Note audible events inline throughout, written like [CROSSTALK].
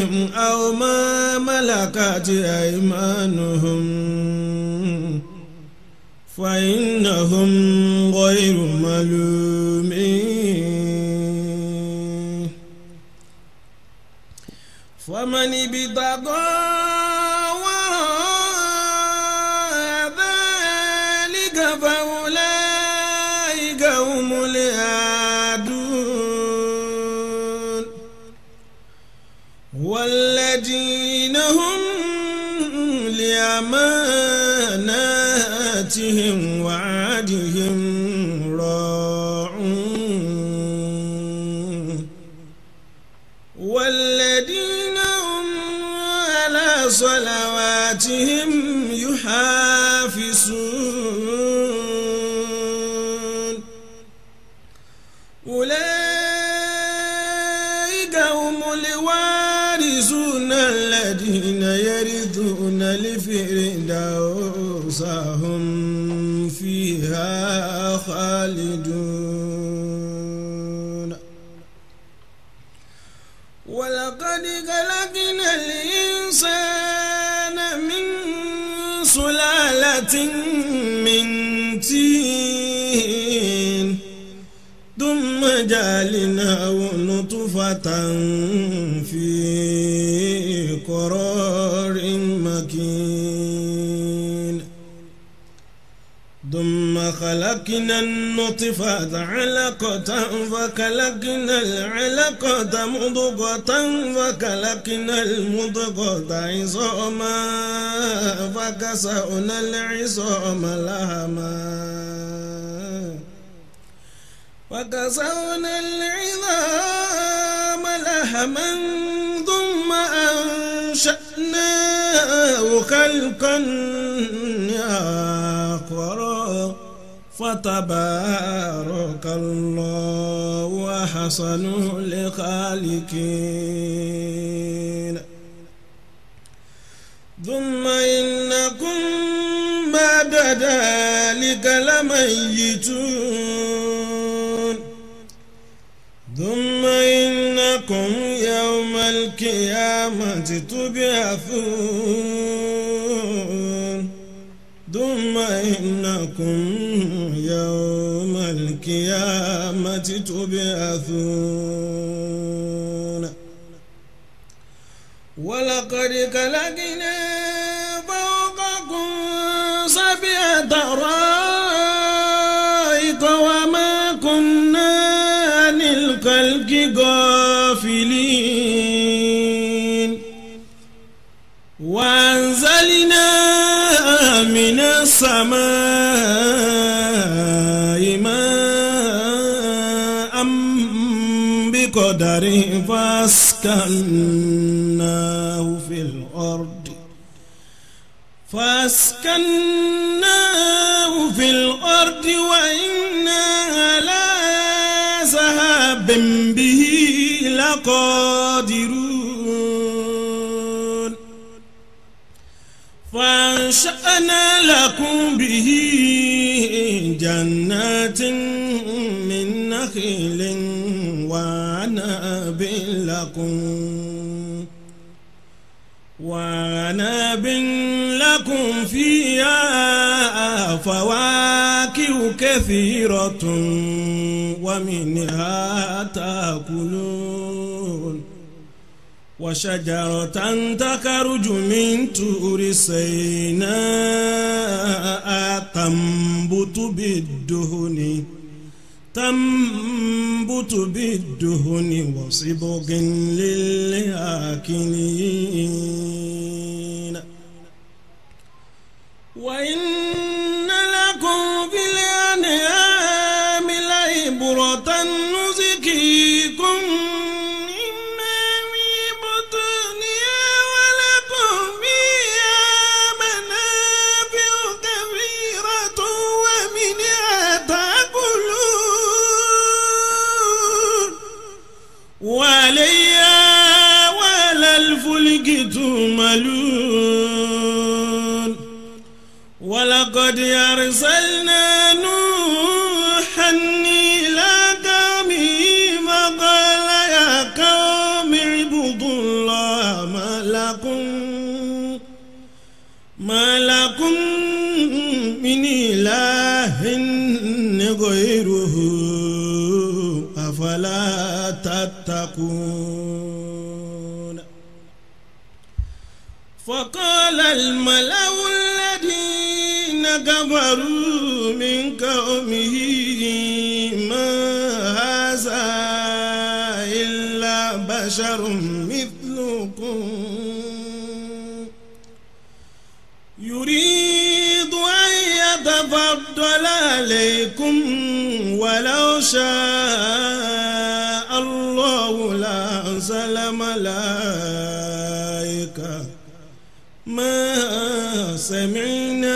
عليهم أو ما ملكت أيمانهم فإنهم غير ملومين فمن ابتغى دينهم لأماناتهم وعلى طاعة في قرار مكين ثم خلقنا النطفة علقة فخلقنا العلقة مضغة فخلقنا المضغة عظاما فكسونا العظام لهما وكسونا العظام أهما ثم أنشأنا خلقا آخر فتبارك الله وحسن الخالقين ثم إنكم بعد ذلك لميتون ربكم يوم القيامة تبعثون ثم إنكم يوم القيامة تبعثون ولقد خلقنا فوقكم سبع طرائق وما كنا للخلق الخلق أنزلنا من السماء ماء بقدر فاسكناه في الأرض فاسكناه في الأرض وإنا على ذهاب به لقادرون وانشأنا لكم به جنات من نخيل وعناب لكم وعناب لكم فيها فواكه كثيرة ومنها تأكلون وشجرة تخرج من تور سيناء تنبت بالدهن تنبت بالدهن وصبغ للآكلين وإن أفلا تتقون فقال الملأ الذين كفروا من قومه ما هذا إلا بشر مثلكم يريد أن يتفضل عليكم ولو شاء أنزل ملائكة ما سمعنا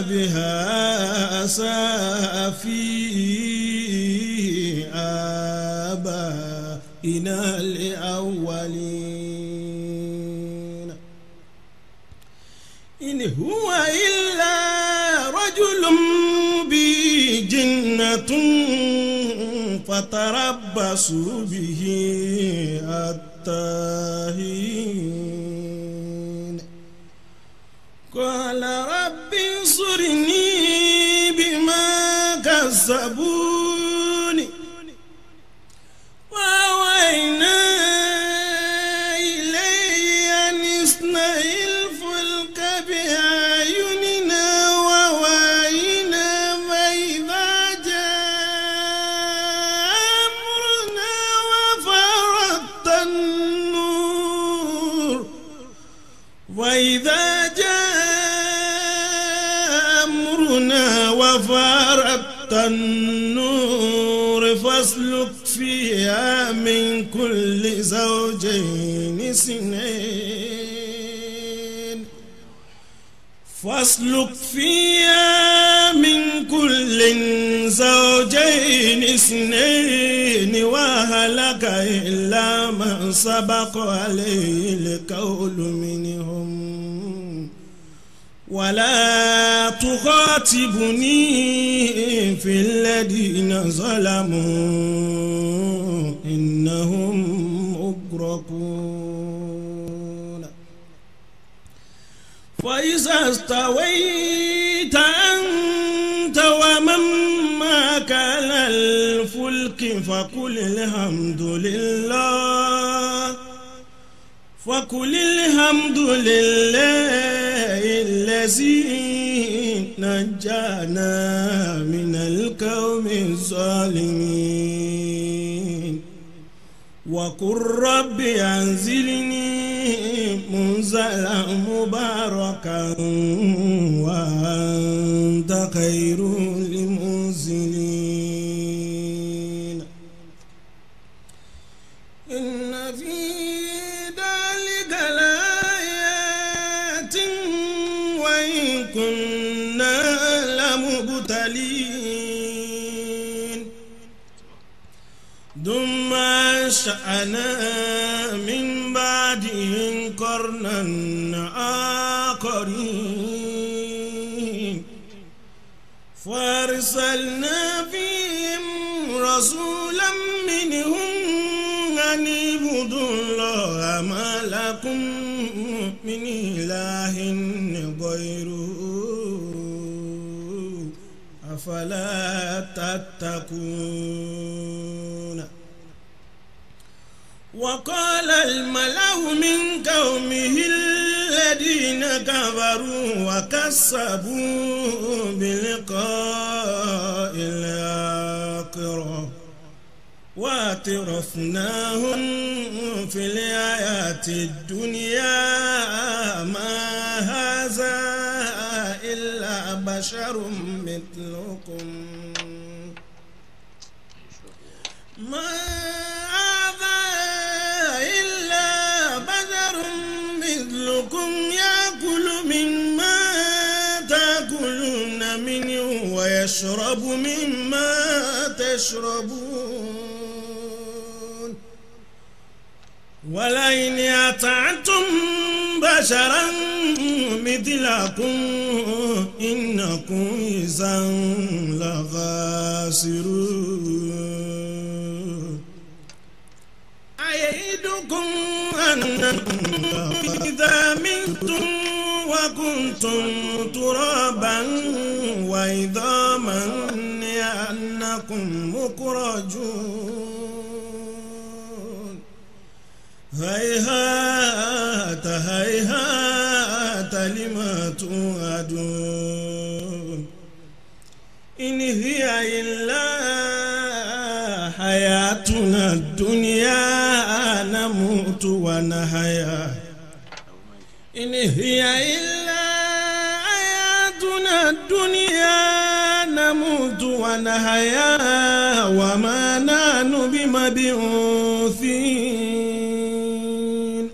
بها أسافي آبائنا الأولين إن هو فتربصوا به التاهين قال رب انصرني بما كذبون زوجين سنين فاسلك فيها من كل زوجين سنين وهلك إلا من سبق عليه القول منهم ولا تخاطبني في الذين ظلموا إنهم يشركون فإذا استويت أنت ومن معك على الفلك فقل الحمد لله فقل الحمد لله الذي نجانا من القوم الظالمين وقل رب أنزلني منزلا مباركا وأنت خير جعلنا من بعدهم قرنا آخرين فأرسلنا فيهم رسولا منهم أن اعبدوا الله ما لكم من إله غيره أفلا تتقون وقال الملأ من قومه الذين كفروا وكسبوا بلقاء الآخرة واترفناهم في الآيات الدنيا ما هذا إلا بشر مثلكم يشرب مما تشربون ولئن أطعتم بشرا مثلكم إنكم إذا لخاسرون أيدكم أنكم إذا منتم وكنتم ترابا وعظاما لأنكم مخرجون هيهات هيهات لما توعدون إن هي إلا حياتنا الدنيا نموت ونحيا هي إلا حياتنا الدنيا نموت ونحيا وما نحن بمبعوثين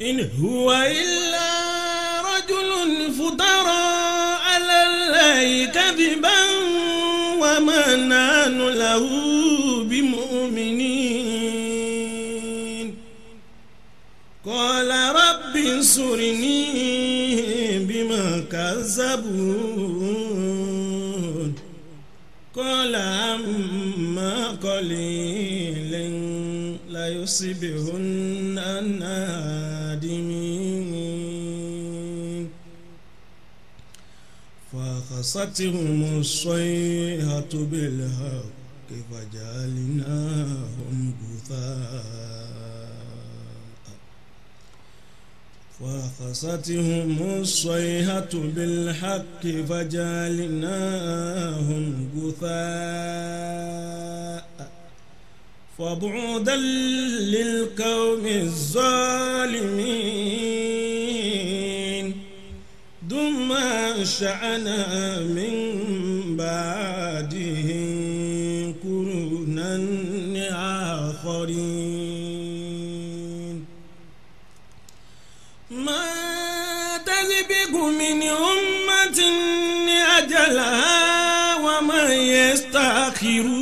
إن هو إلا رجل فترى على الله كذبا وما نحن له يحسرني بما كذبون قال أما قليل لا يصيبهن نادمين فخصتهم الصيحة بالحق فجعلناهم غثاء وخصتهم الصيحة بالحق فجعلناهم جثاء فبعدا للقوم الظالمين ثم شأنا من بعد آخر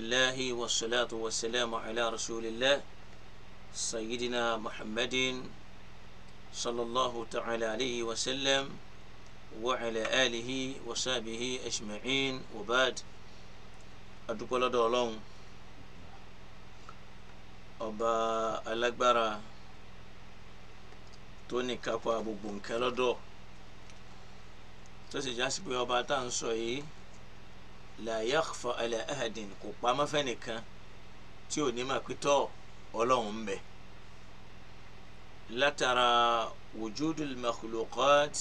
لله والصلاة والسلام على رسول الله سيدنا محمد صلى الله تعالى عليه وسلم وعلى آله وصحبه أجمعين وبعد أدوك الله دولون أبا alágbára tó ní kápá gbogbo nǹkan lọ́dọ̀ tó sì la yakhfa ala ahadin kò pamọ́ fẹ́nìkan tí ò ní máa pitọ́ ọlọ́run ń bẹ látara wujudul makhluqat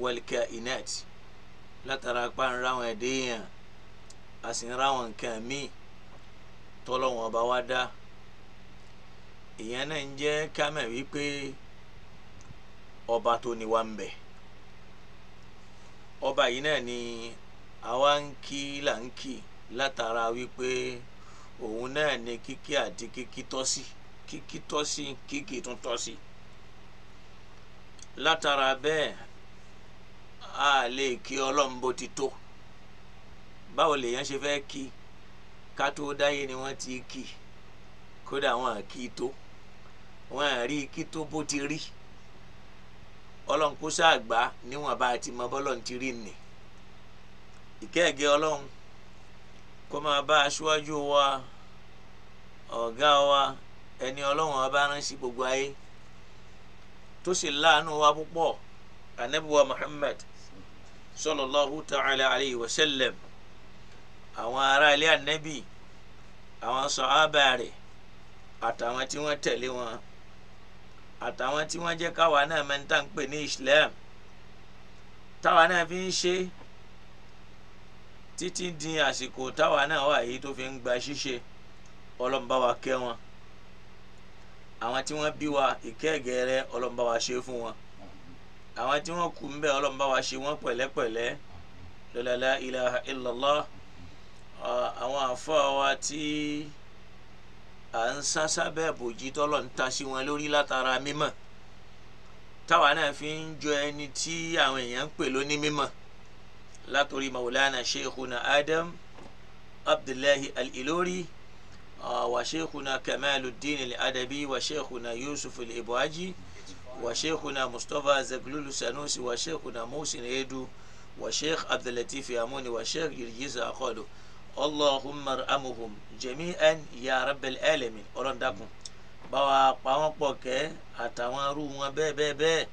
wal kainat látara gbàǹra wọn ẹ̀dẹ́yàn àsìnra wọn nǹkan míì tọ́lọ́run ọba wa dá ìyẹn náà ń jẹ́ kámẹ́ wípé ọba tó ní wa ń bẹ ọba yìí náà ni àwa ń kí là ń kí látara wípé òun náà ni kíkí àti kíkí tọ́sí kíkí tọ́sí kíkí tún tọ́sí látara bẹ́ẹ̀ a lè kí ọlọ́run bó ti tó báwo lèèyàn ṣe fẹ́ kí ká tó dáyé ni wọ́n ti kí kódà wọn à kí tó wọn à rí kí tó bó ti rí ọlọ́run kó sáà gbá níwọ̀n bá ti mọ bọ́lọ́run ti rí nìí ìkẹ́ẹ̀gẹ́ ọlọ́run kó máa bá aṣíwájú wa ọ̀gá wa ẹni ọlọ́run ọba ránṣẹ́ gbogbo ayé tó sì láàánú wa púpọ̀ anabiwa Muhammad sallallahu ta'ala alayhi wa sallam àwọn ará ilé anabi àwọn sọ̀hábà rẹ̀ àtàwọn tí wọ́n tẹ̀lé wọn àtàwọn tí wọ́n jẹ́ káwa náà máa ń pè ní Islam táwa náà fi ń ṣe é títí di àsìkò táwa náà wà yìí tó fi ń gba ṣíṣe ọlọ́mbà wa kẹ́ wọn àwọn tí wọ́n bí wa ìkẹ́gẹ̀rẹ́ ọlọ́mbà wa ṣe fún wọn àwọn tí wọ́n kú mbẹ́ ọlọ́mbà wa ṣe wọ́n pẹ̀lẹ́pẹ̀lẹ́ lọ́lọ́lá ilaha illallah àwọn àfọ́ wa tí à ń sánsá bẹ́ẹ̀ bòjì tọ́lọ̀ ń ta sí wọn lórí látara mímọ̀ táwa náà fi ń jọ ẹni tí àwọn èèyàn ń pè lóní mímọ̀ látòrí maulana sheikhuna adam abdullahi al-ilori wa sheikhuna kamaluddin al-adabi wa sheikhuna yusuf al-ibuaji wa sheikhuna mustapha zaglulu sanusi wa sheikhuna musin edu wa sheikh abdulatif yamuni wa sheikh yirgisa akọlu allahumma arhamuhum jami'an ya rabbal alamin ọlọ́run dákun báwa pa wọ́n pọ̀ kẹ́ àtàwọn arú wọn bẹ́ẹ̀ bẹ́ẹ̀ bẹ́ẹ̀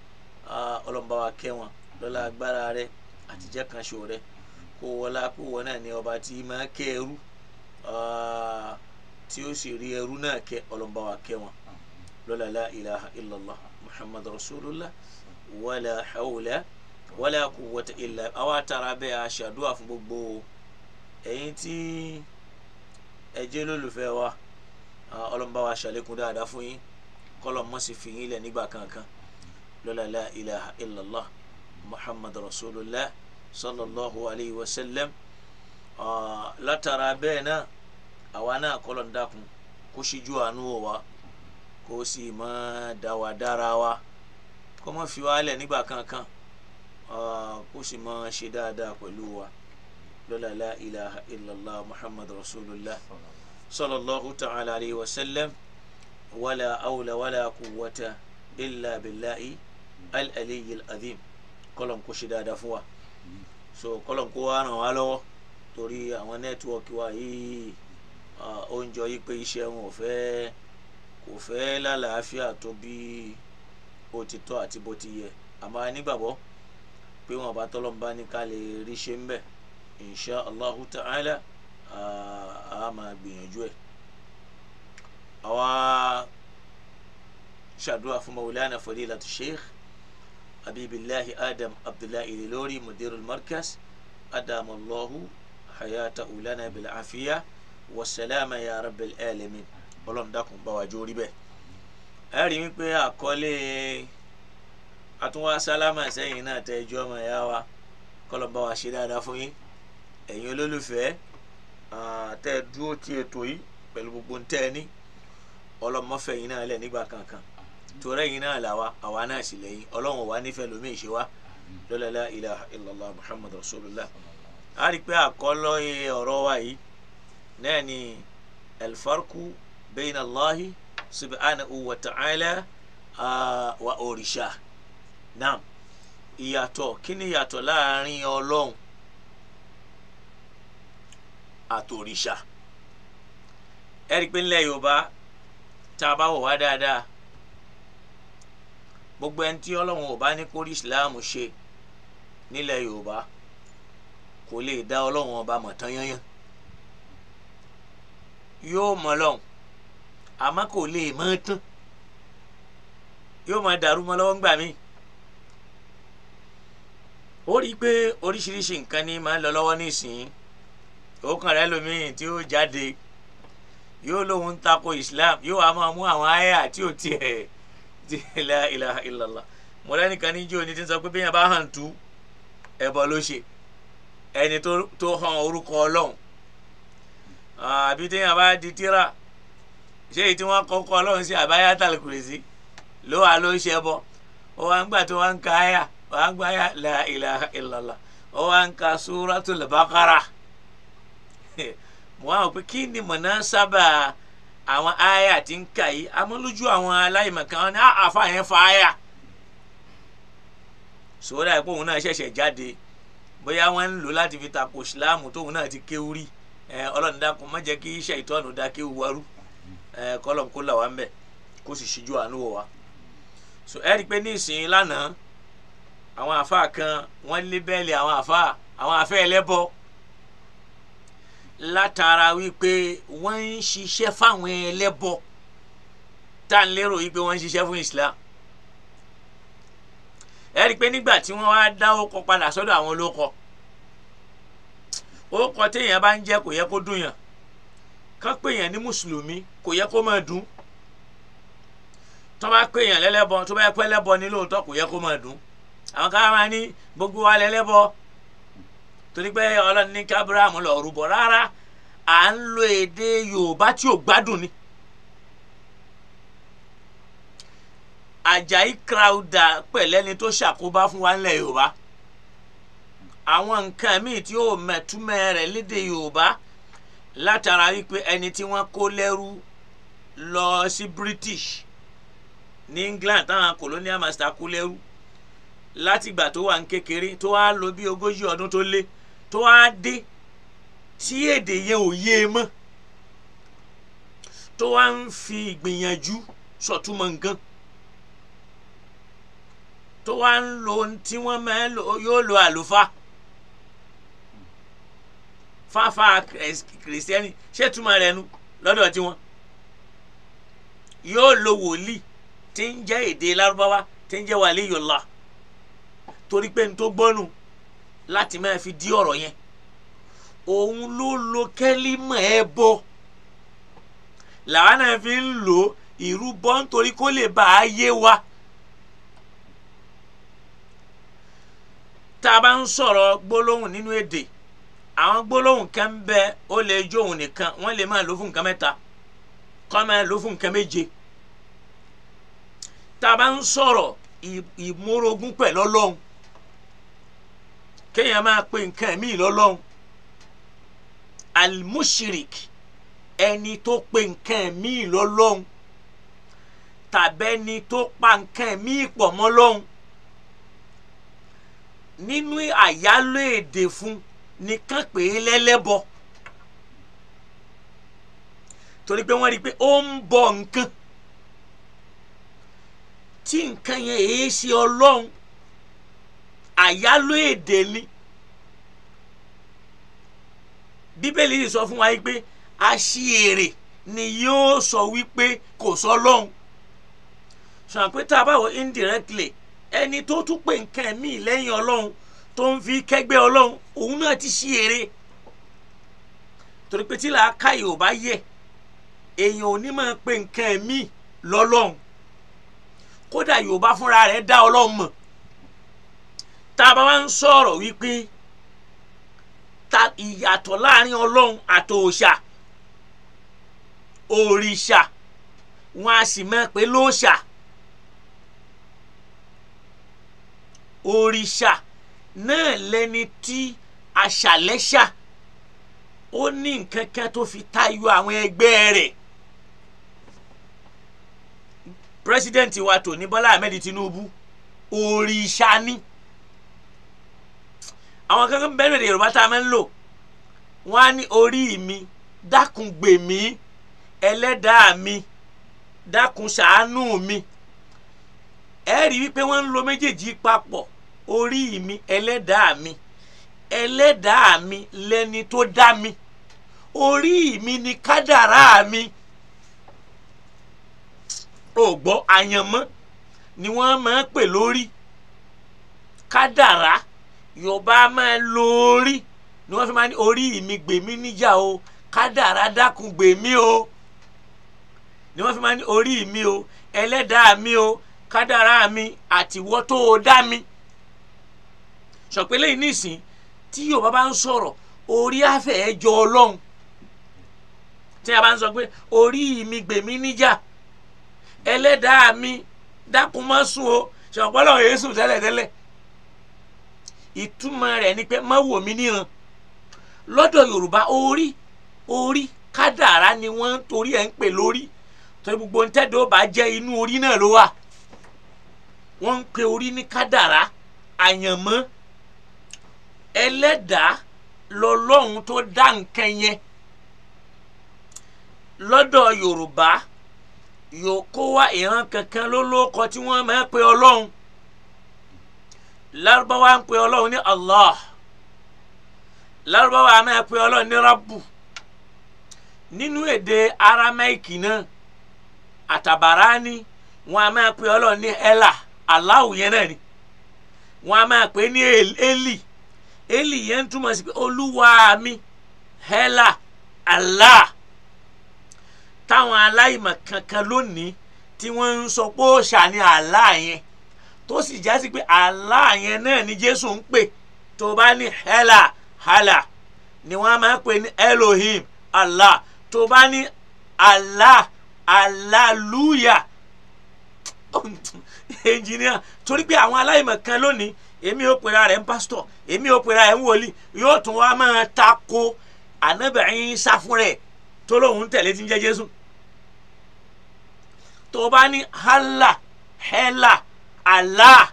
ọlọ́run bá wa wọn lọ́lá agbára rẹ̀ àtijọ́ kan ṣo rẹ kó wọlá kó wọ náà ní ọba tí máa kẹ́ ẹrú ah, tí ó sì rí ẹrú náà kẹ́ ọlọ́mọba wa kẹ́ wọn lọ́la la ilaha illallah muhammadu rasulullah wala hawla wala quwwata illa àwa tara bẹ́ẹ̀ aṣàdúrà fún gbogbo ẹ̀yin tí ẹ jẹ́ lólùfẹ́ wa ah, ọlọ́mọba wa ṣàlékún dáadáa fún yín kọ́lọ̀ mọ́sí fi lẹ̀ nígbà kankan lọ́la la ilaha illallah muhammad rasulillah sallallahu alayhi wa sallam ah, látara bẹ́ẹ̀ náà àwa náà kọ́lọ̀ ń dákun kó ṣíjú àánú wa kó sì máa dá wa dára wa kó má fi wá lẹ̀ nígbà kankan ah, kó sì máa ṣe dáadáa pẹ̀lú wa lọ́la la ilaha illallah muhammad rasulillah sallallahu ta'ala alayhi wa sallam wala awla wala quwwata illa billahi al-aliyyil azim. Al kọ́lọ̀ kó ṣe dáadáa fún wa so kọ́lọ̀ kó wa ràn wá lọ́wọ́ torí àwọn nẹ́tíwọ́ọ̀kì wa yìí oúnjẹ yìí pé iṣẹ́ wọn ò fẹ́ kò fẹ́ lálàáfíà tó bí ó ti tọ́ àti bó ti yẹ àmọ́ a pé wọn bá tọ́lọ́ bá ní ká lè rí ṣe ń bẹ̀ insha allahu ta'ala a máa gbìyànjú ẹ̀ àwa ṣàdúrà fún mawulana fadilatu sheikh habibillahi adam abdullahi ilori mudirul markas adam allahu hayata ulana bil afiya wa salama ya rabbil alamin ọlọ́run dákun bá wa jórí bẹ́ẹ̀ ẹ rí i pé àkọlé àtúnwá sálámà sẹ́yìn náà tẹ ẹjọ́ ọmọ ẹ̀yà wa kọ́lọ̀ bá wa ṣe dáadáa fún yín ẹ̀yin olólùfẹ́ tẹ́ ẹ dúró tí ètò yìí pẹ̀lú gbogbo ń tẹ́ ẹ ní ọlọ́mọfẹ́ yín náà lẹ̀ nígbà kankan tòrẹ́ yìí náà làwa àwa náà sì lẹ́yìn ọlọ́run wa nífẹ̀ẹ́ lómi ìṣe wa lọ́lọ́lá ilaha illallah muhammadu rasulillah a rí i pé àkọ́lọ́ ọ̀rọ̀ wa yìí náà ni alfarku bẹ́yìn allahi subhanahu wa ta'ala wa òrìṣà naam ìyàtọ̀ kí ni ìyàtọ̀ láàrin ọlọ́run àtòrìṣà ẹ rí i pé ńlẹ̀ yorùbá tá a bá gbogbo ẹni tí ọlọ́run ò bá ní kórí ìsìláàmù ṣe nílẹ̀ yorùbá kò lè dá ọlọ́run ọba mọ̀ tán yányán yóò mọ̀ lọ́hùn àmọ́ kò lè mọ̀ tán yóò máa dàrú mọ́ lọ́wọ́ ńgbà míì ó rí i pé oríṣiríṣi nǹkan ni máa ń lọ lọ́wọ́ nísìnyí òkàn rẹ lómiì tí ó jáde yóò lóun ń tako Islam yóò wá máa mú àwọn àyà tí ò tiẹ̀ [LAUGHS] la ilaha illallah mọlẹ́ni kan níjó ni ti ń sọ pé bí yẹn bá hàn tú ẹ̀bọ ló ṣe ẹni tó hàn orúkọ ọlọ́run àbí tí yẹn bá di tíra ṣé èyí tí wọ́n kọ́kọ́ ọlọ́run sí àbáyá tàlùkùrẹ́sì ló wà ló ṣe bọ́ ó wá ń gbà tó wá ń ka àyà wá ń gbà la ilaha illallah ó wá ń suratul baqara [LAUGHS] mo wá wò pé kí ni àwọn aya tí ń kà yìí amọ́lójú àwọn aláìmọ̀kan wọn ni ah, àfa yẹn fa aya sòwòdà yìí pé òun náà ṣẹ̀ṣẹ̀ jáde bóyá wọ́n ń lò láti fi takò síláàmù tóun náà ti kéwú rí ẹ ọlọ́run dákun má jẹ́ kí iṣẹ́ ìtọ́nù dá kéwú ẹ kọ́lọ̀ kó là wá ń bẹ̀ kó sì ṣíjú àánú wọ̀ wá so ẹ rí i pé ní ìsìn lánàá àwọn àfa kan wọ́n lé bẹ́ẹ̀lì àwọn àfa àwọn àfẹ́ ẹlẹ́bọ̀ọ́ látara wípé wọ́n ń ṣiṣẹ́ fáwọn ẹlẹ́bọ tá à ń lérò wípé wọ́n ń ṣiṣẹ́ fún Islam ẹ rí i pé nígbà tí wọ́n wá dá ọkọ̀ padà sọ́dọ̀ àwọn olóko orúkọ téèyàn bá ń jẹ́ kò yẹ kó dùn yàn kán péèyàn ní mùsùlùmí kò yẹ kó máa dùn tó bá péèyàn lẹ́lẹ́bọ tó bá yẹ pé lẹ́bọ ní lóòótọ́ kò yẹ kó máa dùn àwọn ká máa ní gbogbo wa lẹ́lẹ́bọ torí pé ọlọ́run ní kí abraham lọ rúbọ rárá à ń lo èdè yorùbá tí ò gbádùn ni. ajayi crowder pẹ̀lẹ́ni tó ṣàkóbá fún wa ńlẹ̀ yorùbá àwọn nǹkan míì tí ó mẹ̀túmẹ̀ rẹ̀ lédè yorùbá látara wípé ẹni tí wọ́n kó lẹ́rú lọ sí british ní england táwọn colonial master kó lẹ́rú látìgbà tó wà ní kékeré tó wá lò bí ogójì ọdún tó lé tó á dé tí èdè yẹn ò yé e mọ́ tó wá ń fi ìgbìyànjú sọ̀túnmọ̀ nǹkan tó wá ń lo tí wọ́n máa ń lo yóò lo àlùfáà fáfá kìrìsìtẹ́nì ṣé túmọ̀ rẹ̀ nu lọ́dọ̀ tiwọn yóò lo wòlíì tí ń jẹ́ èdè lárúbáwá tí ń jẹ́ wàlíyọ̀lá torí pé n tó gbọ́nù láti máa fi di ọ̀rọ̀ yẹn òun ló lo kẹ́límọ̀ ẹ bọ́ làwọn náà fi ń lò ìrúbọ nítorí kó lè bá a yé wa. tá a bá ń sọ̀rọ̀ gbólóhùn nínú èdè àwọn gbólóhùn kan ń bẹ ó lè jó òun nìkan wọ́n lè máa lò fún nǹkan mẹ́ta kọ́ máa lò fún nǹkan méje tá a bá ń sọ̀rọ̀ ìmúrogún pẹ̀lú ọlọ́run kéèyàn máa pe nǹkan míì lọ́lọ́run almushirik ẹni tó pe nǹkan míì lọ́lọ́run tàbẹ́ni tó pa nǹkan míì pọ̀ mọ́ lọ́run nínú àyálò èdè fún nìkan pè é lẹ́lẹ́bọ torí pé wọ́n rí i pé ó ń bọ nǹkan tí nǹkan yẹn èé ṣe ọlọ́run àyálò èdè ni bíbélì yìí sọ fún wa pé aṣèrè ni yóò sọ wípé kò sọ lọ́hùn ṣùgbọ́n pé tá a bá wọ indirectly ẹni tó tún pè nǹkan míì lẹ́yìn ọlọ́run tó ń fi kẹ́gbẹ́ ọlọ́run òun náà ti ṣí eré torí pé tí làákàyè ò bá yẹ èèyàn ò ní máa pè nǹkan míì lọ́lọ́run kódà Yorùbá fúnra rẹ̀ dá ọlọ́run mọ̀ tá a bá wá ń sọ̀rọ̀ wípé ta ìyàtọ̀ láàrin ọlọ́run àtòòṣà òrìṣà wọn a sì mọ̀ pé lóòṣà òrìṣà náà lẹni tí aṣàlẹ́ṣà ó ní nǹkan kan tó fi tayọ àwọn ẹgbẹ́ rẹ̀ pírẹsidẹ́ǹtì wa tòní Bọ́lá Ahmed Tinubu òrìṣà ni. President, àwọn kankan bẹ́ẹ̀ lóde yorùbá tá a máa ń lò wọ́n á ní orí mi dákun gbè ẹlẹ́dàá mi dákun ṣàánú mi ẹ rí wípé wọ́n ń lo méjèèjì papọ̀ orí mi ẹlẹ́dàá mi ẹlẹ́dàá mi lẹ́ni tó dá mi orí mi ni kádàrá mi ògbọ́ àyànmọ́ ni wọ́n máa ń pè lórí kádàrá yorùbá máa lo orí ni wọ́n fi máa ní orí mi gbèmí níjà o kádàrá dákun gbèmí o ni wọ́n fi máa ní orí mi o ẹlẹ́dàá mi o kádàrá mi àtiwọ́ tó o dá mi sọ̀pẹ́lẹ́ yìí nìsín tí yorùbá bá ń sọ̀rọ̀ orí afẹ́ ẹjọ́ ọlọ́run tí a bá ń sọ pé orí mi gbèmí níjà ẹlẹ́dàá mi dákun má sùn o sọ̀pẹ́lẹ́ yìí sùn tẹ́lẹ̀tẹ́lẹ̀ ìtumọ̀ rẹ̀ ni pé má wò mí níran lọ́dọ̀ Yorùbá orí orí kádàrá ni wọ́n torí ẹ̀ ń pè lórí torí gbogbo ń tẹ́dọ̀ bá jẹ́ inú orí náà ló wà wọ́n ń pe orí ní kádàrá àyànmọ́ ẹlẹ́dàá lọ́lọ́run tó dá nǹkan yẹn lọ́dọ̀ Yorùbá yòókó wá ìran kankan lólókọ tí wọ́n máa ń pe Ọlọ́run. Lárúbáwá ń pe Ọlọ́run ní Allah Lárúbáwá a máa pe Ọlọ́run ní Rabbu nínú èdè Arameiki náà àtàbàrání wọn a máa pe Ọlọ́run ní Ela Allahu yẹn náà ni wọn a máa pe ní Eli Eli yẹn túmọ̀ sí pé Olúwa mi Ela Allah táwọn aláìmọ̀ kankan lónìí tí wọ́n ń sọ pé ó ṣàní Allah yẹn tó sì já sí pé Allah yẹn náà ni Jésù ń pè tó bá ní hela hala ni wọ́n máa ń pè ní Elohim Allah tó bá ní Allah Hallelujah ẹnjìníà [LAUGHS] torí pé àwọn aláìmọ̀ kan lónìí èmi ò pera rẹ̀ ń pásítọ̀ èmi ò pera rẹ̀ ń wòlíì yóò tún wá máa tako ànábẹ̀rin sáfún tó lóun tẹ̀lé ti ń jẹ́ Jésù tó bá ní hálà hẹ́là Allah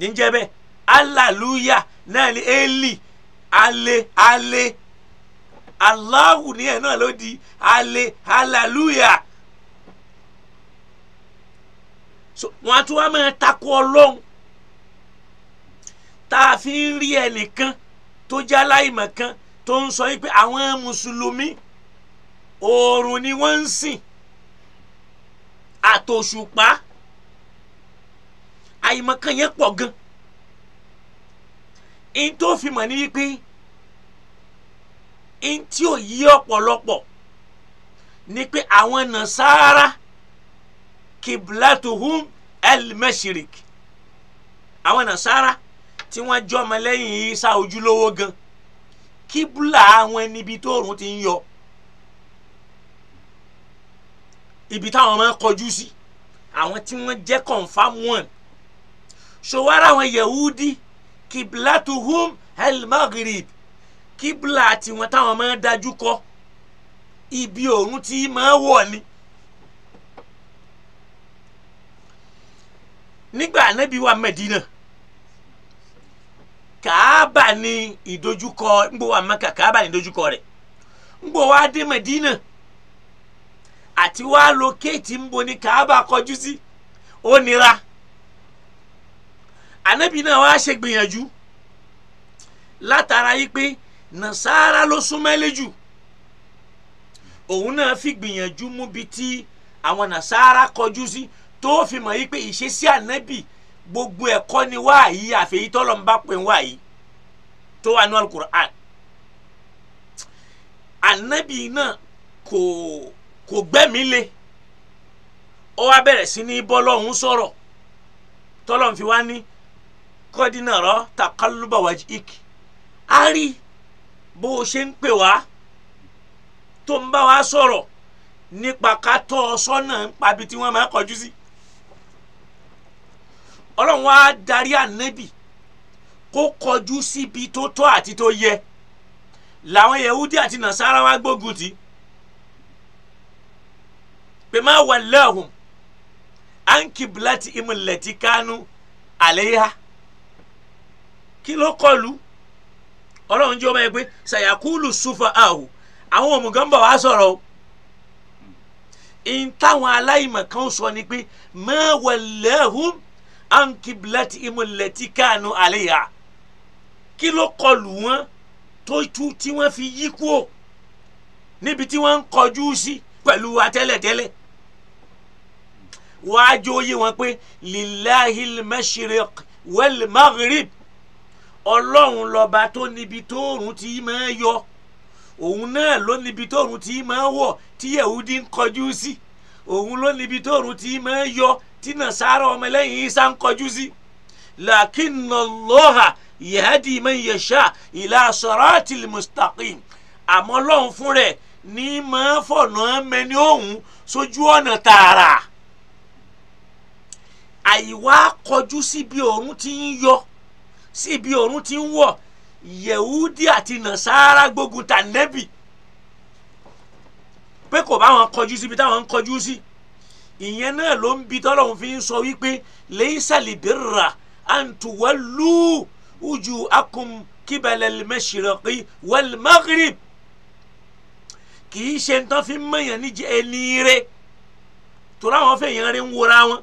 níjẹ́ bẹ́ẹ̀ hallelujah náà ni eli ale ale Allahu ní ẹ̀ náà ló di ale hallelujah so wọn tún wá máa takò Ọlọ́run tá a fi ń rí ẹnìkan tó jẹ́ aláìmọ̀ kan tó ń sọ yìí àwọn mùsùlùmí oòrùn ni wọ́n ń sìn àtòṣùpá àyìmọ̀kan yẹn pọ̀ gan n tó fi mọ̀ ní wípé n tí ò yí ọ̀pọ̀lọpọ̀ ni pé àwọn nàṣàrà kiblatuhum elmeshirik àwọn nàṣàrà tí wọ́n jọ ọmọlẹ́yìn Ìsá ojúlówó gan kíbùlà àwọn níbi tóòrùn ti ń yọ ibi táwọn máa ń kọjú sí àwọn tí wọ́n jẹ́ confam one ṣòwárà àwọn yahudi kiblatuhum al-maghrib kíbla tiwọn táwọn máa ń dájú kọ ibi òòrùn tí máa wọ̀ ni. nígbà anábì wa Mẹdínà kàábà ni ìdojúkọ ńgbò wa Mẹ́kà kàábà ni ìdojúkọ rẹ̀ ńgbò wa dé Mẹdínà àti wá lókèétì ńbo ni kàábà kọjú sí ó nira anabi náà wá ṣe gbìyànjú látara yìí pé nasara ló súnmọ́lé jù òun náà fi gbìyànjú mú bi tí àwọn nasara kọjú sí tó fi mọ̀ yìí pé ìṣesí anabi gbogbo ẹ̀kọ́ ni wáyí àfẹ́yí tọ́lọ̀ ń bá pè ń wáyí tó wà ní alukur'an anabi náà kò kò gbẹ́mí le ó wá bẹ̀rẹ̀ sí ní bọ́lọ́hún sọ̀rọ̀ tọ́lọ̀ ń fi wá ní. kọ́dí náà rọ́ taqalluba wajhik bó o ṣe ń pè wá tó ń bá wa sọ̀rọ̀ nípa ká tọ́ ọ sọ́nà ń pabi tí wọ́n máa kọjú sí ọlọ́run wa darí ànábì kó kọjú síbi tó tọ́ àti tó yẹ làwọn yehudi àti nasara wa gbógun tì pé má wallahum an kiblati imlati kanu kí ló kọlu ọlọ́run jẹ́ ọmọ yẹn pé sayakulu sufa ahu àwọn òmùgán bá wa sọ̀rọ̀ o in táwọn aláìmọ̀ kan sọ ni pé ma wallahum an qiblatihim allati kanu alayha kí ló kọlu wọn tó tú tí wọ́n fi yí kú o níbi tí wọ́n ń kọjú sí pẹ̀lú wa tẹ́lẹ̀tẹ́lẹ̀ wàá jó yé wọn pé lillahil mashriq wal maghrib ọlọ́run lọ́ba tó níbi tóòrùn ti máa yọ òun náà ló níbi tóòrùn ti máa wọ̀ tí yẹ̀wúdí ń kọjú sí òun ló níbi tóòrùn ti máa yọ tí nàṣàrà ọmọlẹ́yìn Ìsá ń kọjú sí lakinna Allaha yahdi man yasha ila siratil mustaqim àmọ́ ọlọ́run fún rẹ̀ ní máa fọ̀nà mẹ́ni òun sójú ọ̀nà tààrà àìwá kọjú sí bí òun ti ń yọ síbi òrùn ti ń wọ̀ yẹ̀wúdí àti nàṣàrà gbógun ta nẹ́bì pé kò bá wọn kọjú síbi táwọn ń kọjú sí ìyẹn náà ló ń bi tọ́lọ́hún fi ń sọ wípé leysal birra an tuwallu wujuhakum kibalal mashriqi wal maghrib kì í ṣe ń tán fi mọ̀yàn ní ẹni rẹ̀ tó láwọn fẹ̀yàn rẹ̀ ń wora wọn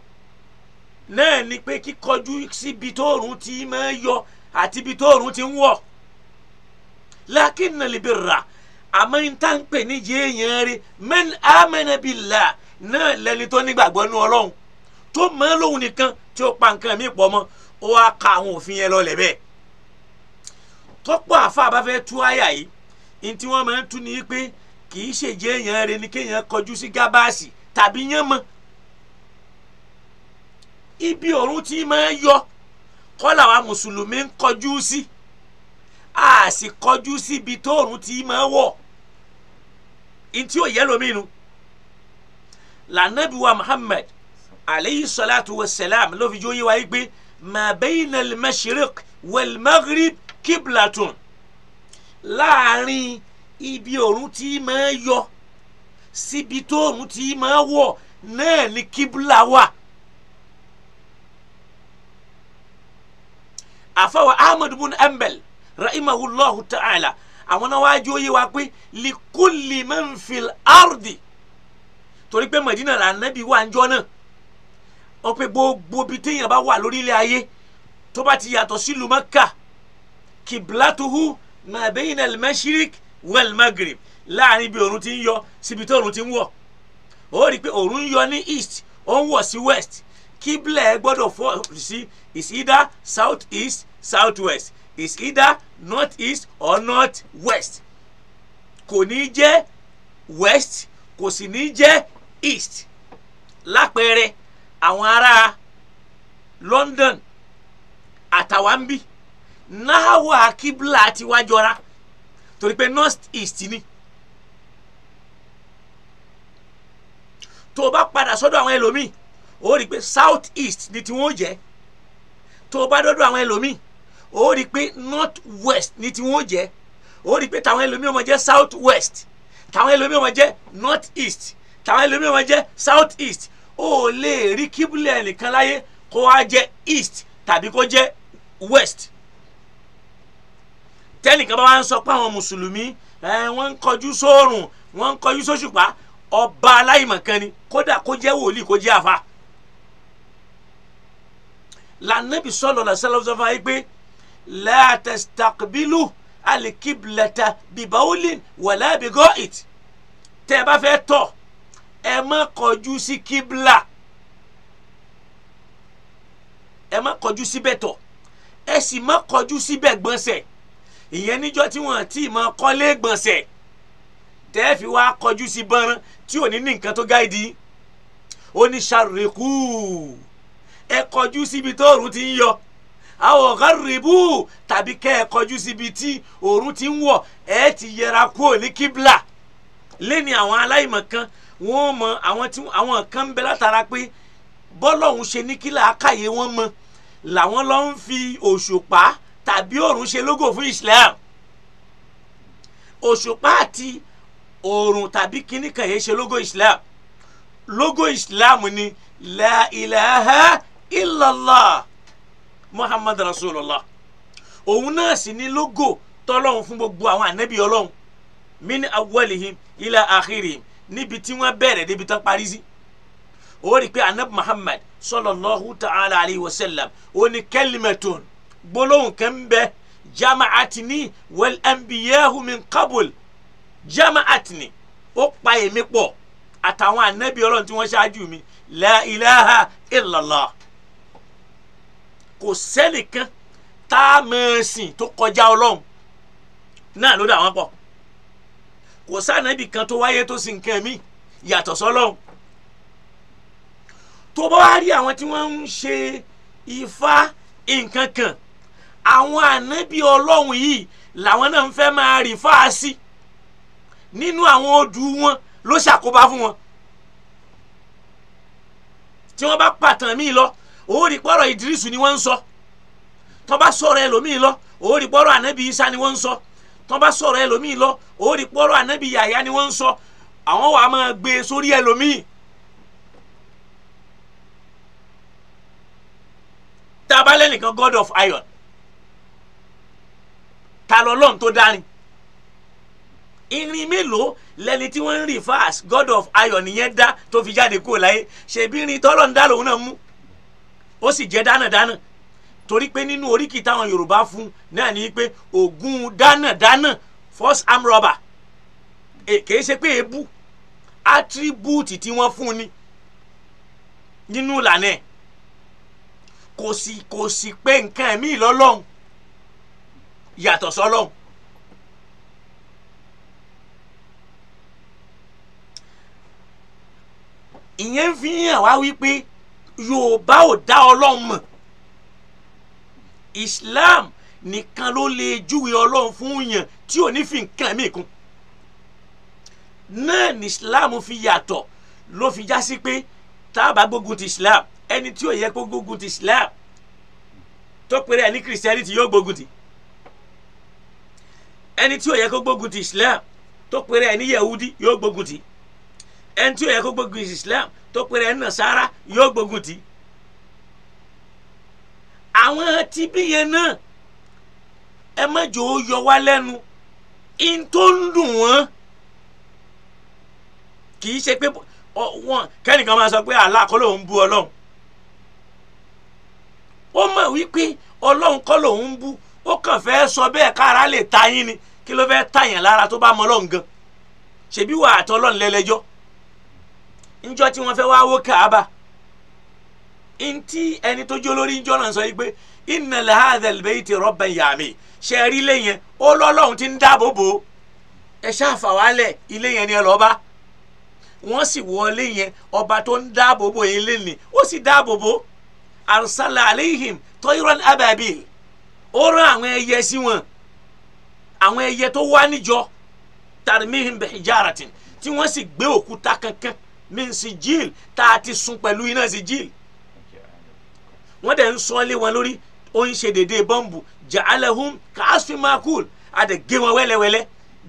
náà ni pé kíkọjú síbi tóòrùn ti máa yọ àti ibi tóòrùn ti ń wọ̀ lakinna libirra àmọ́ n tá n pè ní yéèyàn rí man amana billah náà lẹni tó nígbàgbọ́ nú ọlọ́run tó mọ́ lóhun nìkan tí ó pa nǹkan mi pọ̀ mọ́ ó wá ka àwọn òfin yẹn lọlẹ̀ bẹ́ẹ̀ tọ́pọ̀ àfa bá tú àyà yìí ntí wọ́n máa ń tú ni pé kì í ṣe yéèyàn rí ni kéèyàn kọjú sí gábàásì tàbí yánmọ́ ibi ọ̀run tí máa yọ kọ́là wa mùsùlùmí ń kọjú sí a sì kọjú sí ibi tó ọ̀run tí máa wọ̀ ntí ò yẹ lómi nu lànàbí wa Muhammad aleyhi salatu wa salam ló fi jóyè wáyé pé màbẹ́yìn al-mashriq wal-maghrib kiblatun láàrin ibi ọ̀run tí máa yọ síbi tó ọ̀run tí máa wọ̀ náà ni kíbla wà. afawa ahmad bun ambel rahimahullahu ta'ala àwọn náà wáá jó yé wa pé likuli man fil ardi torí pé madina la nabi wà njọ́ náà wọ́n pe gbogbo bi téèyàn bá wà lórí ilẹ̀ ayé tó bá ti yàtọ̀ sílùú maka kiblatuhu ma bayna al láàrin bí òòrùn ti ń yọ síbi tó òòrùn ti ń wọ̀ ó rí i pé òòrùn ń yọ ní east ó ń wọ̀ sí west kíbílẹ̀ ẹ gbọ́dọ̀ fọ́ sí is either south east south west is either north east or north west kò ní jẹ́ west kò sì ní jẹ́ east lápẹẹrẹ àwọn ará London àtàwámbí náhàwá kíbílà tiwa jọra torí pé north east ni. tó o bá padà sọ́dọ̀ àwọn ẹlòmíì ó rí i pé south east ni tiwọn jẹ́ tó o bá dọ́dọ̀ àwọn ẹlòmíì ó rí i pé north west ni tiwọn jẹ́ ó rí i pé tàwọn ẹlòmíì ó máa south west tàwọn ẹlòmíì ó máa north east tàwọn ẹlòmíì ó máa south east ó lè rí kíbulẹ̀ nìkan láyé kó wá jẹ́ east tàbí kó jẹ́ west tẹ́nìkan bá wá ń sọ pé àwọn mùsùlùmí wọ́n ń kọjú sóòrùn wọ́n ń kọjú sóṣùpá ọba aláìmọ̀kan ni kódà kó jẹ́ wòlíì kó jẹ́ àfa lànàbì sọlọ la sẹlẹsọ fún ayé pé la tastaqbilu alikiblata bibawulin wala bigoit tẹ́ ẹ bá fẹ́ tọ̀ ẹ má kọjú sí kíbla ẹ má kọjú síbẹ̀ tọ̀ ẹ sì má kọjú síbẹ̀ gbọ̀nsẹ̀ ìyẹn níjọ́ tí wọ́n ti máa kọ́lé gbọ̀nsẹ̀ tẹ́ ẹ fi wá kọjú sí bọ́nrán tí ò ní ní nǹkan tó gáìdì ó ní sàrèkú ẹ kọjú síbi tó òòrùn ti ń yọ àwọn ọ̀gán rìbú tàbí kẹ́ ẹ kọjú síbi tí òòrùn ti ń wọ̀ ẹ ti yẹra kúrò ní kíbla lẹ́ni àwọn aláìmọ̀ kan wọ́n mọ àwọn tí àwọn kan ń bẹ látara pé bọ́lọ́hún ṣe ní kílà ákàyè wọn mọ làwọn lọ ń fi òṣùpá tàbí òòrùn ṣe lógo fún Islam òṣùpá àti òòrùn tàbí kíní kan ṣe lógo Islam lógo Islam ni la ilaha illallah muhammad rasulullah òun náà sì ní lógo tọ́lọ́hún fún gbogbo àwọn ànábì ọlọ́hún min awwalihim ila akhirihim níbi tí wọ́n bẹ̀rẹ̀ débi tán parí sí ó rí i pé anabi muhammad sallallahu ta'ala alayhi wa sallam ó ní kalimatun gbólóhùn kan bẹ jama'atini wal anbiyahu min qabul jama'atini ó pa èmi pọ̀ àtàwọn ànábì ọlọ́run tí wọ́n ṣáájú mi la ilaha illallah kò sẹ́nìkan tá a máa sìn tó kọjá ọlọ́run náà ló dà wọ́n pọ̀ kò sànàbì kan tó wáyé tó sìn nǹkan mi yàtọ̀ sọ́lọ́run tó bá wá rí àwọn tí wọ́n ń ṣe ifá nǹkan kan àwọn ànábì ọlọ́run yìí làwọn náà ń fẹ́ máa rí fáàsì nínú àwọn odù wọn ló ṣàkóbá fún wọn tí wọ́n bá pàtàn míì lọ òórì pọ̀rọ̀ ìdírísù ni wọ́n ń sọ tó bá sọ̀rọ̀ ẹlòmíì lọ òórì pọ̀rọ̀ ànábì isa ni wọ́n ń sọ tó bá ẹlòmíì lọ òórì pọ̀rọ̀ ànábì yàyà ni wọ́n ń sọ àwọn wàá máa gbé e sórí ẹlòmíì tá a god of iron ta lọ́lọ́run tó dárin irin mélòó lẹni tí wọ́n ń rìfáàs god of iron yẹn dá tó fi jáde kúrò láyé ṣèbí irin tọ́lọ́ ń dá lòun náà mú ó sì jẹ́ dánàdánà torí pé nínú oríkì táwọn Yorùbá fún náà ní pé ògùn dánàdánà first arm robber kì í ṣe pé èébú attribute tí wọ́n fún ni nínú ìlànà ẹ̀ kò sì kò sì pé nǹkan ẹ̀mí lọ́lọ́run yàtọ̀ sọ́lọ́run. ìyẹn fi hàn wá wípé yorùbá ò dá ọlọ́run mọ̀ islam nìkan ló lè júwe ọlọ́run fún yàn tí ò ní fi nǹkan mí kún náà ní islam fi yàtọ̀ ló fi já sí pé tá a bá gbógun ti islam ẹni tí ò yẹ kó gbógun ti islam tó péré ẹni christianity yóò gbógun ti ẹni tí ò yẹ kó gbógun ti islam tó péré ẹni yahudi yóò gbógun ti ẹni tí ó yẹ kó gbógun Islam tó pèrè ẹni Nasara yóò gbógun tì àwọn tibí yẹn náà ẹ má jò ó yọ wá lẹ́nu in tó ń dùn wọ́n kì í ṣe pé wọn kẹ́nìkan máa sọ pé aláàkọ́ lòun bú ọlọ́run ó mọ̀ wípé ọlọ́run kọ́ lòun bú ó kàn fẹ́ sọ bẹ́ẹ̀ kára lè ta yín ni kí ló fẹ́ tàyàn lára tó bá mọ ọlọ́run gan ṣebí wà àtọ́ ọlọ́run lẹ́lẹ́jọ́ njọ́ tí wọ́n fẹ́ wá wó Kaaba ntí ẹni tó jẹ́ olórí njọ́ náà sọ yìí pé inna lahadhal bayti rabban yàmi ṣe rí ilé yẹn ó lọ́lọ́run ti ń dáàbò bò ó ẹ ṣáàfà wálẹ̀ ilé yẹn ni ẹ lọ́ọ́ bá wọ́n sì wọlé yẹn ọba tó ń dáàbò bò yín lẹ́nìí ó sì dáàbò bò arsala aleihim tọ́yìrán ababil ó rán àwọn ẹyẹ sí wọn àwọn ẹyẹ tó wá níjọ tarmihim bihijaratin tí wọ́n sì gbé òkúta kankan min sijil tá a ti sun pẹ̀lú iná sijil wọ́n dẹ̀ ń sọ lé wọn lórí ó ń ṣe dédé bọ́ǹbù ja'alahum ka'asfin ma'kul a dẹ̀ gé wọn wẹ́lẹ́wẹ́lẹ́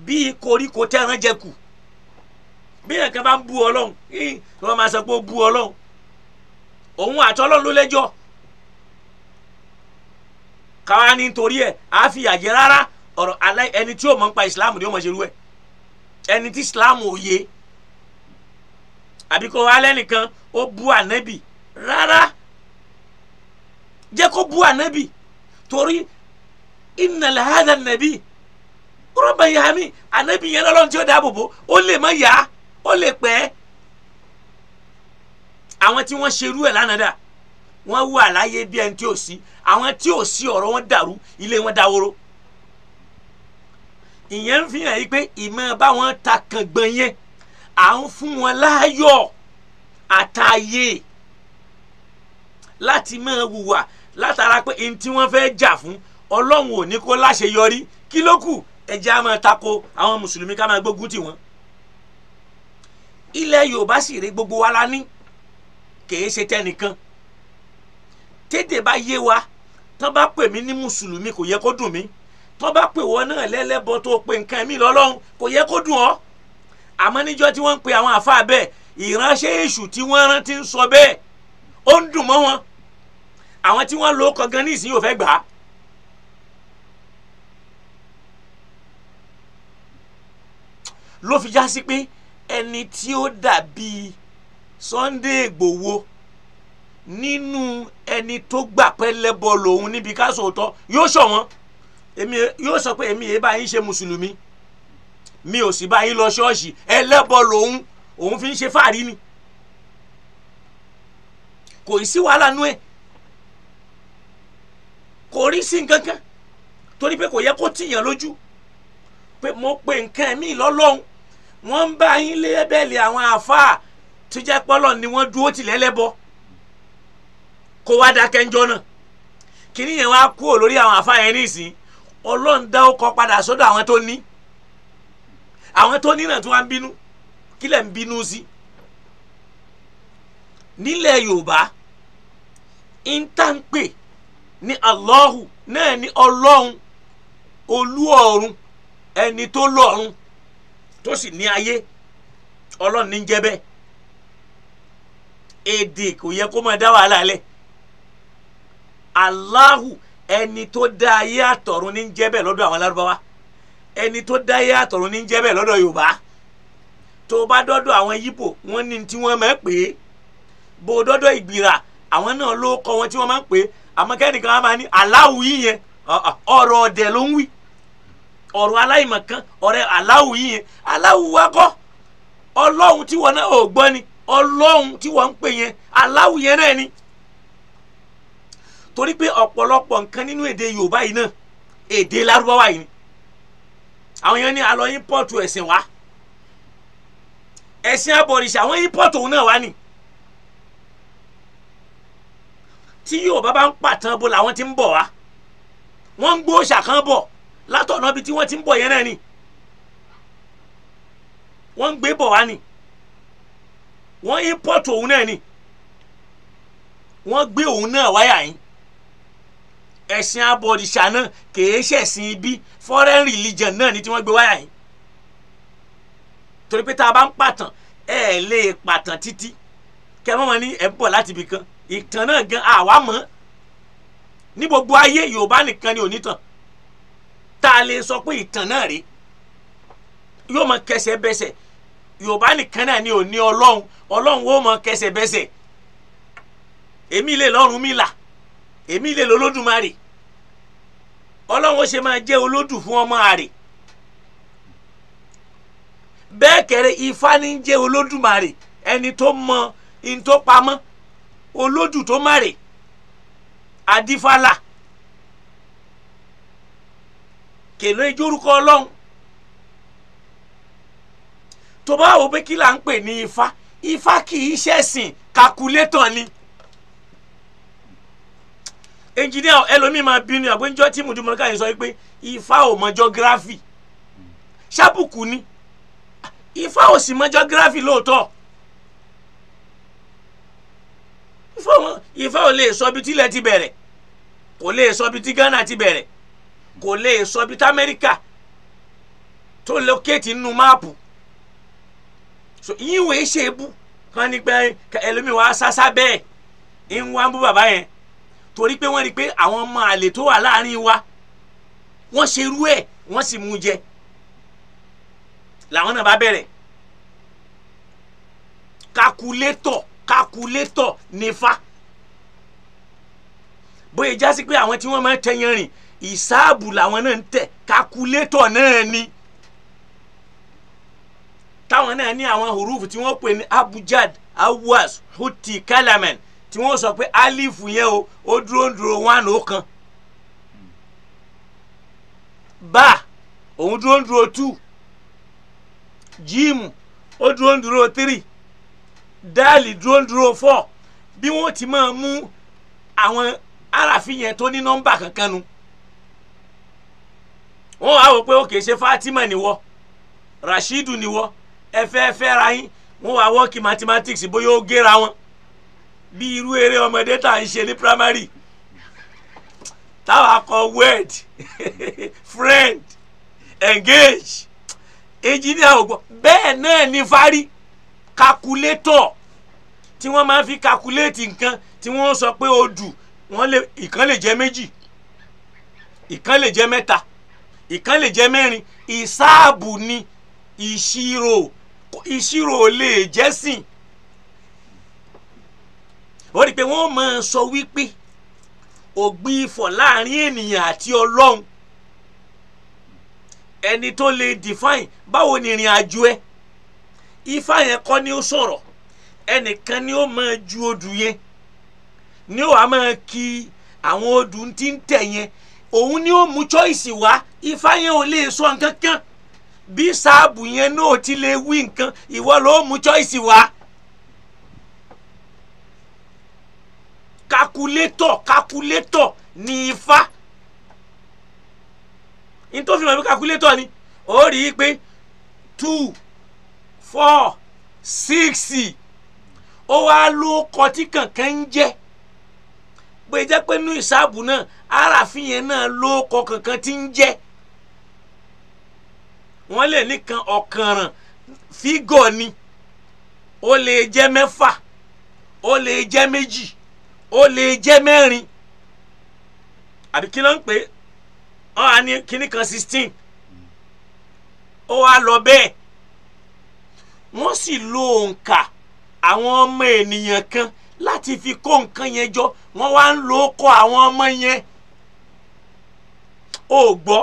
bí koríko tẹ́ran jẹ kù bí ẹ̀ka bá ń bu ọlọ́run kí wọ́n máa sọ pé ó bu ọlọ́run òun àti ọlọ́run ló lẹ́jọ́ káwa ní nítorí ẹ̀ á fi rárá ọ̀rọ̀ ẹni tí yóò mọ̀ nípa ìsìláàmù ni yóò mọ̀ ṣerú ẹ̀ ẹni tí ìsìláàmù ò yé àbí kó alẹ́ nìkan ó bu ànábì rárá jẹ́ kó bu ànábì torí innal hadha nàbì rọ́bà yà mí ànábì yẹn lọ́lọ́run tí ó dáàbò bò ó lè má yá ó lè pẹ́ àwọn tí wọ́n ṣerú ẹ̀ lánàá dà wọ́n wà láyé bí ẹni tí ò sí àwọn tí ò sí ọ̀rọ̀ wọn dàrú ilé wọn dáwóró ìyẹn ń fi hàn yí pé ìmọ̀ báwọn ta kàn gbọ̀n à ń fún wọn láàyò àtàyè láti máa hùwà látara pé n tí wọ́n fẹ́ẹ́ jà fún Ọlọ́run ò ní kó láṣeyọrí kí ló kù ẹ jẹ́ á máa tako àwọn mùsùlùmí ká máa gbógun tì wọ́n ilẹ̀ Yorùbá sì rí gbogbo wa la kèé ṣe tẹnìkan tètè bá yé wa tán bá pè mí ní mùsùlùmí kò yẹ kó dùn mí tán bá pè wọ́n náà lẹ́lẹ́bọ tó pe nǹkan mi lọ́lọ́run kò yẹ kó dùn ọ́ àmọ́ níjọ́ tí wọ́n ń pe àwọn àfa bẹ́ẹ̀ ìránṣẹ́ èṣù tí wọ́n rántí ń sọ bẹ́ẹ̀ ó ń dùn mọ́ wọn àwọn tí wọ́n lo kọ̀ọ̀kan ní ìsìn yóò fẹ́ gbà á. ló fi já sí pé ẹni tí ó dàbí Sunday Igboho nínú ẹni tó gbà pẹ́lẹ́ bọ́ lòun níbi ká sòótọ́ yóò sọ wọn yóò sọ pé èmi yéé bá yín ṣe mùsùlùmí mi ò sì bá yín lọ ṣọ́ọ̀ṣì ẹlẹ́bọ lòun òun fi ń ṣe fàárí ni kò sí wàhálà nú ẹ̀ kò rí sí nǹkan kan torí pé kò yẹ kó tìyàn lójú pé mo pe nǹkan mi lọ́lọ́hun wọ́n ń bá yín lébẹ̀lì àwọn àáfàá tó jẹ́ pọ́lọ̀ ni wọ́n dúró tìlẹ́ lẹ́bọ kó wá dákẹ́ ńjọ́ náà kìnìyàn wá kúrò lórí àwọn àáfàá yẹn nísìnyí ọlọ́run dá ó kọ padà sọ́dọ̀ àwọn tó ní. àwọn tó ní náà ń bínú kí lè ń bínú sí nílẹ̀ yorùbá ìntànpè ní alọ́hù náà ní ọlọ́run olú ọ̀run ẹni tó lọ́run tó sì ní ayé ọlọ́run ní jẹ́ bẹ́ẹ̀ èdè kò yẹ kó máa dá ẹni tó dáyé àtọ̀run ní jẹ́ bẹ́ẹ̀ lọ́dọ̀ yorùbá tó bá dọ́dọ̀ àwọn yíbò wọ́n ní tí wọ́n máa ń pè é bó dọ́dọ̀ ìgbìrà àwọn náà ló kọ wọn tí wọ́n máa ń pè é àmọ́ kẹ́nìkan á máa ní aláwù yìí yẹn ọ̀rọ̀ ọ̀dẹ̀ ló ń wí ọ̀rọ̀ aláìmọ̀kan ọ̀rẹ́ aláwù yìí yẹn aláwù wa kọ́ ọlọ́run tí wọ́n náà ò gbọ́ ni ọlọ́run tí wọ́n ń pè yẹn aláwù yẹn náà ni torí pé ọ̀pọ̀lọpọ̀ nǹkan nínú èdè yorùbá yìí náà èdè lárúbáwá yìí àwọn yẹn ní alọ ímpọ́ọ̀tù ẹ̀sìn wa ẹ̀sìn abọ̀rìṣà àwọn ímpọ́ọ̀tù òun náà wá ni tí Yorùbá bá ń pàtàn bó làwọn ti ń bọ̀ wá wọ́n ń gbó òòṣà bọ̀ látọ̀nà ibi tí wọ́n ti ń bọ̀ yẹn náà ni wọ́n ń gbé bọ̀ wá ni wọ́n ímpọ́ọ̀tù òun náà ni wọ́n gbé òun náà wáyà yín ẹ̀sìn abọ̀dìṣà náà kìí ṣẹ̀sìn ibi foreign religion náà ni tí wọ́n gbé wáyà yìí torí pé tá a bá ń pàtàn ẹ lè pàtàn títí kẹ mọ́ mọ́ ní ẹ̀ ń bọ̀ láti ibì kan ìtàn náà gan àwa mọ̀ ní gbogbo ayé Yorùbá nìkan ni onítàn tá a lè sọ pé ìtàn náà rèé yóò mọ kẹsẹ̀ bẹsẹ̀ Yorùbá nìkan náà ni ò ní Ọlọ́run Ọlọ́run ó mọ kẹsẹ̀ bẹsẹ̀ èmi lè lọ́rùn mi là èmi lè lo olódùmarè ọlọ́run ó ṣe máa jẹ́ olódù fún ọmọ àrè bẹ́ẹ̀ kẹ̀rẹ́ ifá ní ń jẹ́ olódùmarè ẹni tó mọ in tó pamọ́ olódù tó márè adífálà kèló ìjórúkọ ọlọ́run tó bá wò pé kí là ń pè ní ifá ifá kì í ṣẹ̀sìn kàkúlétọ̀ ni engineer ẹlòmíì máa bínú àpò níjọ́ tí mùdùmọ́ká yẹn sọ pé ifá ò mọ geography ṣàbùkù ni ifá ò sì mọ geography lóòótọ́ ifá ò lè sọ bí tílẹ̀ ti bẹ̀rẹ̀ kò lè sọ bí tí Ghana ti bẹ̀rẹ̀ kò lè sọ bí tí Amẹ́ríkà tó lókèétì nínú máàpù so yín wèé ṣe é bú kán ní pé ẹlòmíì wàá sásá bẹ́ẹ̀ ń wá ń bú bàbá yẹn torí pé wọ́n rí i pé àwọn ọmọ àlè tó wà láàrin wa wọ́n ṣe irú ẹ̀ wọ́n sì mú jẹ làwọn náà bá bẹ̀rẹ̀ kakulétọ̀ kakulétọ̀ nífa bóyá jásí pé àwọn tí wọ́n máa ń tẹyàn rìn ìsáàbù làwọn náà ń tẹ̀ kakulétọ̀ náà ni táwọn náà ní àwọn hurufu tí wọ́n pè ní abujad awas huti kalaman tí wọ́n sọ pé alifu yẹn o ó dúró dúró one ó kan ba òun dúró dúró two Jim, ó dúró dúró three Dali dúró dúró four bí wọ́n ti máa mú àwọn aráàfin yẹn tó ní nọ́mbà kankan nu wọ́n wá wò pé ó kè ṣe Fatima nìwọ Rashidu nìwọ ẹ fẹ́ fẹ́ ra yín wọ́n wá wọ́ọ̀kì mathematics bóyá ó gé ra wọn bí irú eré ọmọdé tá à ń ṣe ní primary táwa kọ wed [LAUGHS] friend engage engineer ògbọ́n bẹ́ẹ̀ náà ni fárí calculator tí wọ́n máa fi calculate nǹkan tí wọ́n sọ pé ó dù wọ́n lè ìkan lè jẹ́ méjì ìkan lè jẹ́ mẹ́ta ìkan lè jẹ́ mẹ́rin ìsáàbù ni ìṣirò ìṣirò lè jẹ́ sìn ó rí i pé wọ́n máa sọ wípé ògbìn ifọ̀ láàrin ènìyàn àti ọlọ́run ẹni tó lè define báwo ni ìrìn àjò ẹ ifá yẹn kọ́ ni ó sọ̀rọ̀ ẹnìkan ni ó máa ju odù yẹn ni ó wàá máa kí àwọn odù tí ń tẹ̀ yẹn òun ni ó mú choice wá ifá yẹn ò lè sọ nǹkan kan bí sáàbù yẹn náà ti lè wí nǹkan ìwọ ló mú choice wá kakulétọ̀ kakulétọ̀ ní ifá nítorí wọn bí kakulétọ̀ ni ó rí i pé two four six ó wá ló kọtí kankan ń jẹ́ pé jẹ́ pé nínú ìsáàbù náà aráàfin yẹn náà ló kọ kankan tí ń jẹ́ wọ́n lè nìkan ọ̀kànràn fígọ̀ ni ó lè jẹ́ mẹ́fà ó lè jẹ́ méjì ó lè jẹ́ mẹ́rin àbí kí ló ń pè ọ á ní kíní kan sixteen ó wá lọ bẹ́ẹ̀ wọ́n sì lo òǹkà àwọn ọmọ ènìyàn kan láti fi kó nǹkan yẹn jọ wọ́n wá ń lo kọ́ àwọn ọmọ yẹn ó gbọ́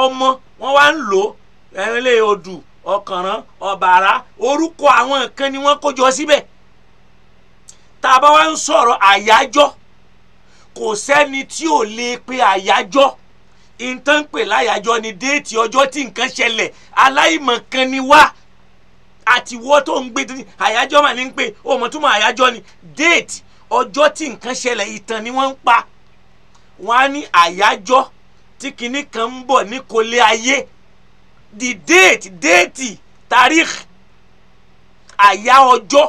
ọmọ wọ́n wá ń lò ẹ̀rẹ́lẹ́ odù ọkànrán ọ̀bàrà orúkọ àwọn nǹkan ni wọ́n kó jọ síbẹ̀. Si tá a bá wá ń sọ̀rọ̀ àyájọ́ kò sẹ́ni tí ò lè pe àyájọ́ nǹkan ń pè láyájọ́ ni déètì ọjọ́ tí nǹkan ṣẹlẹ̀ aláìmọ̀kan ni wá àtiwọ́ tó ń gbé àyájọ́ mà ní ń pè ọmọ túmọ̀ àyájọ́ ni déètì ọjọ́ tí nǹkan ṣẹlẹ̀ ìtàn ni wọ́n ń pa wọ́n á ní àyájọ́ tí kinní kan ń bọ̀ ní kólé ayé the date déètì tàríkì àyá ọjọ́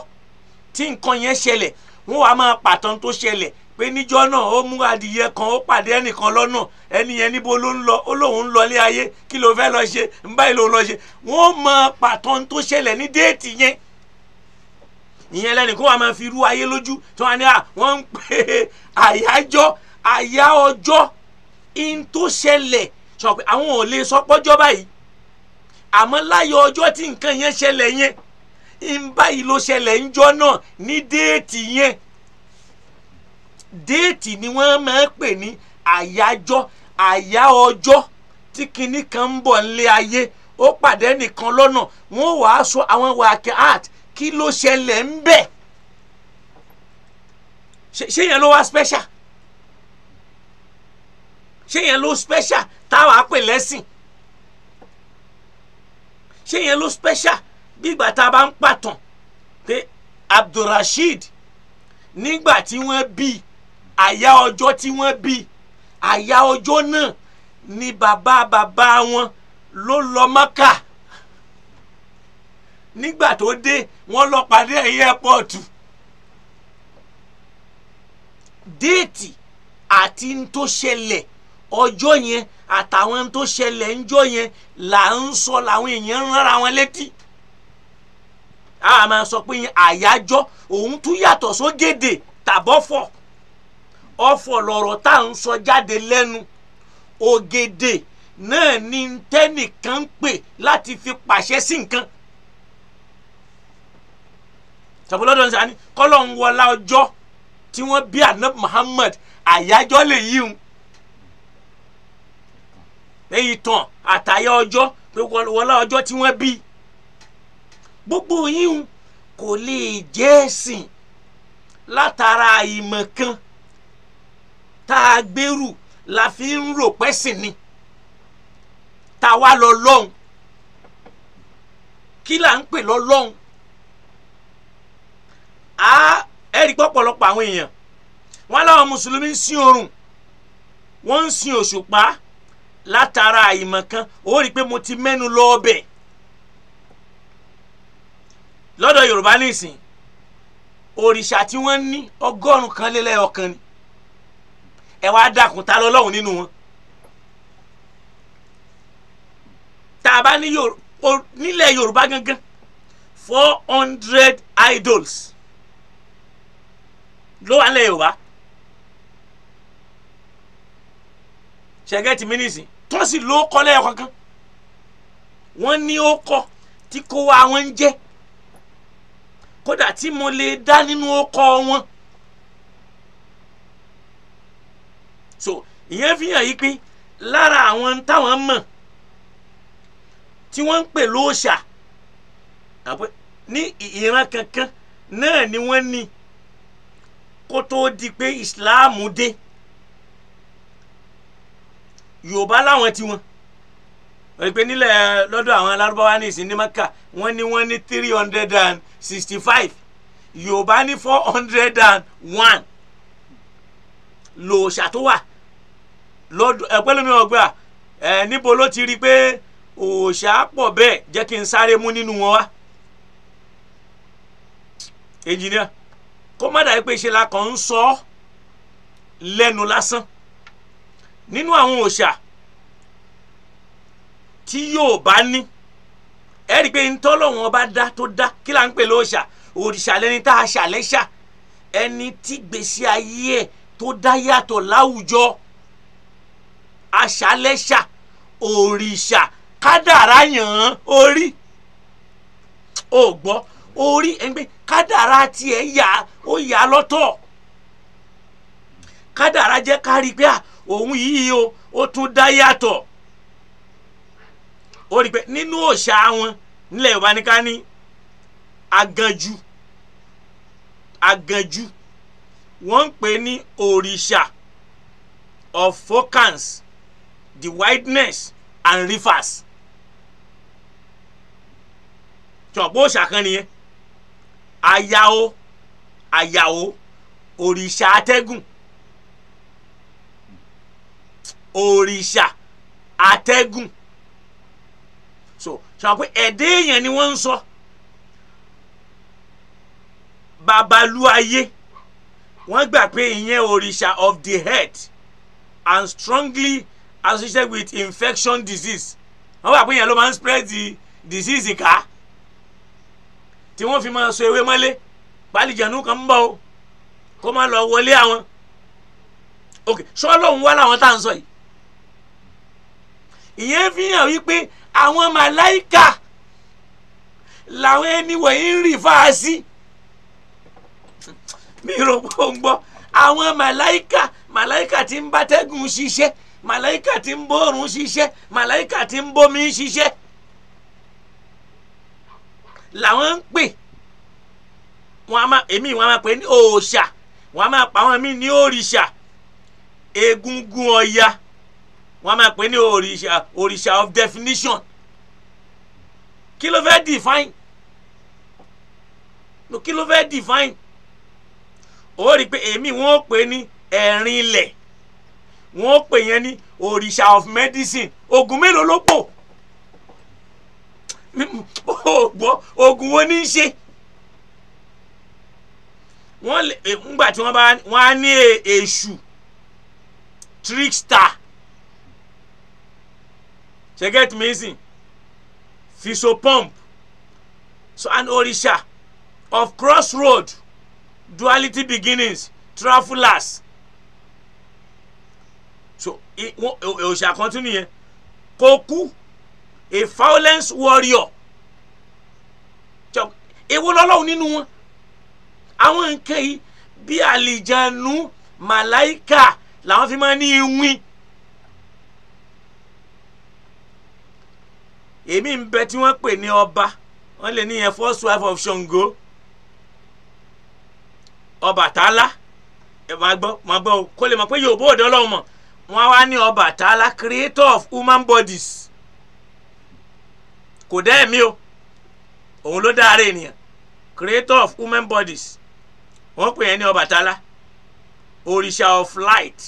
tí nǹkan yẹn ṣẹlẹ̀ wọ́n wàá máa pàtàn tó ṣẹlẹ̀ pé níjọ́ náà ó mú adìyẹ kan ó pàdé ẹnìkan lọ́nà ẹni yẹn níbo ló ń lọ ó lóun ń lọ ilé ayé kí ló fẹ́ lọ ṣe ń báyìí ló ń lọ ṣe wọ́n máa pàtàn tó ṣẹlẹ̀ ní déètì yẹn ìyẹn lẹ́nu kó wàá máa fi rú ayé lójú tí wọ́n á ní à wọ́n ń pè é àyájọ́ àyá ọjọ́ in tó ṣẹlẹ̀ sọ àwọn ò lè sọ pọ́jọ́ báyìí àmọ́ láyọ̀ ọjọ́ tí nǹkan yẹn ṣẹlẹ̀ yẹn ń báyìí ló ṣẹlẹ̀ ńjọ́ náà ní déètì yẹn déètì ni wọ́n máa ń pè ní àyájọ́ àyá ọjọ́ tí kinní kan ń bọ̀ nílé ayé ó pàdé nìkan lọ́nà wọ́n wàá sọ àwọn wàákẹ́ art kí ló ṣẹlẹ̀ ń bẹ̀ ṣé yẹn ló wá special ṣé yẹn ló special táwa pè lẹ́sìn ṣé yẹn ló special gbígbà tá a bá ń pàtàn pé Abdulrasheed nígbà tí wọ́n bí àyá ọjọ́ tí wọ́n bí àyá ọjọ́ náà ni bàbá bàbá wọn ló lọ Mákà nígbà tó dé wọ́n lọ pàdé ẹ̀yìn ẹ́pọ̀tù déètì àti ń tó ṣẹlẹ̀ ọjọ́ yẹn àtàwọn tó ṣẹlẹ̀ ńjọ́ yẹn là ń sọ làwọn èèyàn ń rán ara wọn létí a máa sọ pé àyájọ́ òun tún yàtọ̀ sógèdè tàbọ̀fọ̀ ọ̀fọ̀ lọ̀rọ̀ tá à ń sọ jáde lẹ́nu ògèdè náà ni tẹ́nìkan ń pè láti fi pàṣẹ sí nǹkan tàbọ̀lọ́dọ̀ nìyà ni kọ́lọ̀ ń wọlá ọjọ́ tí wọ́n bí anab Muhammad àyájọ́ lè yí un èyí tán àtàyà ọjọ́ pé wọlá ọjọ́ tí wọ́n bí gbogbo yín kò lè jẹ́ ẹ̀sìn látara ìmọ̀ kan tá a gbèrú la fi ń rò pẹ́sìn ni tá a wá lọ lọ́hùn kí là ń pè lọ lọ́hùn a ẹ̀rí pọ̀pọ̀lọpọ̀ àwọn èèyàn wọn láwọn mùsùlùmí ń sin oòrùn wọ́n ń sin òṣùpá látara ìmọ̀ kan ó rí i pé mo ti mẹ́nu lọ ọbẹ̀ lọ́dọ̀ yorùbá nísìn òrìṣà tí wọ́n ní ọgọ́rùn kan lé lẹ́yọ̀kan ni ẹ wá dákun ta lọ́lọ́run nínú wọn tá a bá ní nílẹ̀ yorùbá gangan four hundred idols ló wà nílẹ̀ yorùbá ṣẹ̀gẹ́tì mínísì tó sì ló kọ́ lẹ́yọ̀kan kan wọ́n ní ó kọ́ tí kó wa wọ́n ń jẹ́ kódà tí mo lè dá nínú ọkọ wọn so ìyẹn fi hàn yí pé lára àwọn táwọn mọ̀ tí wọ́n ń pè lóòṣà ní ìran kankan náà ni wọ́n ní kó tó di pé ìsìláàmù dé yorùbá láwọn tiwọn pé nílẹ̀ lọ́dọ̀ àwọn alárúbáwá ní ìsìn ní maka wọ́n ní wọ́n ní three hundred and sixty five yorùbá ní four hundred and one lòòṣà tó wà lọ́dọ̀ ẹ̀pẹ́ lómi ọgbà ẹ̀ níbo ló ti rí i pé òòṣà pọ̀ bẹ́ẹ̀ jẹ́ kí n sáré mú nínú wọn wá engineer kó má dàbí pé ṣe la kàn ń sọ lẹ́nu lásán nínú àwọn òòṣà tí yóò bá ní ẹ rí i pé ntọ́lọ́wọ́n bá dá tó dá kí là ń pè lóòṣà òrìṣà lẹni tá a ṣàlẹ́ṣà ẹni tí gbèsè ayé ẹ̀ tó dá yàtọ̀ láwùjọ aṣàlẹ́ṣà òrìṣà kádàrá yàn án orí ò gbọ́ orí ẹni pé kádàrá tiẹ̀ yà ó yà lọ́tọ̀ kádàrá jẹ́ ká rí i òun yìí o ó tún dá yàtọ̀ ó rí i pé nínú òòṣà wọn nílẹ̀ Yorùbá ní ká ní aganjú aganjú wọ́n ń pè ní òrìṣà of focans the wideness and rivers tọ̀pọ̀ òòṣà kan nìyẹn ayáwó ayáwó òrìṣà atẹ́gùn òrìṣà atẹ́gùn sọ̀kò ẹ̀dẹ́ yẹn ni wọ́n ń sọ babaluaye wọ́n gbà pé ìyẹn òrìṣà of the head and strongly associated with infection disease wọ́n gbà pé ìyẹn ló máa ń spread the disease ká tí wọ́n fi máa so ewé mọ́lé pálíjànú kan ń bọ̀ o kó máa lọ wọlé àwọn ok sọlọ́hún wá làwọn tá à ń sọ yìí ìyẹn fi hàn wípé àwọn màláìka làwọn ẹni wọ̀nyí ń rì fáasí mi rò pé ó ń gbọ́ àwọn màláìka màláìka tí ń bátẹ́gùn ṣiṣẹ́ màláìka tí ń bọ́ọ̀rùn ṣiṣẹ́ màláìka tí ń bómi ṣiṣẹ́ làwọn ń pè wọn a máa èmi wọn a máa pè ní òòṣà wọn a máa pa wọn mí ní òrìṣà egungun ọya. E wọ́n máa pè ní òrìṣà òrìṣà of definition kí ló fẹ́ define no kí ló fẹ́ define ó rí i pé èmi wọ́n pè ní ẹ̀rin ilẹ̀ wọ́n pè yẹn ní òrìṣà of medicine oògùn mélòó ló pò [LAUGHS] oògùn wo ní í ṣe wọ́n lè ńgbà tí bá wọ́n á ní e, èṣù trickster she get me sin fiso pump so an orisha of crossroad duality beginnings travelers so òòṣà kan tún nìyẹn kò kú a violence warrior ewu lọ́lọ́run nínú wọn àwọn nǹkan yìí bí àlìjánu màláìkà làwọn fi máa ní iwin. èmi ń bẹ tí wọ́n pè ní ọba wọ́n lè níyẹn first wife of Ṣàngó Ọbàtálá ẹ máa gbọ́ máa gbọ́ kó lè mọ̀ pé Yorùbá òde Ọlọ́run mọ̀ wọ́n wá ní Ọbàtálá creator of human bodies kò dá ẹ̀mí o òun ló dá ènìyàn creator of human bodies wọ́n pè yẹn ní Ọbàtálá òrìṣà of light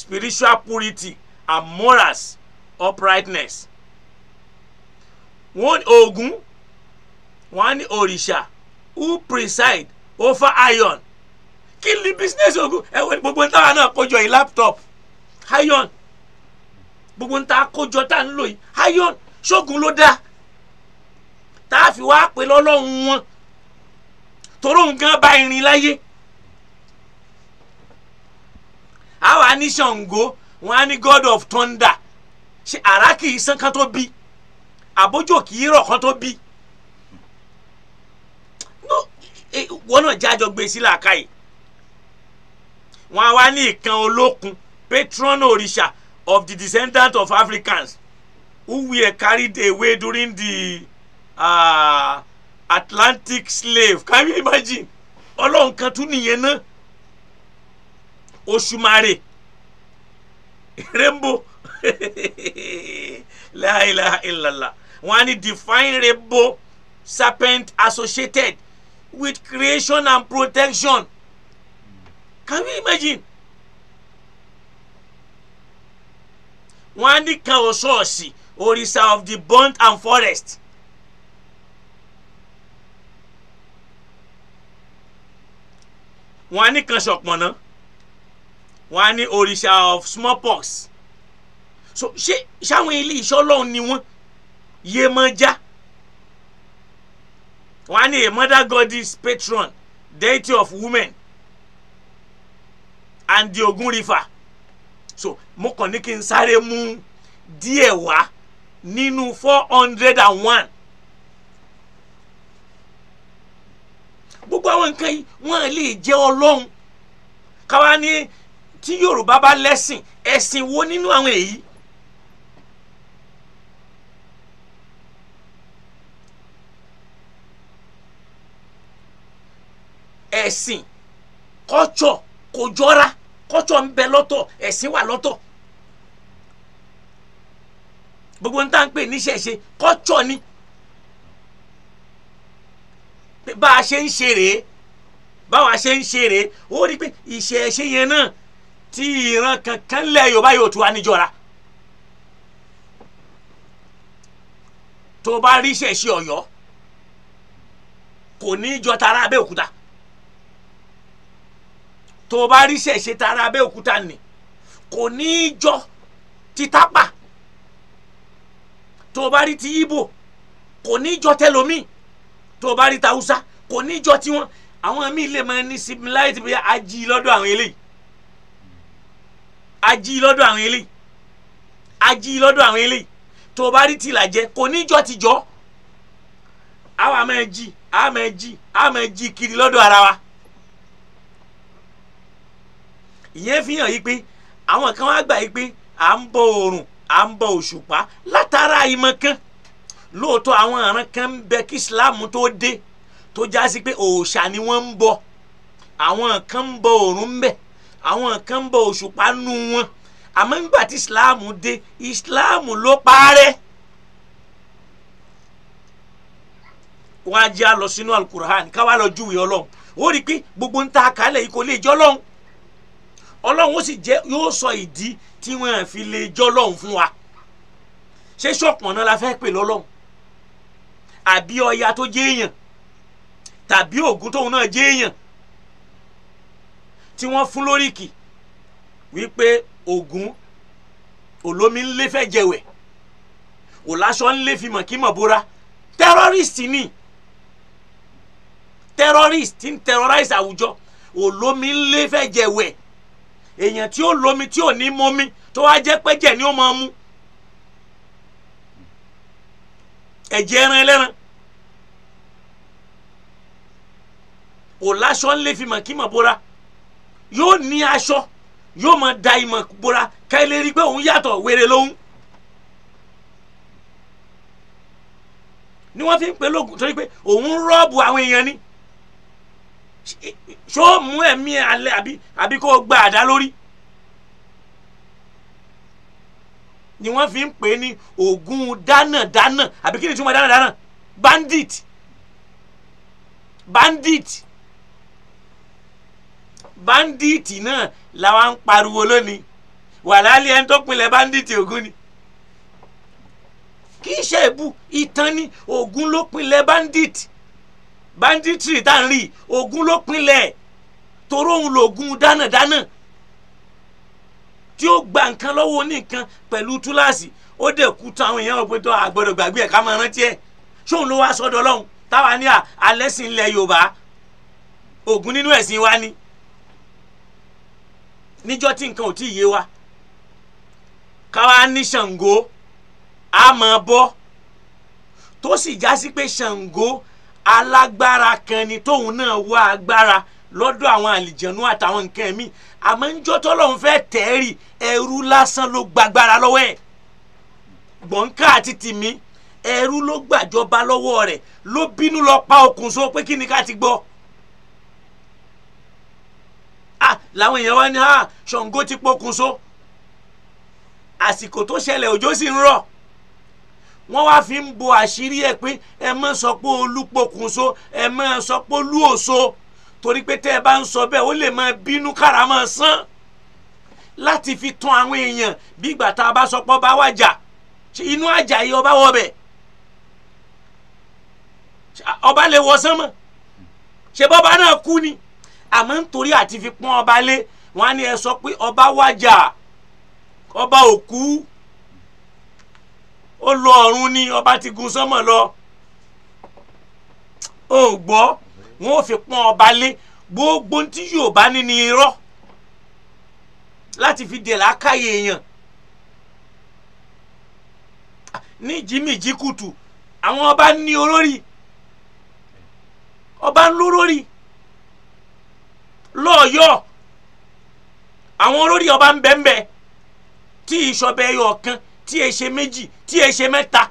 spiritual purity and morals uprightness wọ́n Ogun, wọ́n ní òrìṣà who preside over iron kí ni business Ogun. ẹ̀wọ̀n gbogbo ntáwa náà kójọ yìí laptop iron gbogbo ntá kójọ tá ń lò yìí iron ṣógun ló dá tá a fi wá pè lọ́lọ́run wọn toróhùn gan bá irin láyé àwa ní Ṣàngó wọn á ní god of thunder ṣe àrà kì í sán ká tó bí àbójú òkì yìí rọ̀ kan tó bí e, wọn náà jájọ gbé sí làákàyè wọn wá ní ìkan olókun patron òrìṣà of the descendant of Africans who were carried away during the uh, Atlantic slave can you imagine ọlọ́run kan tún nìyẹn náà Òṣùmàrè rainbow [LAUGHS] la ilaha illallah wọ́n á ní definable serpent associated with creation and protection can we imagine wọ́n á ní kan ọ̀ṣọ́ọ̀ṣì òrìṣà of the burnt and forest. wọ́n á ní kan ṣọ̀pọ̀nná wọ́n á ní òrìṣà of smallpox so ṣé ṣáwọn ilé ìṣọ́ lọ́hùn ni wọ́n Ye wọ́n á ní a mother goddess patron deity of women and the Ogun River so mo kàn ní kí n sáré mú díẹ̀ wá nínú four hundred and one gbogbo àwọn nǹkan yìí wọ́n lè jẹ́ ọlọ́run káwa ní tí Yorùbá bá lẹ́sìn ẹ̀sìn wo nínú àwọn èyí. E ẹ̀sìn culture kò jọra culture ń bẹ lọ́tọ̀ ẹ̀sìn wà lọ́tọ̀ gbogbo ń tà ń pè níṣẹ̀ṣe culture ni bá a ṣe ń ṣe rèé báwa ṣe ń ṣe rèé ó rí i pé ìṣẹ̀ṣe yẹn náà tí ìran kankan lẹ̀ Yorùbá yóò tú wa níjọra. tó bá rí ṣẹ̀ṣẹ̀ Ọ̀yọ́ kò ní í jọ tara Abẹ́òkúta tó o bá rí ṣẹ̀ṣẹ̀ tara Abẹ́òkúta nì kò ní í jọ ti Tápà tó o bá rí ti Ìgbò kò ní í jọ tẹlomi tó o bá rí ta Haúsá kò ní í jọ tiwọn àwọn míì lè máa ní similarity bí ají lọ́dọ̀ àwọn eléyìí ají lọ́dọ̀ àwọn eléyìí ají lọ́dọ̀ àwọn eléyìí tó o bá rí tìlà kò ní í jọ tìjọ́ àwa máa jí àwa máa jí àwa máa jí kiri lọ́dọ̀ ara wa ìyẹn fi hàn yìí pé àwọn kan wá gbà yìí pé à ń bọ oòrùn à ń bọ òṣùpá látara ìmọ̀ kan lóòótọ́ àwọn ọ̀ràn kan ń bẹ kí Islam tó dé tó já sí pé òòṣà ni wọ́n ń bọ àwọn kan ń bọ oòrùn ń bẹ àwọn kan ń bọ òṣùpá nù wọn àmọ́ nígbà tí Islam dé Islam ló parẹ́ wọ́n á jẹ́ àlọ́ sínú alukur'an káwá lọ júwèé ọlọ́run ó rí i pé gbogbo ń ta àkálẹ̀ yìí kò lè jọ́ lọ́hùn ọlọ́run ó sì jẹ́ yóò sọ ìdí tí wọ́n fi lè jọ́ lọ́hùn fún wa ṣé ṣọ̀pọ̀n náà la fẹ́ pè lọ́lọ́hùn àbí ọya tó jẹ́ èèyàn tàbí ògún tóun náà jẹ́ èèyàn tí wọ́n fún lóríkì wípé ògún olómi ńlé fẹ́ jẹ̀wẹ̀ òláṣọ ńlé fi mọ̀ kí mọ̀ bóra terrorist ni terrorist ń terrorize àwùjọ olómi ńlé fẹ́ jẹ̀wẹ̀ èèyàn tí ó lómi tí ò ní mọ́mí tó wá jẹ́ pẹ́jẹ̀ ni ó máa mú ẹ̀jẹ̀ ẹran ẹlẹ́ran kò láṣọ ńlẹ́ fi mọ̀ kí mọ̀ bóra yóò ní aṣọ yóò máa da ìmọ̀ bóra ká rí pé òun yàtọ̀ wèrè lòun. ni wọ́n fi ń pè lóògùn torí pé òun rọ́ọ̀bù àwọn èèyàn ni ṣó mú ẹ̀mí alẹ́ abi abi kó gba àdá lórí ni wọ́n fi ń pè é ní oògùn dánàdánà àbí kí ni túmọ̀ dánàdánà bandit bandit bandit náà làwọn ń pariwo lónìí wàhálà ẹni tó pinlẹ̀ bandit ogun ni kì í ṣe èbú ìtàn ni ogun ló pinlẹ̀ bandit banditiri tá n rí ogun ló pinlẹ̀ toró òun lògùn dánàdánà tí ó gba nǹkan lọ́wọ́ oníkan pẹ̀lú túláàsì ó dẹ̀ kú tán àwọn èèyàn ọ̀pẹ̀ tó àgbọ̀dọ̀ gbàgbé ẹ̀ ká máa rántí ẹ̀ ṣóun ló wá sọ́dọ̀ ọlọ́run táwa ní alẹ́ sìn ilẹ̀ yorùbá ògùn nínú ẹ̀sìn wa ni níjọ́ tí nǹkan ò tí ì yé wa káwa ní ṣàngó a máa bọ́ tó sì já sí pé ṣàngó alágbára kan ni tóun náà wá agbára lọ́dọ̀ àwọn àlìjẹ̀nú àtàwọn nǹkan míì àmọ́ ń jọ́ tọ́lọ́run fẹ́ tẹ́ẹ̀rì ẹrú lásán ló gbàgbára lọ́wọ́ ẹ̀ gbọ̀ǹkà àti tìmí ẹrú ló gbàjọba lọ́wọ́ rẹ̀ ló bínú lọ pa okùn so pé kí ni ká ti gbọ́ ah làwọn èèyàn wá ní ah Ṣàngó ti pokùn so àsìkò tó ṣẹlẹ̀ òjò sì ń rọ̀ wọ́n wá fi ń bo àṣírí ẹ̀ pé ẹ má sọ pé olúpokùnso ẹ má sọ pé olúòso torí pé tẹ́ ẹ bá ń sọ bẹ́ẹ̀ ó lè máa bínú kára máa sán láti fi tàn àwọn èèyàn bí ìgbà tá a bá sọ pé ọba wàjà inú àjà yìí ọba wọ bẹ̀ ọba lè wọ sánmọ̀ ṣe bọ́ba náà kú ni àmọ́ nítorí àti fi pọ́n ọba lé wọ́n á ní ẹ sọ pé ọba wàjà ọba òkú ó lọ ọ̀run ní ọba ti gun sánmọ̀ lọ ó gbọ́ wọn ò fi pọ́n ọba lé gbogbo tí Yorùbá ní ni irọ́ láti fi dè lákàyè èèyàn ní jìmìjì kùtù àwọn ọba ní olórí ọba ń lórí lọ́ọ̀yọ́ àwọn olórí ọba ń bẹ́ńbẹ́ tí ìṣọ̀bẹ yọ̀ kan tí ẹ ṣe méjì tí ẹ ṣe mẹ́ta.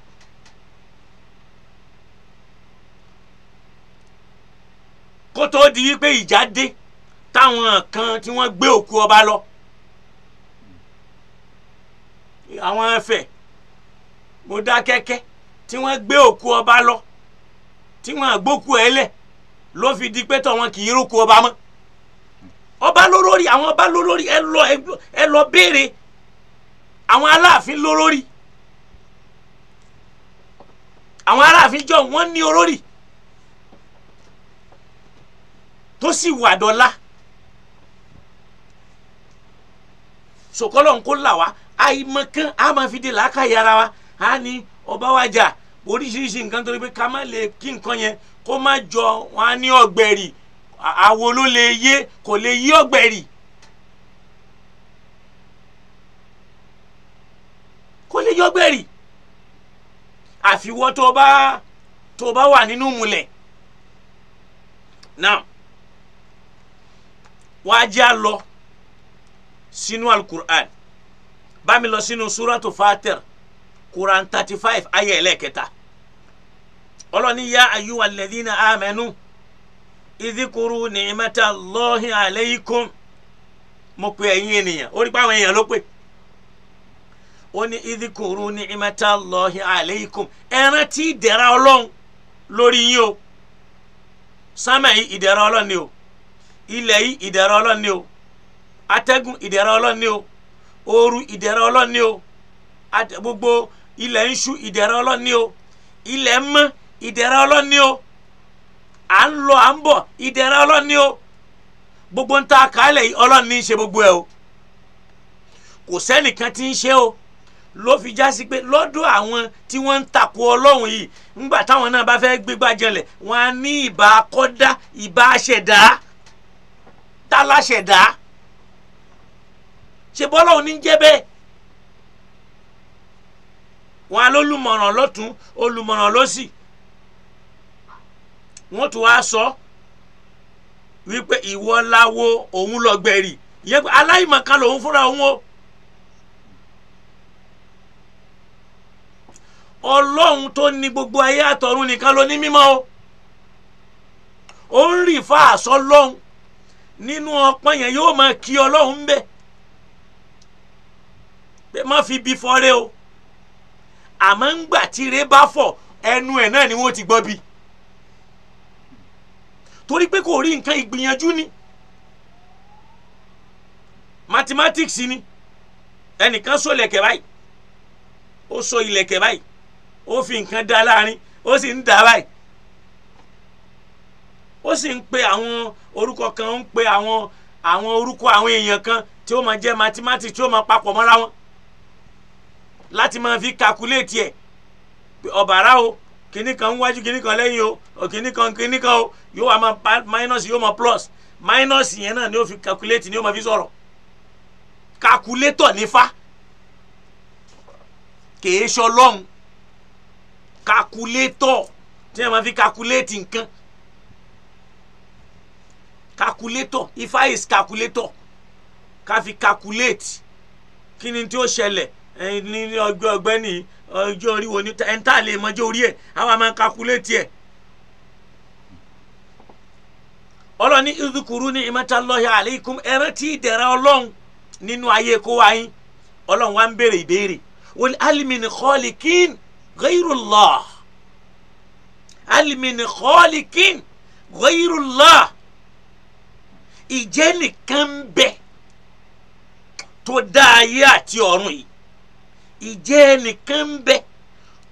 kó tóó di wípé ìjà dé táwọn kan tí wọ́n gbé òkú ọba lọ àwọn ẹfẹ̀ Mọdákẹ́kẹ́ tí wọ́n gbé òkú ọba lọ tí wọ́n gbókú ẹ lẹ̀ ló fi di pé tọ̀ wọn kì í rókú ọba mọ́ ọba lólórí àwọn ọba lólórí ẹ lọ ẹ lọ béèrè àwọn aláàfin lórórì àwọn aláàfin jọ wọ́n ní orórì tó sì wà dọ́là sòkòlò ńkó là wá àìmọ̀kan a máa fi de làákàyè ara wa a ní ọba wa jà oríṣiríṣi nǹkan torí pé ká má lè kí nǹkan yẹn kó má jọ wọn á ní ọ̀gbẹ̀rì àwo ló lè yé kò lè yí ọ̀gbẹ̀rì. kó lè yọ gbèrì àfiwọ́ tó bá tó bá wà nínú mulẹ̀ now wàá jẹ́ àlọ́ sínú alukur'an bá mi lọ sínú suratu fatir quran thirty five ayé ẹlẹ́kẹta ọlọ́ni yá ayúwa lẹ́dínà amẹ́nu ìdíkùrú nìyẹn mẹ́ta lọ́hìn alaykum mo pe ẹ̀yin ènìyàn ó rí pé àwọn èèyàn ló pè é. ó ní idhkuru ni'matallahi alaykum ẹ rántí ìdẹ̀ra ọlọ́run lórí yín o sánmà yìí ni o ilẹ̀ yìí ìdẹ̀ra ọlọ́run ni o atẹ́gùn ìdẹ̀ra ọlọ́run ni o ooru ni o gbogbo ilẹ̀ ń ṣú ni o ilẹ̀ mọ́ ìdẹ̀ra ni o à ń lọ à ń bọ̀ ni o gbogbo ń ta àkàlẹ̀ ni ń gbogbo o ló fi já sí pé lọ́dọ̀ àwọn tí wọ́n ń takò ọlọ́run yìí ńgbà táwọn náà bá fẹ́ gbégbá jẹlẹ̀ wọ́n á ní ìbá kọ́dá ìbá ṣẹ̀dá tálá ṣẹ̀dá ṣe bọ́lọ́run ní jẹ́ bẹ́ẹ̀ wọ́n á lólùmọ̀ràn lọ́tún olùmọ̀ràn lọ́sì wọ́n tún wá sọ wípé ìwọ láwo òun lọ yẹ aláìmọ̀kan lòun fúnra òun o. ọlọ́run tó ní gbogbo ayé àtọ̀run nìkan ló ní mímọ́ o ó ń rì fa àṣọ lọ́hùn nínú ọpọ́n yẹn yóò máa kí ọlọ́run ń pé má fi bí fọ́rẹ́ o àmọ́ ń gbà tí ire bá fọ̀ ẹnu ẹ̀ náà ni wọ́n ti gbọ́ bí torí pé kò rí nǹkan ìgbìyànjú ni mathematics ni ẹnìkan sọ ilẹ̀kẹ̀ báyìí ó sọ ilẹ̀kẹ̀ báyìí ó fi nǹkan dá láàrin ó sì ń dà báyìí ó sì ń pe àwọn orúkọ kan ń pe àwọn àwọn orúkọ àwọn èèyàn kan tí ó máa jẹ́ mathematics tí ó máa papọ̀ mọ́ra wọn láti máa fi calculate ẹ̀ ọ̀bàrà o kìnnì kan wájú kìnnì kan lẹ́yìn o kìnnì kan kìnnì kan o yóò wá máa minus yóò máa plus minus yẹn náà ni ó fi calculate ni ó máa fi sọ̀rọ̀ calculator nífa kèé sọlọ́hún kakulétọ̀ tí wọ́n máa fi kakuléètì nǹkan kakulétọ̀ ifá is kakulétọ̀ ká fi kakuléètì kí ni tí ó ṣẹlẹ̀ ní ọgbẹ́ ọgbẹ́ ní ọjọ́ orí wo ni ẹ̀ńtà lè mọjọ́ orí ẹ̀ àwa máa kakuléètì ẹ̀ ọlọ́ni ìdúkúrú ní ìmọ̀tàlọ́hì aleikum ẹ̀rẹ́ tí ìdẹ̀ra ọlọ́run nínú ayé kó wáyé ọlọ́run wá ń béèrè ìbéèrè wọ́n alimi ni kọ́ọ̀lì kíni ghayrullah alimin khaliqin ghayrullah ìjẹ́ nìkan ń bẹ tó dá ayé àti ọ̀run yìí ìjẹ́ nìkan ń bẹ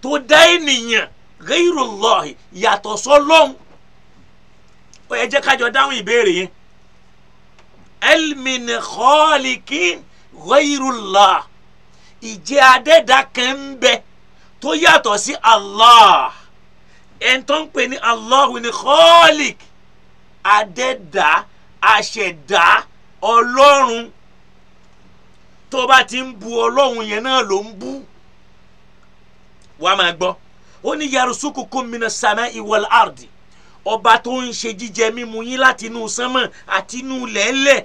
tó dá ènìyàn ghayrullah yàtọ̀ sọ́lọ́hún ó yẹ jẹ́ kájọ dáhùn ìbéèrè yẹn alimin khaliqin ghayrullah ìjẹ́ adẹ́dá kan bẹ tó yàtọ̀ sí Allah ẹni tó ń pè ní Allah ni khalik adẹ́dá aṣẹ̀dá ọlọ́run tó bá ti ń bu ọlọ́run yẹn náà ló ń bú wàá máa gbọ́ ó ní yarsukukum minas sama'i wal ardi ọba tó ń ṣe jíjẹ mímu yín láti inú sánmọ̀ àti inú lẹ́lẹ̀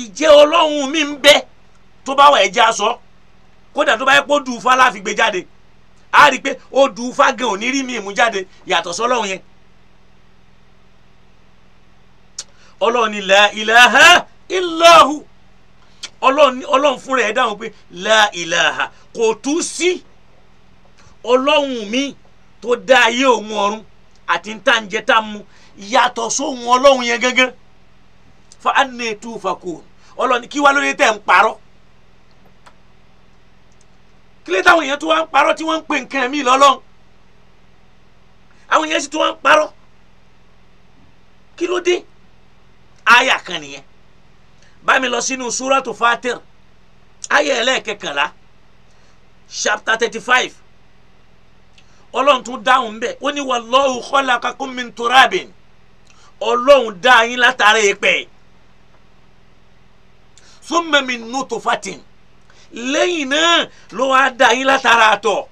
ìjẹ́ ọlọ́run mi ń bẹ tó bá wà ẹ̀ já sọ. So kódà tó bá yẹ kó dùn fa láfi gbé jáde a rí i pé ó dùn fa gan ò rí mi ìmú jáde yàtọ̀ sọ́lọ́run yẹn ọlọ́run ni la ilaha illahu ọlọ́run fúnra ẹ̀ dáhùn pé la ilaha kò tú sí ọlọ́run mi tó dá ayé òun ọ̀run àti ntànjẹ tá a mú yàtọ̀ sóhun ọlọ́run yẹn gángan fa anna tufaku ọlọ́run kí wá lóde tẹ̀ ń parọ́ kílẹ̀ táwọn èèyàn tó wá ń parọ́ tí wọ́n ń pè nǹkan mí lọ́lọ́run àwọn èèyàn sì tó wá ń parọ́ kí ló dé àyà kan nìyẹn bá mi lọ sínú súrátù Fatir àyà ẹlẹ́ẹ̀kẹkànlá chapter thirty five ọlọ́run tún dáhùn bẹ́ẹ̀ ó ní wallahu khalaqakum min turabin ọlọ́run dá yín látara èèpẹ̀ thumma min nutfatin lẹ́yìn náà ló wá dá yín látara àtọ̀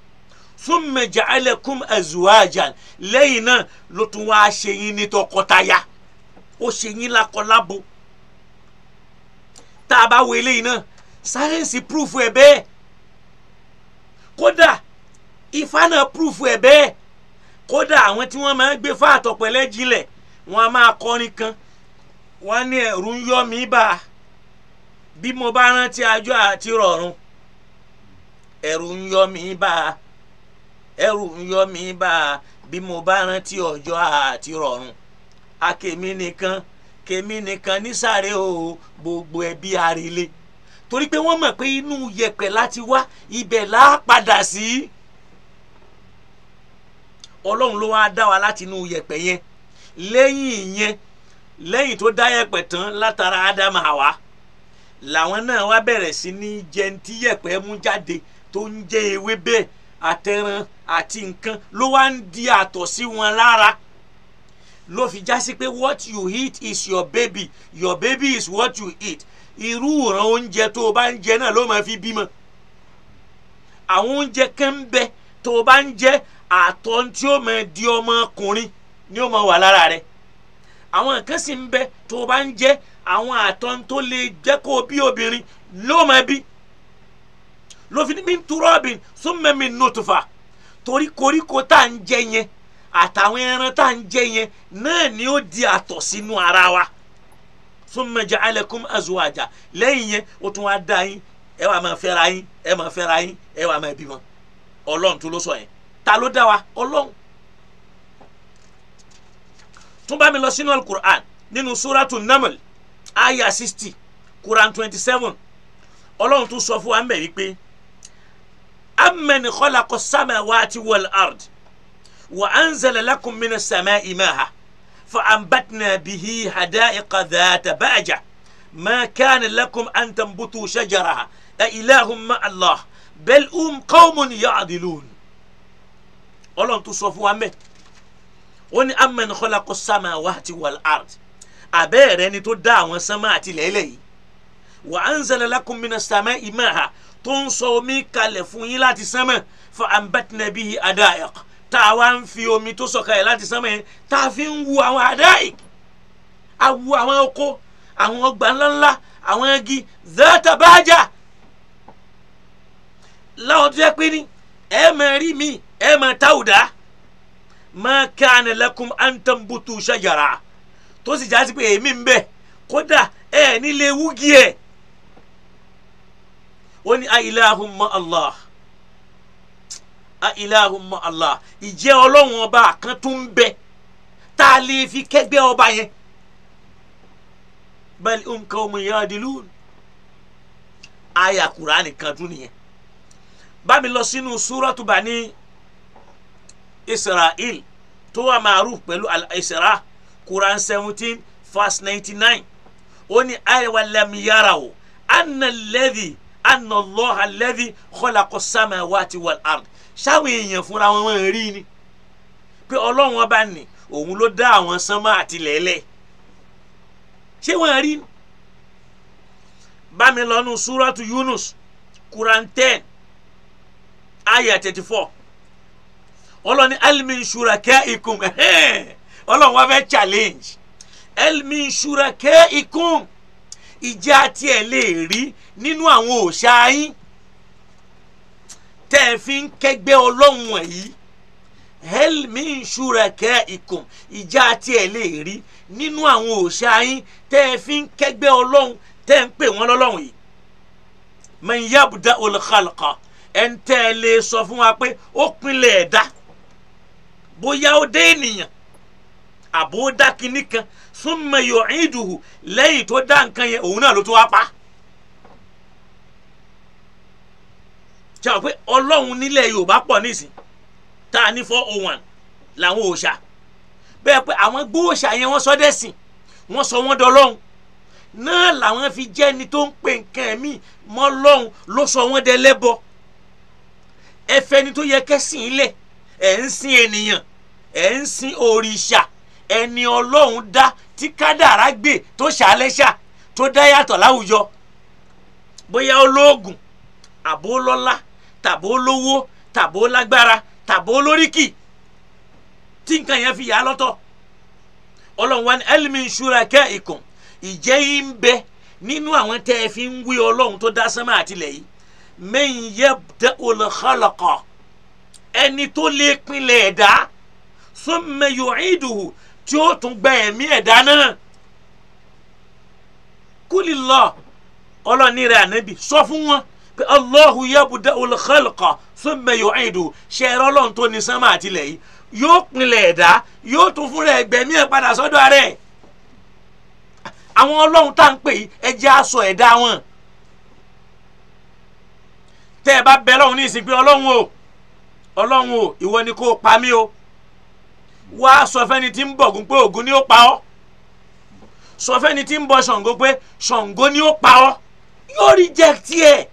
summa ja'alakum azwajan lẹ́yìn náà ló tún wá ṣe yín ní tọkọtaya ó ṣe yín lákọlábo tá a bá wo eléyìí náà sáyẹ́ǹsì púrúfù ẹ̀ bẹ́ẹ̀ kódà ifá náà púrúfù ẹ̀ bẹ́ẹ̀ kódà àwọn tí wọ́n máa ń gbé fáàtọ̀pẹ̀lẹ́ jinlẹ̀ wọ́n á máa kọrin kan wọ́n á ní ẹ̀rù ń yọ mí bá bí mo bá rántí ajọ́ àti rọ̀run ẹ̀rù ń yọ mí bá ẹ̀rù ń yọ mí bá bí mo bá rántí ọjọ́ àti rọ̀run akèmí nìkan kèmí nìkan nísàrè o gbogbo ẹbí arílé torí pé wọ́n mọ̀ pé inú yẹ̀pẹ̀ láti wá ibẹ̀ là á padà sí ọlọ́run ló wá dá wa láti inú yẹ̀pẹ̀ yẹn lẹ́yìn yẹn lẹ́yìn tó dá yẹ̀pẹ̀ tán látara ádámà wá làwọn náà wá bẹ̀rẹ̀ sí ní jẹun tí yẹ̀pẹ̀ mú jáde tó ń jẹ́ ewébẹ̀ àtẹran àti nǹkan ló wá ń di àtọ̀ sí wọn lára ló fi já sí pé what you eat is your baby your baby is what you eat irú ìran oúnjẹ tó o bá ń jẹ náà ló máa fi bímọ àwọn oúnjẹ kan ń bẹ tó o bá ń jẹ àtọ̀ tí ó máa di ọmọkùnrin ni ó máa wà lára rẹ àwọn nǹkan sì ń bẹ tó o bá ń jẹ àwọn àtọ́n tó lè jẹ́ kó bí obìnrin ló máa bí lófin mi ń turọ́ bìn súnmọ́ mi nùtùfà torí koríko tá à ń jẹ yẹn àtàwọn ẹran tá à ń jẹ yẹn náà ni ó di àtọ̀ sínú ara wa súnmọ́ jẹ́ alẹ́kùn azùwàjà lẹ́yìn yẹn ó tún wá dá yín ẹ wà máa fẹ́ra yín ẹ máa fẹ́ra yín ẹ wà máa bímọ ọlọ́run tó ló sọ yẹn ta ló dá wa ọlọ́run tún bá mi lọ sínú alukur'an nínú súrátù naml aya sixty quran 27. seven ọlọ́run tún sọ fún wa mbẹ̀ wípé amẹ́ni khalaqa samawati wal ard wa anzala lakum mina samai maha fa ambatna bihi hada'iqa dhata ba'ja ma kana lakum an tanbutu shajaraha a ilahum ma allah bal um qawmun ya'dilun ọlọ́run tún sọ fún wa mbẹ̀ wọ́n ní amẹ́ni khalaqa samawati wal ard àbẹ́ẹ̀ rẹ ni tó dá àwọn sánmà àti lẹ́lẹ̀ yìí wa anzala lakum minas sama'i ma'a tó ń sọ omi kalẹ̀ fún yín láti sánmà fa ambatna bihi hada'iq tá a wá ń fi omi tó sọ̀kalẹ̀ láti sánmà yẹn tá a fi ń wu àwọn hada'iq awu àwọn oko àwọn ọgbà ńláńlá àwọn igi zata bájà láwọn tó yẹ pé ní ẹ máa rí mi ẹ máa táwùdá ma kana lakum an tambutu shajara tó sì já sí pé èmi ń bẹ kódà ẹ nílé wúgi ẹ ó ní ailahumma allah ailahumma allah ìjẹ́ ọlọ́run ọba kan tó ń bẹ tá a lè fi kẹ́gbẹ́ ọba yẹn bal um qawmun yadilun aya Kùránì kan tún nìyẹn bá lọ sínú súrọ́tù bani israel tó wà màrúf pẹ̀lú al Quran 17, verse 99. Oni ay ní àyẹ̀wò lẹ́mìyàrá o anna lẹ́dí anna lọ́ha lẹ́dí khalaqa samawati wal ard sáwọn èèyàn fúnra wọn wọn rí ni pé ọlọ́run ọba ní òun ló dá àwọn sánmà àti lẹ́lẹ́ ṣé wọn rí ni bámi lọ́nu súrọ́tù Yunus Quran 10, ayah thirty four ọlọ́ni alimin shuraka ikum [LAUGHS] ọlọ́run wá fẹ́ challenge elmi ṣúrakẹ́ ikún ìjà tí ẹ lè rí nínú àwọn òòṣà yín tẹ́ ẹ fi ń kẹ́gbẹ́ ọlọ́run wọ̀nyí elmi ṣúrakẹ́ ikún ìjà tí ẹ lè rí nínú àwọn òòṣà yín tẹ́ ẹ fi ń kẹ́gbẹ́ ọlọ́run tẹ́ ẹ ń pè wọ́n lọ́lọ́run yìí man yabda olùkàlùkà ẹ̀ńtẹ́ ẹ lè sọ fún wa pé ó pinlẹ̀ ẹ̀dá bóyá ó dé ènìyàn àbó dá kinní kan summa yu'iduhu lẹ́yìn tó dá nǹkan yẹn òun náà ló tó wá pa. jẹ́ pé ọlọ́run nílẹ̀ yorùbá pọ̀ nísìn tá a ní four oh one làwọn òòṣà bẹ́ẹ̀ pé àwọn gbóòṣà yẹn wọ́n sọ dẹ́sìn wọ́n sọ wọ́n dọlọ́run náà làwọn fi jẹ́ ẹni tó ń pè nǹkan ẹ̀mí mọ́ lọ́run ló sọ wọ́n dẹlẹ́bọ ẹfẹ́ ni tó yẹ kẹ́sìn ilẹ̀ ẹ̀ ń sin ènìyàn ẹ̀ ń sin òrìṣà ẹni ọlọ́run dá tí kádàrá gbè tó ṣàlẹ́ṣà tó dá yàtọ̀ láwùjọ bóyá olóògùn àbó lọ́lá tàbó lówó tàbó lágbára tàbó lóríkì tí nǹkan yẹn fi yà á lọ́tọ̀ ọlọ́run wa ni ẹlẹ́mi ṣúra kẹ́ ìkùn ìjẹ́ yìí ń bẹ nínú àwọn tẹ́ ẹ fi ń wí ọlọ́run tó dá sánmà àtìlẹ̀ yìí mẹ́yìn yẹ dẹ́ olùkọ́lọ́kọ́ ẹni tó lè pinlẹ̀ ẹ̀dá sọ́mẹ́yọ̀ ẹ̀dùhù tí ó tún gbẹ ẹ̀mí ẹ̀dá náà kúlì lọ ọlọ́ni rẹ̀ ànábì sọ fún wọn pé Allahu yabda'ul khalqa thumma yu'idu ṣe ẹ̀rọ ọlọ́run tó ní sánmà àtìlẹ̀ yìí yóò pinlẹ̀ ẹ̀dá yóò tún fúnra ẹgbẹ̀mí ẹ̀ padà sọ́dọ̀ ara ẹ̀ àwọn ọlọ́run tá à ń pè yìí ẹ jẹ́ aṣọ ẹ̀dá wọn tẹ́ ẹ bá bẹ lọ́hùn ní ìsìn pé ọlọ́run o ọlọ́run o ìwọ ni kó pa mí o. wá sọ fẹ́ni tí ń bọ pé ni ó pa ọ sọ fẹ́ni tí ń bọ pé ni ó pa ọ yóò reject ẹ̀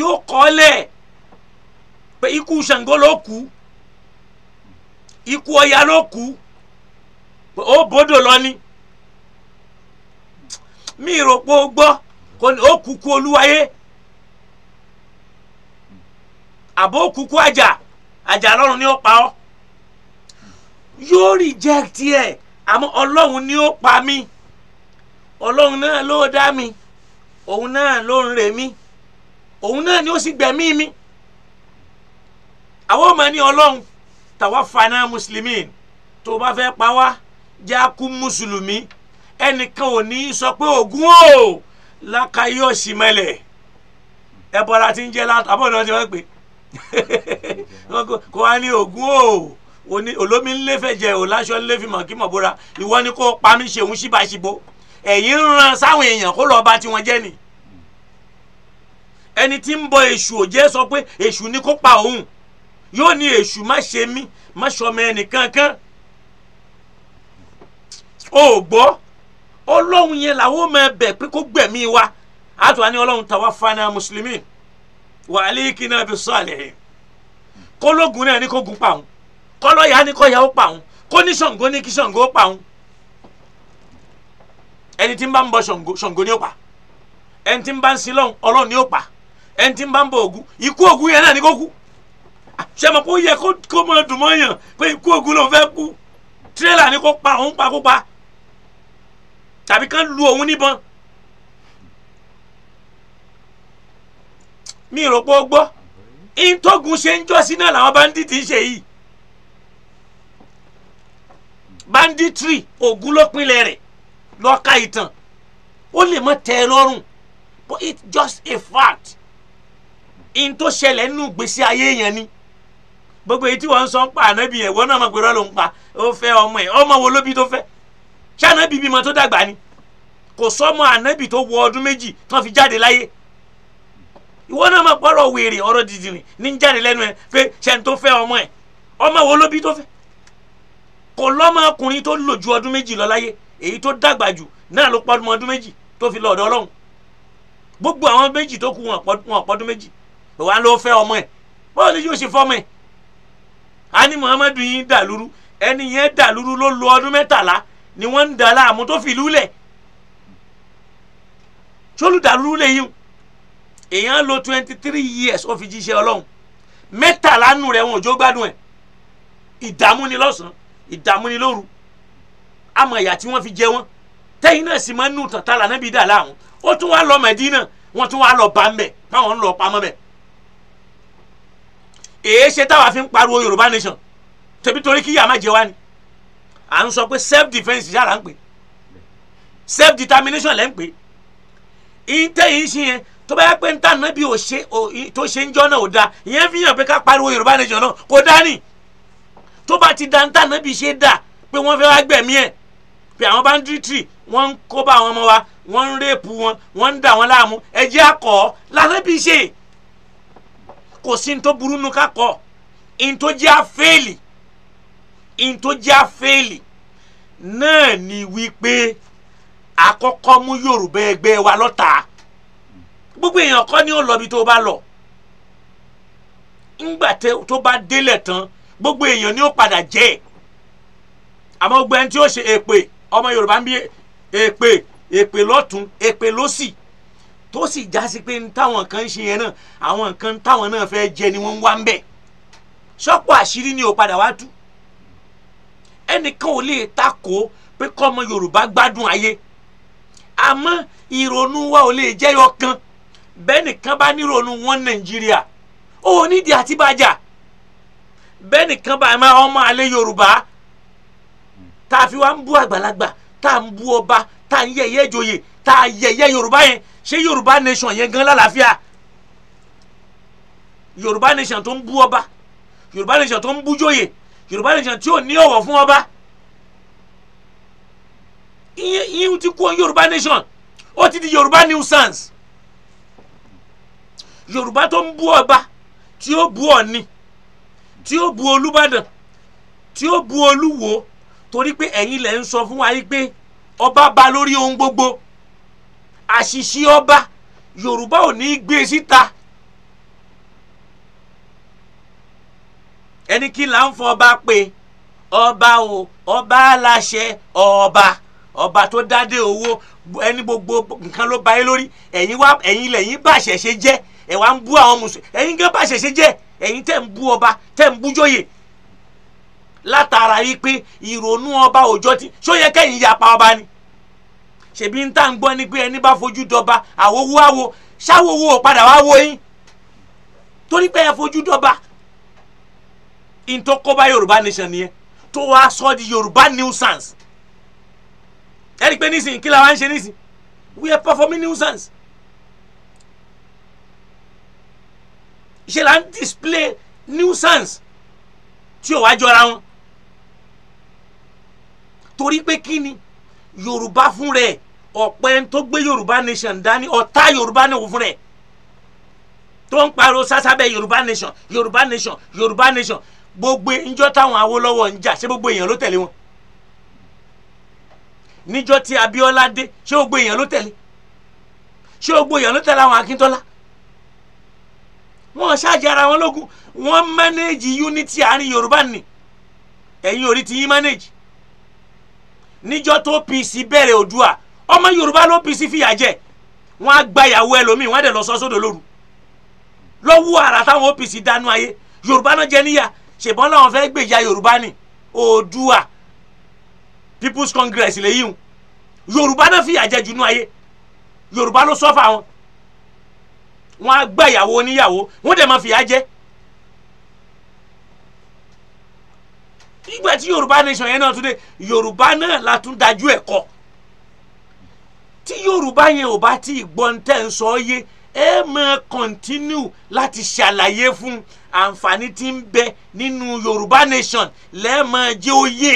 yóò kọ́lẹ̀ pé ikú Ṣàngó ló kú ikú Ọya ló kú pé ó bodò lọ ni mi rò pé ó gbọ́ kò ní ó kúkú Olúwayé àbó kúkú àjà àjà lọ́run ni ó pa ọ yóò reject ẹ̀ àmọ́ ọlọ́run ni ó pa mí ọlọ́run náà ló dá mi òun náà ló ń rè mí òun náà ni ó sì gbẹ̀mí mi àwọn ọmọ ní ọlọ́run tàwa fana mùsùlùmí tó bá fẹ́ pa wá já kú mùsùlùmí ẹnìkan ò ní sọ pé ògún o lákàyè òsì mẹlẹ̀ ẹ bọ́ra ti ń jẹ́ látàbọ̀ náà ti [LAUGHS] wọ́n pè kò wá ní ògún o oni olómi ńlẹ́fẹ̀ jẹ ò láṣọ ńlẹ́fì mọ̀ kí mọ̀ bóra ìwọ ni kó panu ṣeun ṣíbaṣibo ẹ̀yin ń ran sáwọn èèyàn kó lọ́ọ́ bá tiwọn jẹ́ ni ẹni tí ń bọ èṣù òjẹ́ sọ pé èṣù ni kó pa òun yóò ní èṣù má ṣe mí má ṣọmọ ẹnìkankan ò gbọ́ ọlọ́run yẹn làwọn ọmọ ẹbẹ̀ pé kó gbẹ̀mí wa àtúwà ní ọlọ́run tàwa fana mùsùlùmí wàhálì kìnnà bí sọ́ọ̀lì kólógun náà ní kó gun pa òun kọlọ́yà ni kọ́yà ó pa òun kó ní Ṣàngó ní kí Ṣàngó ó pa òun ẹni tí ń bá ń bọ Ṣàngó ni ó pa ẹni tí ń bá ń sin lọ́hùn Ọlọ́run ni ó pa ẹni tí ń bá ń bọ Ògún ikú Ògún yẹn náà ni kó kú ṣé mo kó yẹ kó mọ dùn yàn pé ikú Ògún ló fẹ́ kú tírélà ni kó pa òun pa kó pa tàbí kán lu òun níbọn mi rò pé ó gbọ́ ìtọ́gun ṣe ń jọ́sí náà làwọn bá ń dìtì ṣe yìí. banditri ogun re pinlẹ̀ itan ó lè but it's just a fact in tó ṣẹlẹ̀ nínú gbèsè ayé yẹn ni gbogbo èyí tí sọ ń pa ànábì yẹn wọ́n náà mọ̀ pé rọ́ ló ń pa ó fẹ́ ọmọ ẹ̀ ọmọ wo ló tó fẹ́ ṣé ànábì bímọ tó dàgbà ni kò sọ́mọ ànábì tó wọ ọdún méjì tán fi jáde láyé ìwọ náà wèrè ọ̀rọ̀ ní jáde lẹ́nu pé ṣẹ́ni tó fẹ́ ọmọ kò lọ́mọkùnrin tó lò ju ọdún méjì lọ láyé èyí tó dàgbà jù náà ló pọ́dún ọdún méjì tó fi lọ ọ̀dọ̀ ọlọ́run gbogbo àwọn méjì tó kù wọn pọ́dún méjì wà ló fẹ́ ọmọ ẹ̀ báwo ni yóò ṣe fọ́mọ ẹ̀ á ní muhammadu yìí dàlúrú ẹni yẹn dàlúrú ló lo ọdún mẹ́tàlá ni wọ́n ń dà láàmú tó fi lúlẹ̀ tólú dàlúrú lè yíw èèyàn lo twenty three years ó fi jíṣẹ́ ọlọ́run mẹ́tàlá nù rẹ̀ wọn ò jó gbádùn ẹ̀ ìdààmú ni lọ́sàn-án ìdààmú ni lóru àmọ́ ìyà tí wọ́n fi jẹ wọ́n tẹ́yìn náà sì máa ń nù tàn tààlà náà bí dà láàmú ó tún wá lọ Mẹdínà wọ́n tún wá lọ bá ń bẹ̀ báwọn ń lọ pamọ́ bẹ̀ èé ṣe táwa fi ń pariwo Yorùbá nation tẹbi torí kí yàrá má jẹ wá ni à ń sọ pé self defence yàrá ń pè self determination lẹ́ ń pè ìtẹ̀yìn ṣe yẹn tó bá yà pé ń tà náà bí tó ṣe ń jọ́ náà ò da ìyẹn fi hàn pé ká pariwo Yorùbá nation náà kò dání. No? tó bá ti dáńtà náà bí ṣe dà pé wọ́n fẹ́ wá gbẹ̀mí ẹ̀ pé àwọn banditry wọ́n ń kó bá àwọn ọmọ wa wọ́n ń rèpù wọn wọ́n ń dà wọ́n láàmú ẹ̀jẹ̀ akọ̀ lànà bí ṣe kò sí ní tó burú nu kakọ̀ ní tó jẹ́ àfẹ́ẹ̀lì ní tó jẹ́ àfẹ́ẹ̀lì náà ni wípé àkọ́kọ́ mú Yorùbá ẹgbẹ́ wa lọ́ta gbogbo èèyàn kọ́ ni ó lọ bí tó bá lọ ńgbà tó bá délẹ̀ tán gbogbo èèyàn ni ó padà jẹ́ àmọ́ gbogbo ẹni tí ó ṣe èpè ọmọ Yorùbá ń bí èpè èpè lọ́tún èpè lọ́sì tó sì já sí pé táwọn kan ń ṣe yẹn náà àwọn kan táwọn náà fẹ́ jẹ ni wọ́n ń wá ń bẹ̀ sọ́pọ̀ àṣírí ni ò padà wá tú ẹnìkan ò lè takò pé kọ́mọ Yorùbá gbádùn ayé àmọ́ ìrònú wa ò lè jẹ́yọ kan bẹ́ẹ̀ nìkan bá nírònú wọn Nàìjíríà ó nídìí àtibájà bẹ́ẹ̀ nìkan báyìí máa ọmọ alẹ́ yorùbá tá a fi wá ń bú àgbàlagbà tá a ń bú ọba tá a ń yẹ̀yẹ́ ìjòyè tá a yẹ̀yẹ́ yorùbá yẹn ṣé yorùbá nation yẹn gan lálàáfíà yorùbá nation tó ń bú ọba yorùbá nation tó ń bú jòyè yorùbá nation tí ò ní ọ̀wọ̀ fún ọba ìyẹn ìyẹn ti kú yorùbá nation ó ti di yorùbá nuisance yorùbá tó ń bú ọba tí ó bú ọ̀ni tí ó bu Olúbàdàn tí ó bu Olúwo torí pé ẹ̀yin lẹ̀ ń sọ fún wa yìí pé ọba ba lórí ohun gbogbo àṣìṣe ọba Yorùbá ò ní í gbé síta ẹni kí là ń fọ ọba pé ọba o ọba aláṣẹ ọba ọba tó dádé owó ẹni gbogbo nǹkan ló ba yé lórí ẹ̀yin wá ẹ̀yin lẹ̀yin bàṣẹ̀ ṣe jẹ́ ẹ̀ wá ń bú àwọn mùsùlùmí ẹ̀yin gẹ́ bàṣẹ̀ ṣe jẹ́ ẹ̀yin tẹ́ ń bú ọba tẹ́ ń bú jóyè látara yìí pé ìrònú ọba òjọ ti ṣó yẹ kẹ́yìn yapa ọba ni ṣèbí ń tà ń gbọ́ ni pé ẹni bá fojú dọba àwòwò àwo ṣáwòwò ọ̀padà wá wo yín torí pé ẹ fojú dọba ìtọ́kọ́ba yorùbá nation nìyẹn tó wá sọ di yorùbá nuisance ẹ rí i pé nísìnyí kí la wá ń ṣe nísìnyí we are performing nuisance. ṣe là ń display nuisance tí ò wá jọra wọn torí pé kí ni yorùbá fún rẹ̀ ọ̀pẹ tó gbé yorùbá nation dání ọ̀tá yorùbá nation fún rẹ̀ tó ń pariwo sásábẹ́ yorùbá nation yorùbá nation yorùbá nation gbogbo ńjọ́ táwọn awólọ́wọ̀ ń jà ṣé gbogbo èèyàn ló tẹ̀lé wọn níjọ́ tí abíọ́lá dé ṣé gbogbo èèyàn ló tẹ̀lé ṣé gbogbo èèyàn ló tẹ̀lé àwọn akíntọ́lá wọn ṣáàjì ara wọn lógun wọn manage unity àárín yorùbá ni ẹ̀yin orí ti yín manage níjọ́ tó pc bẹ̀rẹ̀ òdua ọmọ yorùbá ló pc fìyà jẹ wọn á gba ìyàwó ẹlòmíì wọn á dẹ̀ lọ sọ sódò lóru lọ́wọ́ ara táwọn opc dánú ayé yorùbá náà jẹ níyà ṣèbọn làwọn fẹ́ gbèjà yorùbá ni òdua people's congress lè yíwọn yorùbá náà fìyà jẹ jùnú ayé yorùbá ló sọ fà wọn wọ́n á gbá ìyàwó oníyàwó wọ́n dẹ̀ máa fìyà jẹ. nígbà tí yorùbá nation yẹn náà tún dé yorùbá náà la tún dájú ẹ̀ kọ́ tí yorùbá yẹn ò bá tí ì gbọ́ tẹ́ ń sọ yé ẹ máa kọ́ntínú láti ṣàlàyé fún àǹfààní tí ń bẹ nínú yorùbá nation lẹ́ẹ̀mọ́ jẹ́ òye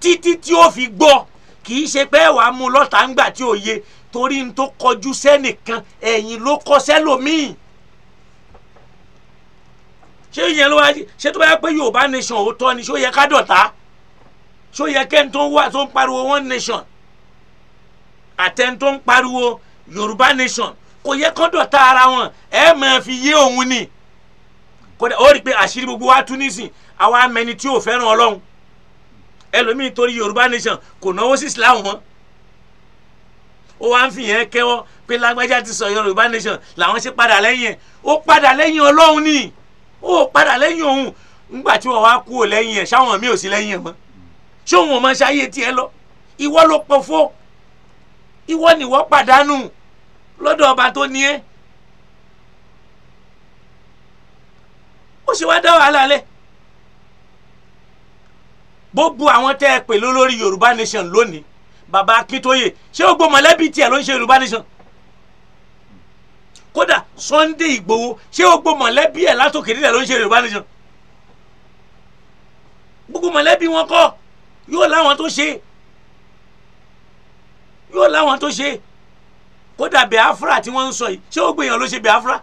títí tí ó fi gbọ́ kì í ṣe pé wàá mú lọ́tà ńgbà tí òye torí n tó kọjú sẹ́nìkan ẹ̀yìn ló kọ sẹ́lòmíì ṣé yẹn ló wá ṣé tó bá yẹ pé Yorùbá nation òótọ́ ni ṣó yẹ ká dọ̀tá ṣó yẹ kẹ́ni tó ń wá tó ń pariwo one nation àtẹni tó ń pariwo Yorùbá nation kò yẹ kán dọ̀tá ara wọn ẹ máa fi yé òun ni kódà ó rí i pé àṣírí gbogbo wa tú nísìn àwa amẹni tí ò fẹ́ràn Ọlọ́run ẹlòmíì torí Yorùbá nation kò náwó sí Islam mọ́ ó wá ń fi yẹn kẹ́wọ́ pé lágbájá ti sọ yorùbá nation làwọn ṣe padà lẹ́yìn ẹ̀ ó padà lẹ́yìn ọlọ́run ni ó padà lẹ́yìn òun ńgbà tí wọ́n wá kú ò lẹ́yìn ẹ̀ ṣáwọn mi ò sí lẹ́yìn ẹ̀ mọ́ ṣé òun ò mọ ṣáyé tiẹ̀ lọ ìwọ ló pọ̀ fó ìwọ nìwọ pàdánù lọ́dọ̀ ọba tó ní ẹ́ ó sì wá dá wàhálà lẹ̀ gbogbo àwọn tẹ́ ẹ pè lólórí yorùbá nation lónìí baba Akíntóyè ṣé o gbọ́ mọ̀lẹ́bí tiẹ̀ ló ń ṣe Yorùbá nation kódà Sunday Ìgbòho ṣé o gbọ́ mọ̀lẹ́bí ẹ̀ látòkè nílẹ̀ ló ń ṣe Yorùbá nation gbogbo mọ̀lẹ́bí wọn kọ́ yóò láwọn tó ṣe yóò láwọn tó ṣe kódà Biafra tí wọ́n ń sọ yìí ṣé o gbọ́ èèyàn ló ṣe Biafra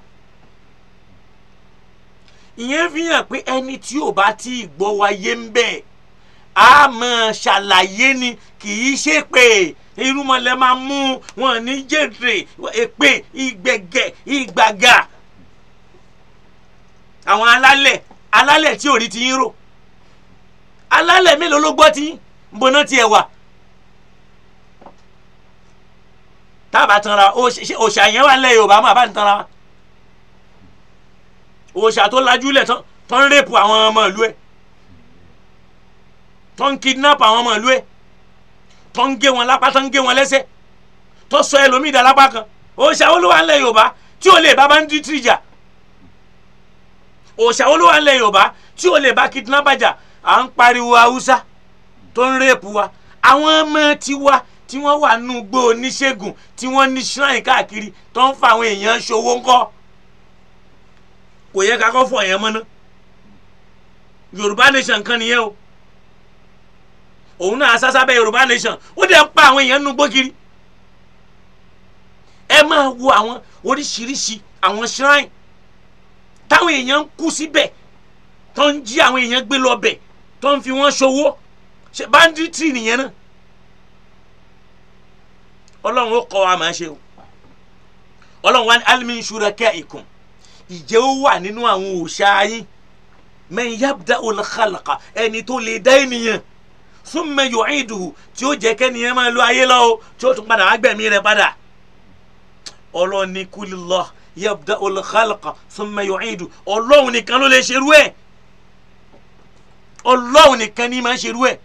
ìyẹn fi hàn pé ẹni tí ò bá tí ì gbọ́ wa yé ń bẹ́ẹ̀ a máa ṣàlàyé ni kì í ṣe pé irúmọlẹ̀ máa mú wọn ní jèrè èpè ìgbẹ̀gẹ̀ ìgbàgà àwọn alálẹ̀ alálẹ̀ tí orí ti ń rò alálẹ̀ mélòó ló gbọ́ tí ń bọ́ná tiẹ̀ wà tábà tanra òòṣà yẹn wà lẹ́yìn òbá máa bá ń tanra òòṣà tó lajú lẹ̀ tán tán ń rèpù àwọn ọmọ ìlú ẹ̀ tó ń kidnap àwọn ọmọ ìlú ẹ̀ tó ń gé wọn lápá tó ń gé wọn lẹ́sẹ̀ tó sọ ẹlòmíì dá lápá kan òòṣà olúwa ńlẹ̀ yorùbá tí ò lè bá bá ń dí tìjà òòṣà olúwa ńlẹ̀ yorùbá tí ò lè bá kidnapper jà à ń pariwo haúsá tó ń rẹ́ẹ̀pù wa àwọn ọmọ tiwa tí wọ́n wà nù gbó oníṣègùn tí wọ́n ní shrine káàkiri tó ń fa àwọn èèyàn ṣòwò ńkọ́ kò yẹ ká kọ́ fọ̀ yẹn mọ́ná yorùbá nation kan nìyẹn o òun náà sásábẹ́ yorùbá nation ó dẹ̀ ń pa àwọn èèyàn nínú gbógiri ẹ máa wo àwọn oríṣiríṣi àwọn shrine táwọn èèyàn ń kú síbẹ̀ tó ń jí àwọn èèyàn gbé lọ bẹ̀ tó ń fi wọ́n ṣòwò ṣe banditry nìyẹn náà ọlọ́run ó kọ́ wa máa ṣe o ọlọ́run wa ní alimin ṣúrakẹ́ ìkùn ìjẹ́ ó wà nínú àwọn òòṣà yín man yabda'ul khalqa ẹni tó lè dá ènìyàn thumma yu'iduhu tí ó jẹ́ kẹ́ni yẹn máa lo ayé lọ́wọ́ tí ó tún padà wá gbẹ̀mí rẹ̀ padà ọlọ́run ní kulillah yabda'ul khalqa thumma yu'idu ọlọ́run nìkan ló lè ṣerú ẹ̀ ọlọ́run nìkan ní máa ń ṣerú ẹ̀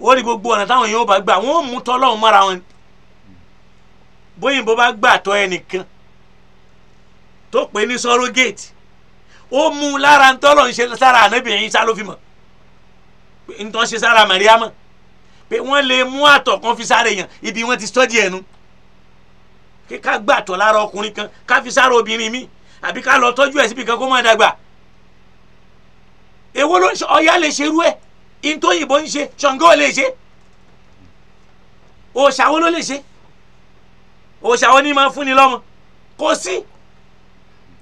wọ́n rí gbogbo ọ̀nà táwọn èèyàn bá gbà wọ́n mú tọ́lọ́run mọ́ra wọn bóyìnbó bá gbà tọ́ ẹnìkan tó pè ní surrogate ó mú lára ń tọ́lọ́run ṣe sára ànábìyẹn sá ló fi mọ̀ ntọ́ se Sara mariamu pé wọ́n le mú àtọ̀ kan fi sára èèyàn ibi wọ́n ti sọ́dí ẹ̀nu kí ká gbàtọ̀ lára ọkùnrin kan ká fi sára obìnrin mi àbí ká lọ tọ́jú ẹ̀ síbi kan kó má dàgbà èwo ló ń ṣe ọ̀yá lè ṣerú ẹ̀ ntóyìnbó ń ṣe ṣàngó lè ṣe òṣàwó ló lè ṣe òṣàwó ni máa fún ni lọ́mọ kò sí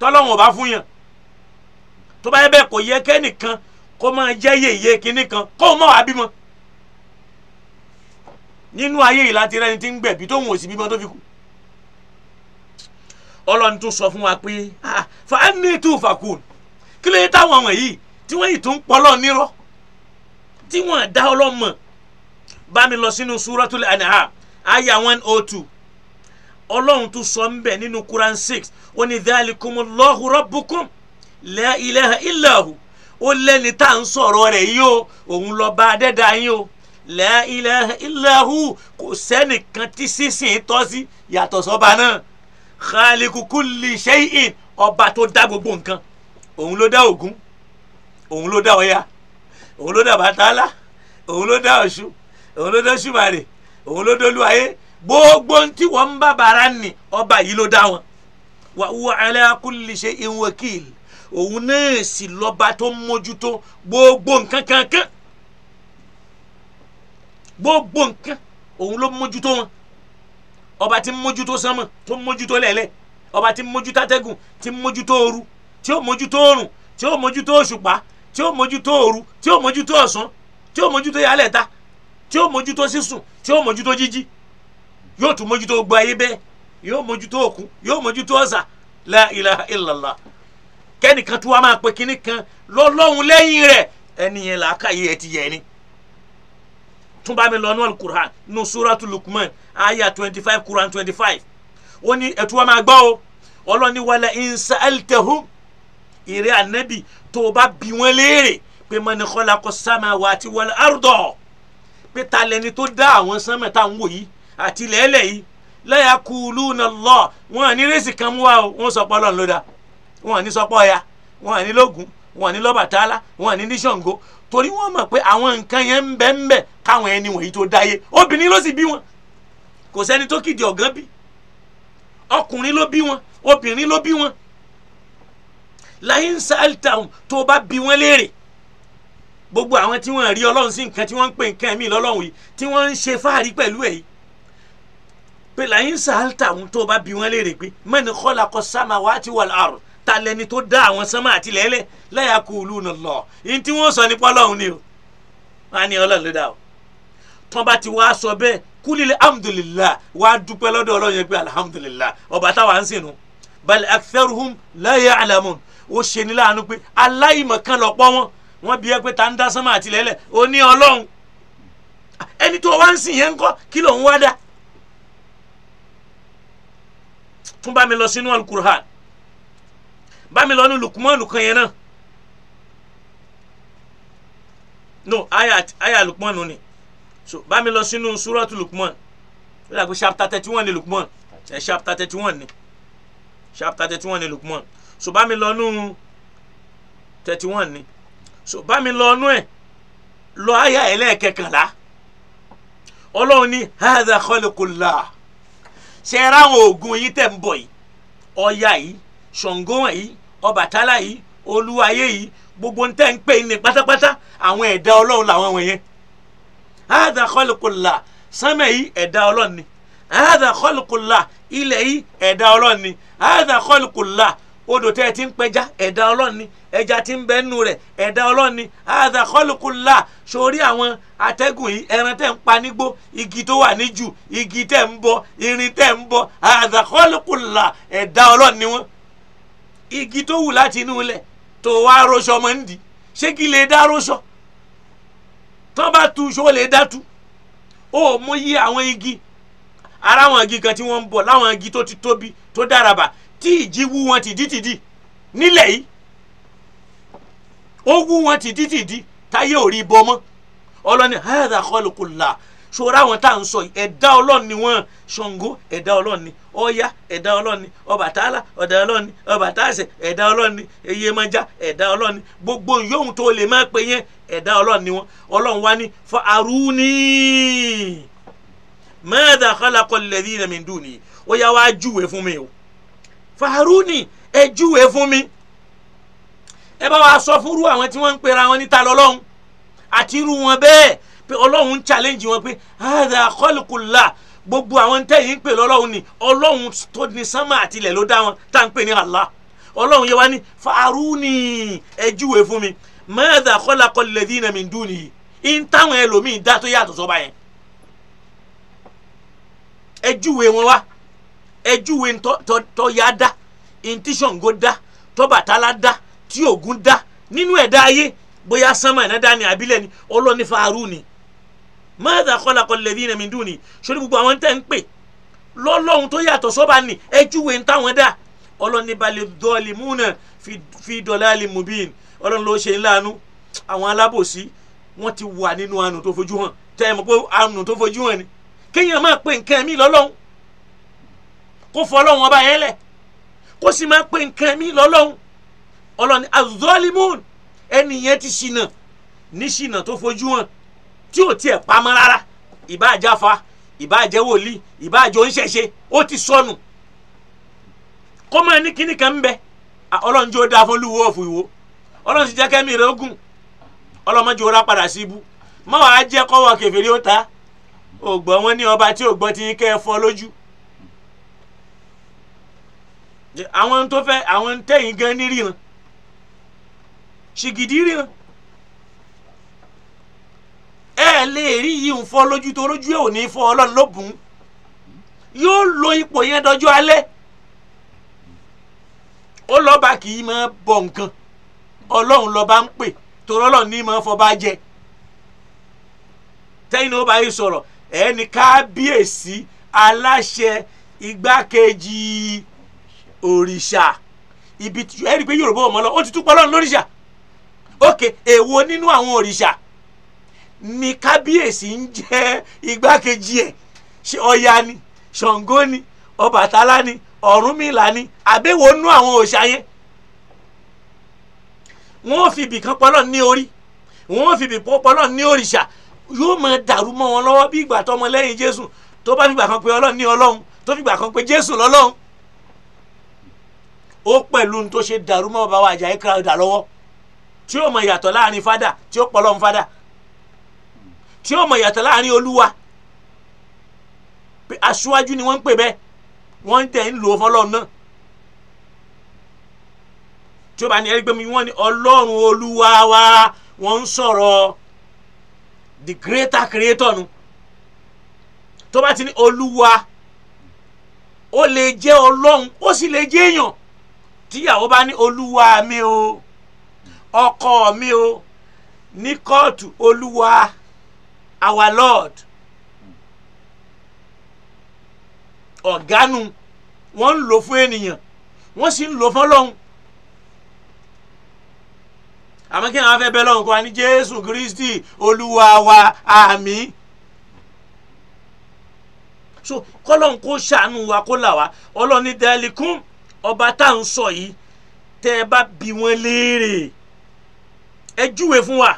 tọ́lọ́wọ̀n ò bá fún yàn tó bá yẹ bẹ́ẹ̀ kò yẹ kẹ́nìkan kó máa jẹ́ yèyé kinní kan kó o mọ̀ wá bímọ nínú ayé yìí láti rẹni tí ń gbẹ̀bí tóun ò sì bímọ tó fi kú ọlọ́run tún sọ fún wa pé fa ẹni tún fàkùn kí ló yẹ táwọn àwọn yìí tí wọ́n yìí tún pọ́lọ́ nírọ́ tí wọ́n dá ọlọ́mọ bá mi lọ sínú Suratul An'am aya one oh two ọlọ́run tún sọ ń bẹ̀ nínú Quran six ó ní dhalikumullahu rabbukum la ilaha illahu ó lẹ́ni tá à ń sọ̀rọ̀ rẹ̀ yìí o òun lọ́ba adẹ́dá yín o la ilaha illahu kò sẹ́nìkan tí sísìn tọ́ sí yàtọ̀ sọ́ba náà khaliku kulli shay'in ọba tó dá gbogbo nǹkan òun ló dá Ògún òun ló dá Ọya òun ló dá Bàtálá òun ló dá Ọ̀ṣun òun ló dá Ṣúmàrè òun ló dólú ayé gbogbo tí wọ́n bá bàrà nì ọba yìí ló dá wọn wa huwa ala kulli shay'in wakil òun náà sì lọ́ba tó ń mójútó gbogbo nǹkan kankan gbogbo nǹkan òun ló mójútó wọn ọba ti ń mójútó sánmọ̀ tó mójútó lẹ̀lẹ̀ ọba tí mójútó atẹ́gùn tí mójútó ooru tí ó mójútó oòrùn tí ó mójútó òṣùpá tí ó mójútó ooru tí ó mójútó ọ̀sán tí ó mójútó yálẹ̀ta tí ó mójútó sísùn tí ó mójútó jíjí yóò tún mójútó gbọ ayé bẹ́ẹ̀ yóò mójútó yóò kẹ́nìkan tí wọ́n máa pe kinní kan lọ́lọ́hun lẹ́yìn rẹ̀ ẹni yẹn làákàyè ẹ ti yẹ ni tún bá mi lọ nínú alukur'an nínú suratu lukman aya twenty five quran twenty five ó ní ẹtú wa máa gbọ́ o ọlọ́ni wala in sa'altahum ìrẹ́ ànábì tó o bá bi wọ́n léèrè pé man khalaqa samawati wal arda pé ta lẹni tó dá àwọn sánmà tá ń wò yìí àti lẹ́lẹ̀ yìí la yaquluna Allah wọn ní rẹ́sì kan mú wa o wọn sọ pé ọlọ́run ló wọn ní sọpọ ya wọn ní lógun wọn ní lọ́bàtálá wọn ní níṣàngó torí wọn mọ̀ pé àwọn nǹkan yẹn ń bẹ ń bẹ káwọn ẹni wọ̀nyí tó dáyé obìnrin ló sì bí wọn kò sẹ́ni tó kìdí ọ̀gán bí ọkùnrin ló bí wọn obìnrin ló bí wọn láyín sáàlítàun tó bá bí wọn léèrè gbogbo àwọn tí wọn rí ọlọ́run sí nǹkan tí wọ́n ń pè nǹkan mí lọ́lọ́run yìí tí wọ́n ń ṣe fáàrí pẹ̀lú ẹ̀ yìí pé láyín sáàlítàun tó bá bí wọn léèrè pé mẹ́ni kọ́lá kọ sámà wá ti wà láàrùn ta lẹni tó dá àwọn sánmà àti lẹ́lẹ̀ láyà kú ìlú nà lọ ní tí wọ́n sọ nípa ọlọ́run ni o wọ́n á ní ọlọ́run ló dá o tán bá ti wá sọ bẹ́ẹ̀ kúlílẹ̀ alhamdulillah wá dúpẹ́ lọ́dọ̀ ọlọ́run yẹn pé alhamdulillah ọba táwa ń sìn nù bal aktharuhum la ya'lamun ó ṣe ní láàánú pé aláìmọ̀kan lọ́pọ̀ wọn wọ́n bí ẹ pé ta ń dá sánmà àti lẹ́lẹ̀ ó ní ọlọ́run ẹni tó wá ń sìn yẹn ń kí ló wá dá tún bá mi lọ sínú alukur'an bá mi lọ ní lukumanu kan yẹn náà no aya aya lukumanu ni so bá mi lọ sínú suratu lukumanu ó dàgbé chapter thirty one ni lukumanu ẹ chapter thirty one ni chapter thirty one ni lukumanu so bá mi lọ nú thirty one ni so bá mi lọ nú ẹ lọ aya ẹlẹ́ẹ̀kẹkànlá ọlọ́run ní hadha khaliqullah ṣe é ráwọn oògùn yìí tẹ̀ ń bọ̀ yìí ọya yìí ṣọ̀ǹgọ́n Ọbàtálá yìí olúwayé yìí gbogbo ń tẹ́ ń pè ní pátápátá àwọn ẹ̀dá ọlọ́run làwọn wọ̀nyẹn hádà kọ́lùkùlà sánmẹ̀ yìí ẹ̀dá ọlọ́run ni hádà kọ́lùkùlà ilẹ̀ yìí ẹ̀dá ọlọ́run ni hádà kọ́lùkùlà odò tẹ́ ẹ ti ń pẹja ẹ̀dá ọlọ́run ni ẹja ti ń bẹ́nu rẹ̀ ẹ̀dá ọlọ́run ni hádà kọ́lùkùlà sórí àwọn atẹ́gùn yìí ẹran tẹ́ ń pa nígbó igi tó wà níjù igi tẹ́ ń bọ irin tẹ́ ń bọ hádà kọ́lùkùlà ẹ̀dá ọlọ́run ni wọ́n igi tó wù láti inú ilẹ̀ tó wá rọṣọ mọ́ ń di ṣé kí lè dá rọṣọ tó bá tu ṣó lè dá tu ó mú yí àwọn igi ara àwọn igi kan tí wọ́n ń bọ̀ láwọn igi tó ti tóbi tó dára bà tí ìjì wú wọn tìdítìdí nílẹ̀ yìí ó wú wọn tìdítìdí táyé ò rí bọ́ mọ́ ọlọ́ni hadha khalqullah ṣòro àwọn tá à ń sọ ẹ̀dá ọlọ́run ni wọ́n ṣàngó ẹ̀dá ọlọ́run ni ọya ẹ̀dá ọlọ́run ni ọbàtálá ẹ̀dá ọlọ́run ni ọbàtàṣẹ ẹ̀dá ọlọ́run ni iyemọja ẹ̀dá ọlọ́run ni gbogbo yòówù tó lè máa pe yẹn ẹ̀dá ọlọ́run ni wọ́n ọlọ́run wá ní fa arúni mẹ́ẹ̀dá kọ́lákọ́ lẹ́dí rẹ̀ mi dùn ní ó yá wá júwe fún mi o fa arúni ẹ júwe fún mi ẹ bá wa sọ fúru àwọn tí wọ́n ń pera wọn níta lọ́lọ́run àti irú wọn bẹ́ẹ̀ pé ọlọ́run ń challenge wọn pé àdá kọ́lùkùlà gbogbo àwọn tẹ̀yìn ń pè lọ́lọ́run ni ọlọ́run tó ní sánmà àtilẹ̀ ló dá wọn tá à ń pè ní Allah ọlọ́run yẹ wá ní fàárùnì ẹjúwe fún mi mẹ́ẹ̀dà kọ́lákọ́ lẹ́dínà mi dùn nìyí ń táwọn ẹlòmíì dá tó yàtọ̀ sọ́ba yẹn ẹjúwe wọn wá ẹjúwe tọ́ya dá intíṣọ̀ǹgó dá tọ́bàtálá dá tí Ògún dá nínú ẹ̀dá ayé bóyá sánmà ẹ̀ná dá ní abilẹ̀ ni ọlọ́ni fàárùnì mọ́tà kọ́lákọ́ lẹ́dí iná mi dùn ni sórí gbogbo àwọn tẹ́ ń pè lọ́lọ́run tó yàtọ̀ sọ́ba ni ẹ ń táwọn dà ọlọ́ni dọ́ọ̀lì múnà fi dọ̀lá àlè mùbíìn ọlọ́run ló ṣe ńláàánú àwọn alábòsí wọ́n ti wà nínú àánú tó fojú hàn tẹ́ ẹ mọ̀ pé àánú tó fojú hàn ni kéèyàn máa pè nǹkan mi lọ́lọ́run kó fọ ọlọ́run ọba yẹn lẹ̀ kó sì máa pè nǹkan mi lọ́lọ́run ọlọ́ni azọ́ọ̀lì múnà ẹnìyẹn ti ṣìnà ní ṣìnà tó fojú hàn tí ò tiẹ̀ pamọ́ rárá ìbáà jáfa ìbáà jẹ́ wòlíì ìbáà jẹ́ oníṣẹ̀ṣe ó ti sọnù kọ́mọ ní kíní kan ń bẹ ọlọ́run jẹ́ ó dáa fún olúwo ọ̀fù ìwo ọlọ́run ti jẹ́ kẹ́mi rẹ̀ ogun ọlọ́mọdé ó rá padà sí ibú mọ́ wàá jẹ́ kọ́wọ́ kẹfìrí ó ta ògbọ́n wọn ní ọba tí ògbọ́n ti ń kẹ́ ẹ fọ́ lójú àwọn tó fẹ́ àwọn tẹ̀yìn gan ní ríran ṣìgìdì ríran ẹ lè rí yìí ń fọ́ lójú tó lójú ẹ̀ ò ní fọ́ ọlọ́run ló bùn yóò lo ipò yẹn dọjọ́ alẹ́ ó lọ́ba kì í máa bọ̀ nǹkan ọlọ́run lọ́ba ń pè torí ọlọ́run ní máa fọba jẹ tẹ́yìn náà bá yìí sọ̀rọ̀ ẹni kábíyèsí aláṣẹ igbákejì òrìṣà ibi ẹni pé yorùbá ò mọ lọ ó ti tún pọ́ ọlọ́run lóríṣà ókè èwo nínú àwọn òrìṣà. Okay, ni kábíyèsí ń jẹ́ igbákejì ẹ̀ ṣe ọya ni ṣàngó ni ọbàtálá ni ọ̀rúnmìlà ni àbẹ̀wò nú àwọn òòṣà yẹn wọ́n fi ibì kan pọ́lọ́ ní orí wọ́n fi ibì kan pọ́lọ́ ní òrìṣà yóò máa dàrú mọ́ wọn lọ́wọ́ bí ìgbà tó ọmọ lẹ́yìn jésù tó bá fìgbà kan pé ọlọ́run ní ọlọ́run tó fìgbà kan pé jésù lọ́lọ́run ó pẹ̀lú ní tó ṣe dàrú mọ́ bàbá wa Àjàyí Crowther lọ́wọ́ tí ó mọ ìyàtọ̀ láàrin fada tí ó pọ́lọ́run fada tí ó mọ ìyàtọ̀ láàrin olúwa pé aṣáájú ni wọ́n ń pè bẹ́ẹ̀ wọ́n ń tẹ̀ ń lò fọlọ́run náà tí ó bá ní ẹgbẹ́mi wọ́n ní ọlọ́run olúwa wa wọ́n ń sọ̀rọ̀ the greater creator nu tó bá ti ní olúwa ó lè jẹ́ ọlọ́run ó sì lè jẹ́ èèyàn tíyàwó bá ní olúwa mi o ọkọ mi o ní kóòtù olúwa our lord ọ̀gánu wọ́n ń lò fún ènìyàn wọ́n sì ń lò fún ọlọ́run àmọ́ kí àwọn afẹ́bẹ́ lọ́run kọ́ wa jésù kristi olúwa wa àmín so kọ́lọ́n kó ṣàánú wa kó là wá ọlọ́ni dẹ́ẹ̀lìkún ọba tá à ń sọ yìí tẹ́ ẹ bá bi wọ́n léèrè ẹ júwe fún wa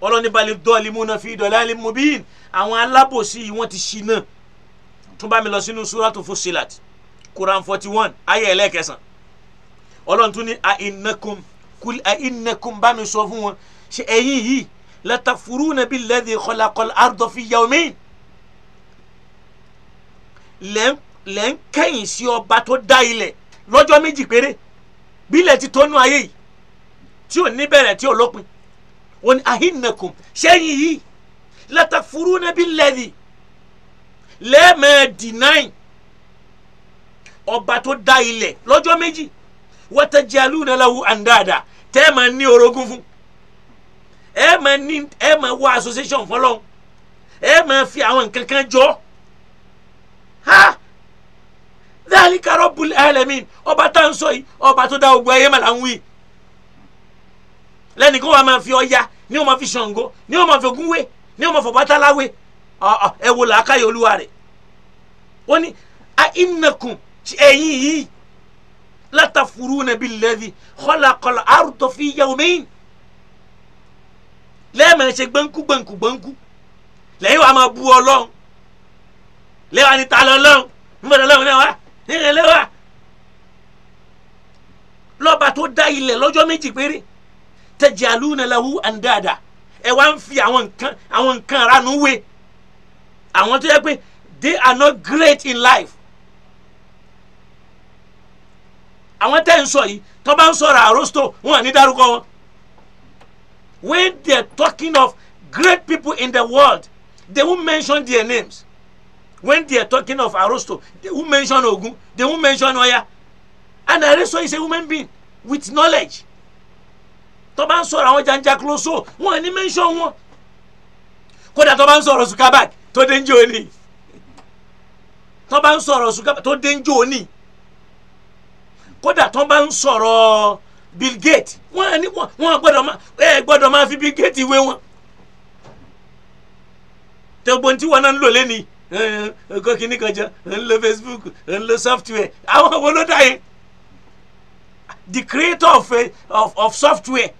ọlọ́ni balẹ̀ dọ́ọ̀lì múna fi dọ̀láàlì mubin àwọn alábòsí yìí wọ́n ti ṣìnà tún bá mi lọ sínú suratu Fussilat Quran forty one ayé ẹlẹ́ẹ̀kẹsàn ọlọ́run tún ní a innakum kul a innakum bá mi sọ fún wọn ṣe ẹ̀yin yìí latafuruna billadhi khalaqal arda fi yawmin lẹ́ ń kẹ́yìn sí ọba tó dá ilẹ̀ lọ́jọ́ méjì péré bílẹ̀ ti tónú ayé yìí tí ò ní bẹ̀rẹ̀ tí ò lópin wọ́n ní ahinnakum sẹ́yìn yìí latakfuruna billadhi lẹ́ẹ̀mẹ́ẹ̀ dìnnáì ọba tó dá ilẹ̀ lọ́jọ́ méjì watajaluna lahu andada tẹ́ ẹ̀ máa ní orogún fún ẹ̀ máa ní ẹ̀ máa wá association fọlọ́n ẹ̀ máa fi àwọn nǹkan kan jọ ha dhalika rabbul alamin ọba tá à sọ yìí ọba tó dá ogun ayé màlá lẹ́nìkan wàá máa fi Ọya ní o máa fi Ṣàngó ní o máa fi Ògúnwé ní o máa fi bàtàláwé ẹ wò làákàyè olúwa rẹ̀ ó ní a ìnàkùn ẹ̀yìn yìí latafuruna billadhi khalaqal arda fi yawmayn lẹ́ẹ̀mẹ̀ẹ́ ṣe gbẹ́ńkú gbẹ́ńkú gbẹ́ńkú lẹ́yìn wàá máa bu ọlọ́run lẹ́wà ni ta lọ nbọ̀dọ̀ lọ́run náà wá nílẹ̀ lẹ́wà lọ́ba tó dá ilẹ̀ lọ́jọ́ méjì péré tajaluna lahu andada ẹ wá ń fi àwọn nǹkan àwọn nǹkan ranu wé àwọn tó yẹ pé they are not great in life àwọn tẹ́ ń sọ yìí tó bá ń sọ̀rọ̀ àròstò wọn à ní when they are talking of great people in the world they won't mention their names when they are talking of Ariosto they won't mention Ogun they won't mention Oya and Ariosto is a human being with knowledge tó bá ń sọ̀rọ̀ àwọn jàǹjà kúlóso wọn ní mẹ́ńsọ̀ wọn kódà tó bá ń sọ̀rọ̀ sukabak tó dé ń jò ní tó bá ń sọ̀rọ̀ sukabak tó dé ń jò ní kódà tó bá ń sọ̀rọ̀ Bill Gates wọn ní wọn gbọ́dọ̀ máa ẹ gbọ́dọ̀ máa fi Bill Gates wé wọn tẹ̀gbọ́n tí wọn náà ń lò lẹ́ni ẹ̀kọ́ kìíní kan jẹ́ ń lo Facebook ń lo software àwọn wo ló dá yẹn the creator of, uh, of, of software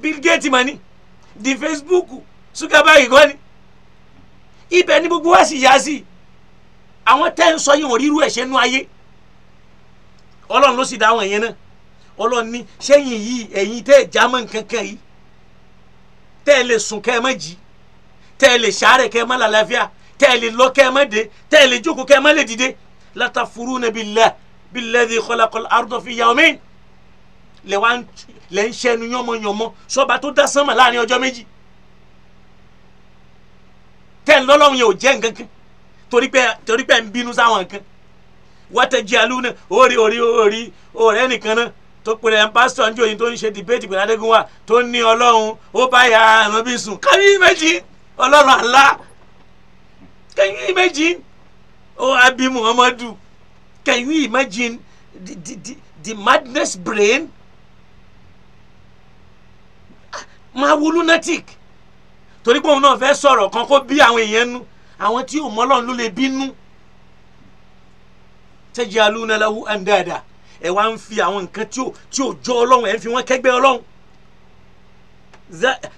Bill Gates mà ní di Facebook Zuckerberg kọ́ ni ibẹ̀ ni gbogbo wa sì yá sí àwọn tẹ́ ń sọ yìí wọ́n ríru ẹ̀ ṣe nú ayé ọlọ́run ló sì dá àwọn yẹn náà ọlọ́run ní sẹ́yìn yìí ẹ̀yin tẹ́ ẹ̀ já mọ́ nǹkan kan yìí tẹ́ ẹ lè sùn kẹ́ ẹ má jí tẹ́ ẹ lè ṣàárẹ̀ kẹ́ ẹ má làlàáfíà tẹ́ ẹ lè lọ kẹ́ ẹ má dé tẹ́ ẹ lè jókòó kẹ́ ẹ má lè dìde látàfurú nàbí lẹ́ bí lẹ́dí kọ́lákọ́lá fi yà ọ́ mẹ́yìn lẹ́wà lẹ́ ń ṣẹ́nu yánmọ́yánmọ́ sọ́ba tó dá sánmà láàrin ọjọ́ méjì tẹ́ ń lọ́lọ́run yẹn ò jẹ́ nǹkan kan torí pé ń bínú sáwọn nǹkan wọ́tẹ̀jẹ́ alúna orí orí orí ọ̀rẹ́ nìkan náà tó pèrè ẹ̀ pásítọ̀ ní òyìn tó ń ṣe dìbéètì pẹ̀lú adégúnwà tó ní ọlọ́run ó bá ya àrùn bí sùn kárí méjì ọlọ́run àlá kẹ́yìn méjì ó abí muhammadu can you imagine the, the, the madness brain máa wo lunatic torí pé òun náà fẹ́ sọ̀rọ̀ kan kó bí àwọn èèyàn nu àwọn tí ò mọ́lọ́n ló lè bínú tẹ́jú alúnaláwú àndáàdà ẹ̀ wá ń fi àwọn nǹkan tí ò tí ò jọ ọlọ́run ẹ̀ ń fi wọ́n kẹ́gbẹ́ ọlọ́run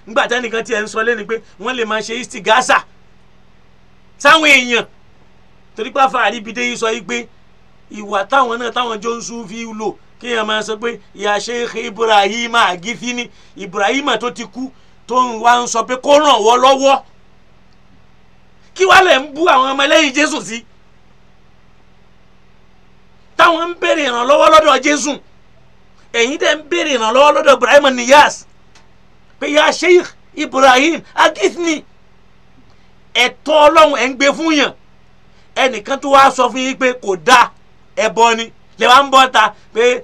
nígbà tá nìkan tí ẹ̀ ń sọ lẹ́nu pé wọ́n lè máa ṣe istigasa sáwọn èèyàn torí pé àfàrí bídé yìí sọ yìí pé ìwà táwọn náà táwọn jọ ń sún fi lò kéèyàn máa sọ pé ìyá Sheikh Ibrahim Agifini Ibrahim tó ti kú tó ń wá ń sọ pé kó ràn wọ́ lọ́wọ́ kí wàá lẹ̀ ń bú àwọn ọmọ ẹlẹ́yìn Jésù sí táwọn ń béèrè ìrànlọ́wọ́ lọ́dọ̀ Jésù ẹ̀yin tẹ́ ń béèrè ìrànlọ́wọ́ lọ́dọ̀ Ibrahim Niyas pé ìyá Sheikh Ibrahim Agifini ẹ̀tọ́ ọlọ́run ẹ̀ ń gbé fún yàn ẹnìkan tó wá sọ fún yín pé kò dáa ẹbọ ni lẹ wá ń bọ́ ta pé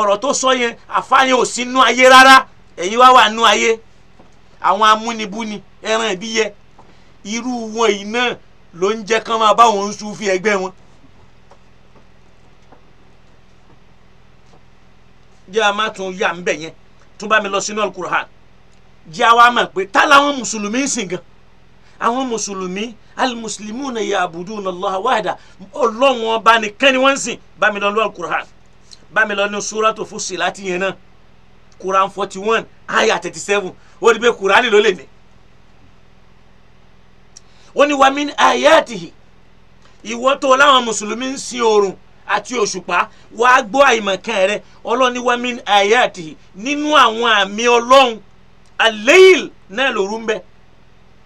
ọ̀rọ̀ tó sọ yẹn àfáàyàn ò sí nú ayé rárá ẹ̀yin wá wà nú ayé àwọn amúnibúni ẹran ìbíyẹ irú wọn yìí náà ló ń jẹ́ kán máa bá wọn ń súnfì ẹgbẹ́ wọn. jẹ́ a máa tún yà ń bẹ̀ yẹn tún bá mi lọ sínú Al-Qur'an jẹ́ a wá mọ̀ pé tá làwọn mùsùlùmí ń sìn gan-an àwọn mùsùlùmí alimusulimuna ya'buduna Allaha wahda ọlọ́run ọba nìkan ni wọ́n ń sìn bámi lọ lọ́ọ́ kura bámi lọ ní suratu Fussilat yẹn náà Quran forty one aya thirty seven ó ní bẹ́ẹ̀ Quran ló lè ní. ó ní wa ayatihi ìwọ́ tó mùsùlùmí ń sin oòrùn àti òṣùpá wàá gbọ́ àìmọ̀kan rẹ ọlọ́run ní ayatihi nínú àwọn àmì ọlọ́run al náà lòrú ń bẹ́ẹ̀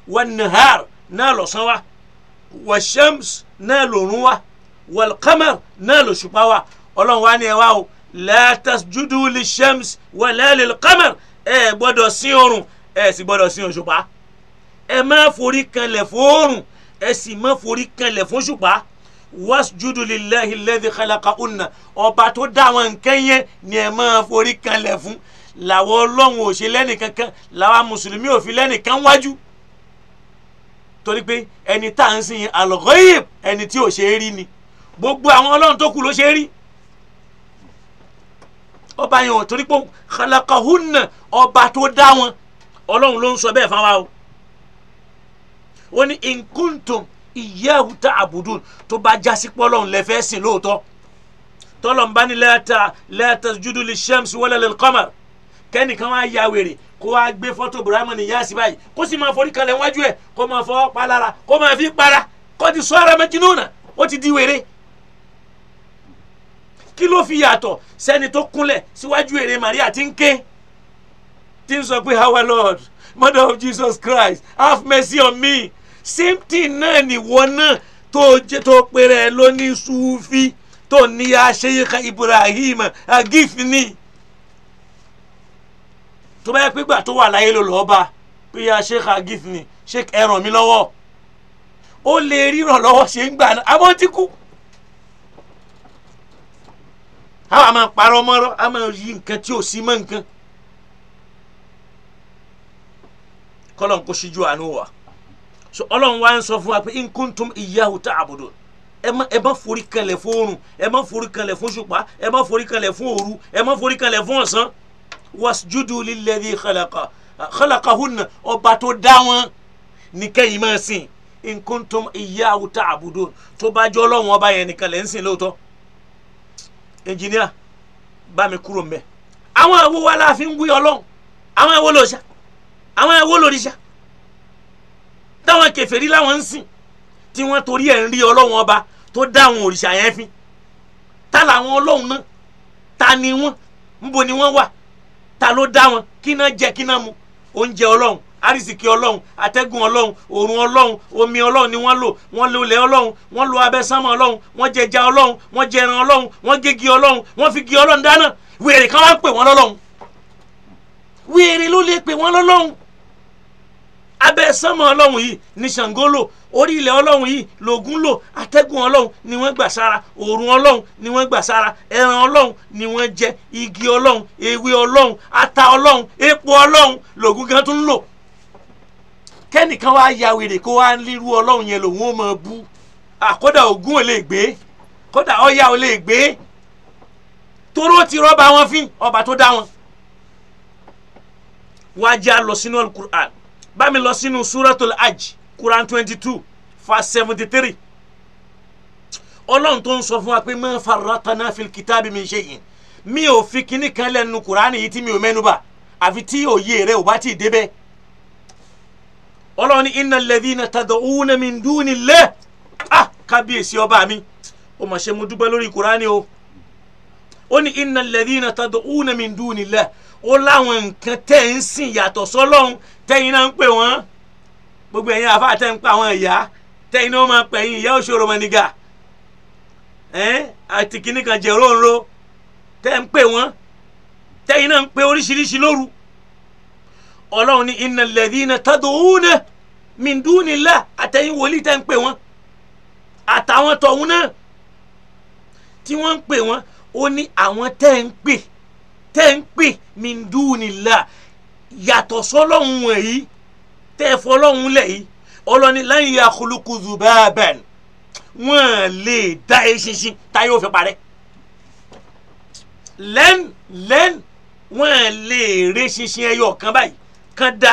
wannahar náà lọ́sán wa washams náà lòrùn wa walqamar náà lòṣùpá wa ọlọ́run wa ni ẹ wá o la tasjudu li shams wala lil qamar ẹ gbọ́dọ̀ sin oòrùn ẹ sì gbọ́dọ̀ sin òṣùpá ẹ má forí kanlẹ̀ fóòrùn ẹ sì má forí kanlẹ̀ fóṣùpá wasjudu lillahi alladhi khalaqahunna ọba tó dá àwọn nǹkan yẹn ni ẹ má forí kanlẹ̀ fún làwọn ọlọ́run ò ṣe lẹ́nìkankan làwọn mùsùlùmí ò fi lẹ́nìkan wájú torí pé ẹni tá à ń sìn al-ghaib ẹni tí ò ṣe é rí ni gbogbo àwọn ọlọ́run tó kù ló ṣe é rí ọba yẹn ò torí pé khalaqahunna ọba tó dá wọn ọlọ́run ló ń sọ bẹ́ẹ̀ fáwa o wọ́n ní in kuntum iyyahu ta'budun tó bá jásí pé ọlọ́run lẹ fẹ́ sìn lóòótọ́ tọ́lọ̀ ń bá ní la tasjudu lish-shams wala lil-qamar kẹ́nìkan wá ya wèrè kó wá gbé fọ́tò Ibrahim Niyasi báyìí kó sì máa forí kalẹ̀ wájú ẹ̀ kó máa fọwọ́ pa lára kó máa fi para kó ti sọ ara mẹjìnnúnà ó ti di wèrè kí ló fi yàtọ̀ sẹ́ni tó kúnlẹ̀ síwájú ère Maria ti ń ké ti ń sọ pé our Lord mother of Jesus Christ have mercy on me same thing náà nìwọ náà tó jẹ́ tó péré lóní Sufi tó ní aṣeyíká Ibrahim ni tó bá yẹ pé gbà tó wà láyé ló lọ́ọ́ bá pé ya sheikh agif ni sheikh ẹ ràn mí lọ́wọ́ ó lè ríran lọ́wọ́ ṣe ń gbà náà àmọ́ ti kú. àwọn àmọ́ parọ́ mọ́rọ́ àmọ́ yí nǹkan tí ò sí mọ́ nǹkan. kọ́lọ́n kò ṣíjú àánú wa so ọlọ́run wa ń sọ fún wa pé in kuntum iyyahu ta'budun ẹ má forí kanlẹ̀ fún oòrùn ẹ má forí kanlẹ̀ fún ṣùpá ẹ má forí kanlẹ̀ fún òru ẹ má forí kanlẹ̀ fún ọ̀sán wasjudu lilladhi khalaqa khalaqahunna ọba tó dá wọn nìkan yìí máa sìn in kuntum iyyahu ta'budun tó bá jọ Ọlọ́run ọba yẹn nìkan lẹ́ ń sìn lóòótọ́ ẹnjìníà bá mi kúrò mbẹ àwọn àwo wa fi ń wí Ọlọ́run àwọn àwo lòṣà àwọn àwo lòrìṣà táwọn kèfèrí láwọn ń sìn tí wọ́n torí ẹ̀ ń rí Ọlọ́run ọba tó dá àwọn òrìṣà yẹn fín ta làwọn Ọlọ́run náà ta ni wọ́n níbo ni wọ́n wà ta ló dá wọn kí náà jẹ kí náà mu oúnjẹ ọlọ́run arísìkí ọlọ́run atẹ́gùn ọlọ́run òòrùn ọlọ́run omi ọlọ́run ni wọ́n lò wọ́n lo ilẹ̀ ọlọ́run wọ́n lo abẹ́sánmọ́ ọlọ́run wọ́n jẹja ọlọ́run wọ́n jẹran ọlọ́run wọ́n gégi ọlọ́run wọ́n fi gi ọlọ́run dáná wèrè kan wá pè wọ́n lọ́lọ́run wèrè ló lè pè wọ́n lọ́lọ́run abẹ́ sánmọ̀ ọlọ́run yìí ni Ṣàngó lò orí ilẹ̀ ọlọ́run yìí lògún lò atẹ́gùn ọlọ́run ni wọ́n gbà sára òòrùn ọlọ́run ni wọ́n gbà sára ẹran ọlọ́run ni wọ́n jẹ igi ọlọ́run ewé ọlọ́run ata ọlọ́run epo ọlọ́run lògún gan tún lò kẹ́nìkan wá ya wèrè kó wá lérú ọlọ́run yẹn lòun ó máa bú àkódà ògún ò lè gbé kódà ọ̀yà ò lè gbé toró ti rọ́bà wọn fín ọba tó dá wọn wájà lọ sínú alukur'an bá mi lọ sínú suratul hajj quran twenty two verse seventy three ọlọ́run tó ń sọ fún wa pé ma farratna fil kitabi min shay'in mi ò fi kinní kan lẹ́nu kuraani yìí tí mi ò mẹ́nuba àfi tí òye rẹ̀ ò bá ti débẹ̀ ọlọ́run ní innal ladhina tad'una min dunillah ah kábíyèsí ọba mi ó mà ṣe mo dúpẹ́ lórí kuraani o ó ní innal ladhina tad'una min dunillah ó láwọn nǹkan tẹ́ ń sìn yàtọ̀ sọ́lọ́hún tẹ́yìn náà ń pè wọ́n gbogbo ẹ̀yin àfa tẹ́ ń pa àwọn ìyá tẹ́yìn náà máa pẹ̀yìn ìyá òṣòro mọ̀nìgà àti kìnnì kan jẹ̀ róńro tẹ́ ń pè wọ́n tẹ́yìn náà ń pè oríṣiríṣi lóru ọlọ́run ní innal ladhina tad'una min dunillah àtẹ̀yìn wòlíì tẹ́ ń pè wọ́n àtàwọn tọ̀hún náà tí wọ́n ń pè wọ́n ó ní àwọn tẹ́ ń pè wọ́n tẹ́ ń pè min dunillah yàtọ̀ sọ́lọ́hún wọ̀nyí tẹ́ ẹ fọlọ́hún lẹ̀ yìí ọlọ́ni lan yakhluqu dhubaban wọ́n lè dá eṣinṣin tá yóò fi parẹ́ lẹ́n lẹ́n wọ́n lè ré ṣinṣin ẹyọ kan báyìí kan dá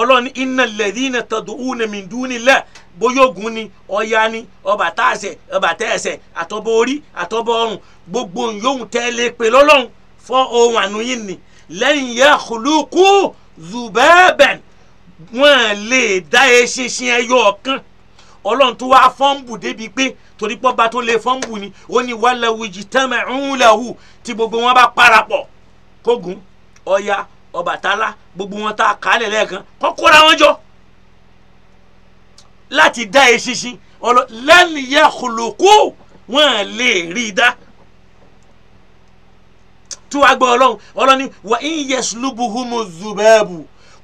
ọlọ́ni innal ladhina tad'una min dunillah bóyá ogun ni ọya ni ọba tá àṣẹ ọba tẹ́ ẹsẹ̀ àtọ́bọ̀ orí àtọ́bọ̀ ọrùn gbogbo yòówù tẹ́ lè pè lọ́lọ́run four oh one nu yín ni lẹ́yìn yẹ kùlùkù zùbẹ́ẹ̀bẹ̀ wọ́n lè dá eṣinṣin ẹyọ ọ̀kan ọlọ́run tó wá fọ́ǹbù débi pé torí pọ́ba tó lè fọ́ǹbù ni ó ní wàlẹ̀ wìjì tẹ́mẹ̀ ńlẹ̀hù tí gbogbo wọn bá parapọ̀ kógun ọya ọbàtálá gbogbo wọn tá a kálẹ̀ lẹ́ẹ̀kan wọn jọ láti dá eṣinṣin ọlọ́ lẹ́yìn yẹ kùlùkù wọ́n lè rí i dá tú agbọ ọlọ́run ọlọ́run ni wà ń yẹ sulubu humu zubẹ́ẹ̀bù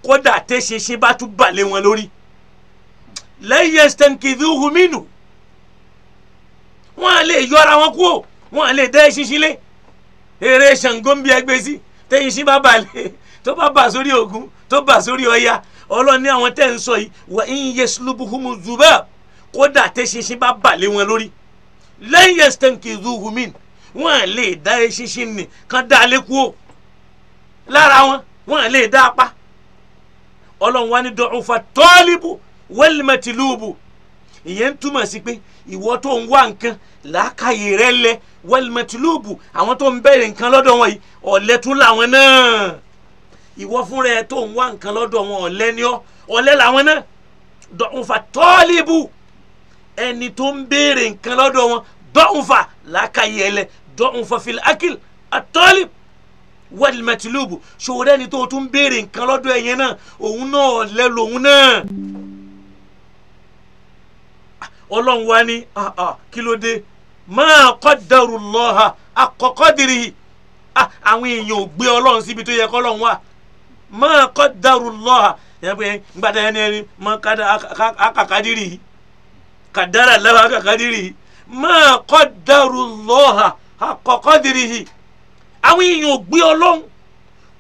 kódà tẹ́sẹ̀ṣẹ̀ bá tún balẹ̀ wọn lórí lẹ́yìn ẹ̀sítẹ́ǹkìdì huminu wọn à lè yọra wọn kú o wọn à lè dẹ́ ṣinṣin lé eré ṣàngóńbí ẹgbẹ́ sí tẹ́yìnṣin bá balẹ̀ tó bá bà sórí ogun tó ba sórí ọya ọlọ́run ní àwọn tẹ́ ń sọ yìí wà ń yẹ sulubu humu zubẹ́ẹ̀bù kódà tẹ́sẹ̀ṣẹ̀ bá balẹ̀ wọn lórí lẹ́yìn ẹ̀sítẹ́ǹkìdì huminu wọn lè dá eṣinṣin nì kan dá lẹ́kú o lára wọn wọn lè dá apá ọlọ́run wa ní dọ̀ọ́fà tọ́líbù wẹ́lìmẹ̀tìlúbù ìyẹn ń túmọ̀ sí pé ìwọ tó ń wá nǹkan làákàyè rẹ lẹ wẹ́lìmẹ̀tìlúbù àwọn tó ń bẹ̀rẹ̀ nǹkan lọ́dọ̀ wọn yìí ọ̀lẹ tún làwọn náà ìwọ fúnra ẹ tó ń wá nǹkan lọ́dọ̀ wọn ọ̀lẹ ni ọ ọ̀lẹ làwọn náà dọ̀ọ́fà tọ́líbù ẹni tó ń béèrè nǹkan lọ́dọ̀ wọn dọ́hùnfà làákàyè ẹlẹ dọ̀nfọ̀ fìlà akil àtọ́lì wàlmẹtìlúbù ṣòwò dẹni tó tún béèrè nǹkan lọ́dọ̀ ẹ̀ yẹn náà òun náà lẹ lòun náà ọlọ́run wa ni ah, ah, kí ló dé máa kọ́dàrú lọ́ha àkọ́kọ́ dìrì àwọn èèyàn ò gbé ọlọ́run síbi tó yẹ kọ́lọ́run wa máa kọ́dàrú lọ́ha gbàdá ẹni ẹni máa kàkàdìrì kàdàrà lẹ́wọ̀ kàkàdìrì máa kọ́dàrú lọ́ha àkọ́kọ́ dìrìhì àwọn èèyàn ò gbé ọlọ́run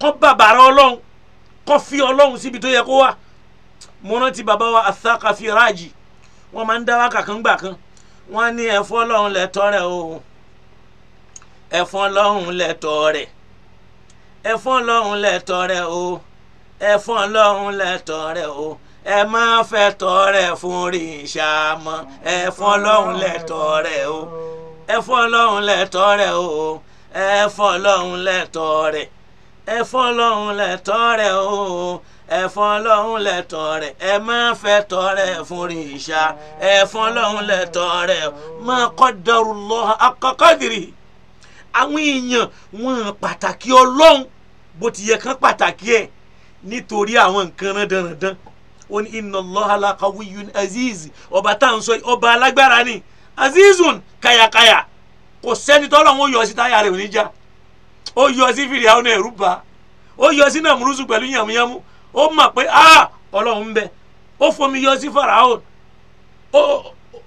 kọ́ bàbàrà ọlọ́run kọ́ fi ọlọ́run síbi tó yẹ kó wà mo rántí bàbá wa Athaqafi Raji wọ́n máa ń dá wákà kan gbà kan wọ́n ní ẹ̀fọ́ ọlọ́run lẹ́tọ́ rẹ̀ o ẹ̀fọ́ ọlọ́run lẹ́tọ́ rẹ̀ ẹ̀fọ́ ọlọ́run lẹ́tọ́ rẹ̀ o ẹ̀fọ́ ọlọ́run lẹ́tọ́ rẹ̀ o ẹ má fẹ́ tọrẹ fún rìṣà mọ́ ẹ̀fọn lọ́hùn lẹ́tọ̀ rẹ̀ o ẹ fún ọlọ́run lẹ́tọ́ o ẹ fún ọlọ́run lẹ́tọ́ rẹ̀ ẹ fún ọlọ́run o ẹ fún ọlọ́run lẹ́tọ́ rẹ̀ ẹ má fẹ́ tọ́ rẹ̀ fún rìṣà ẹ fún ọlọ́run lẹ́tọ́ rẹ̀ má qadarullah haqqa qadri àwọn èèyàn wọn pàtàkì ọlọ́run bó ti yẹ kán pàtàkì ẹ̀ nítorí àwọn nǹkan rán dandan ó ní inna Allaha la qawiyyun ọba tá à ń sọ ọba alágbára ni. azizun kaya kò sẹ́ni tọ́lọ̀ wọn yọ sí táyà rẹ̀ oníjà ó yọ sí fìrì àwọn ẹ̀rú ba ó yọ sí nàmúrúsù pẹ̀lú yàmúyàmú ó mọ̀ pé a ọlọ́run bẹ ó fomi yọ sí faraon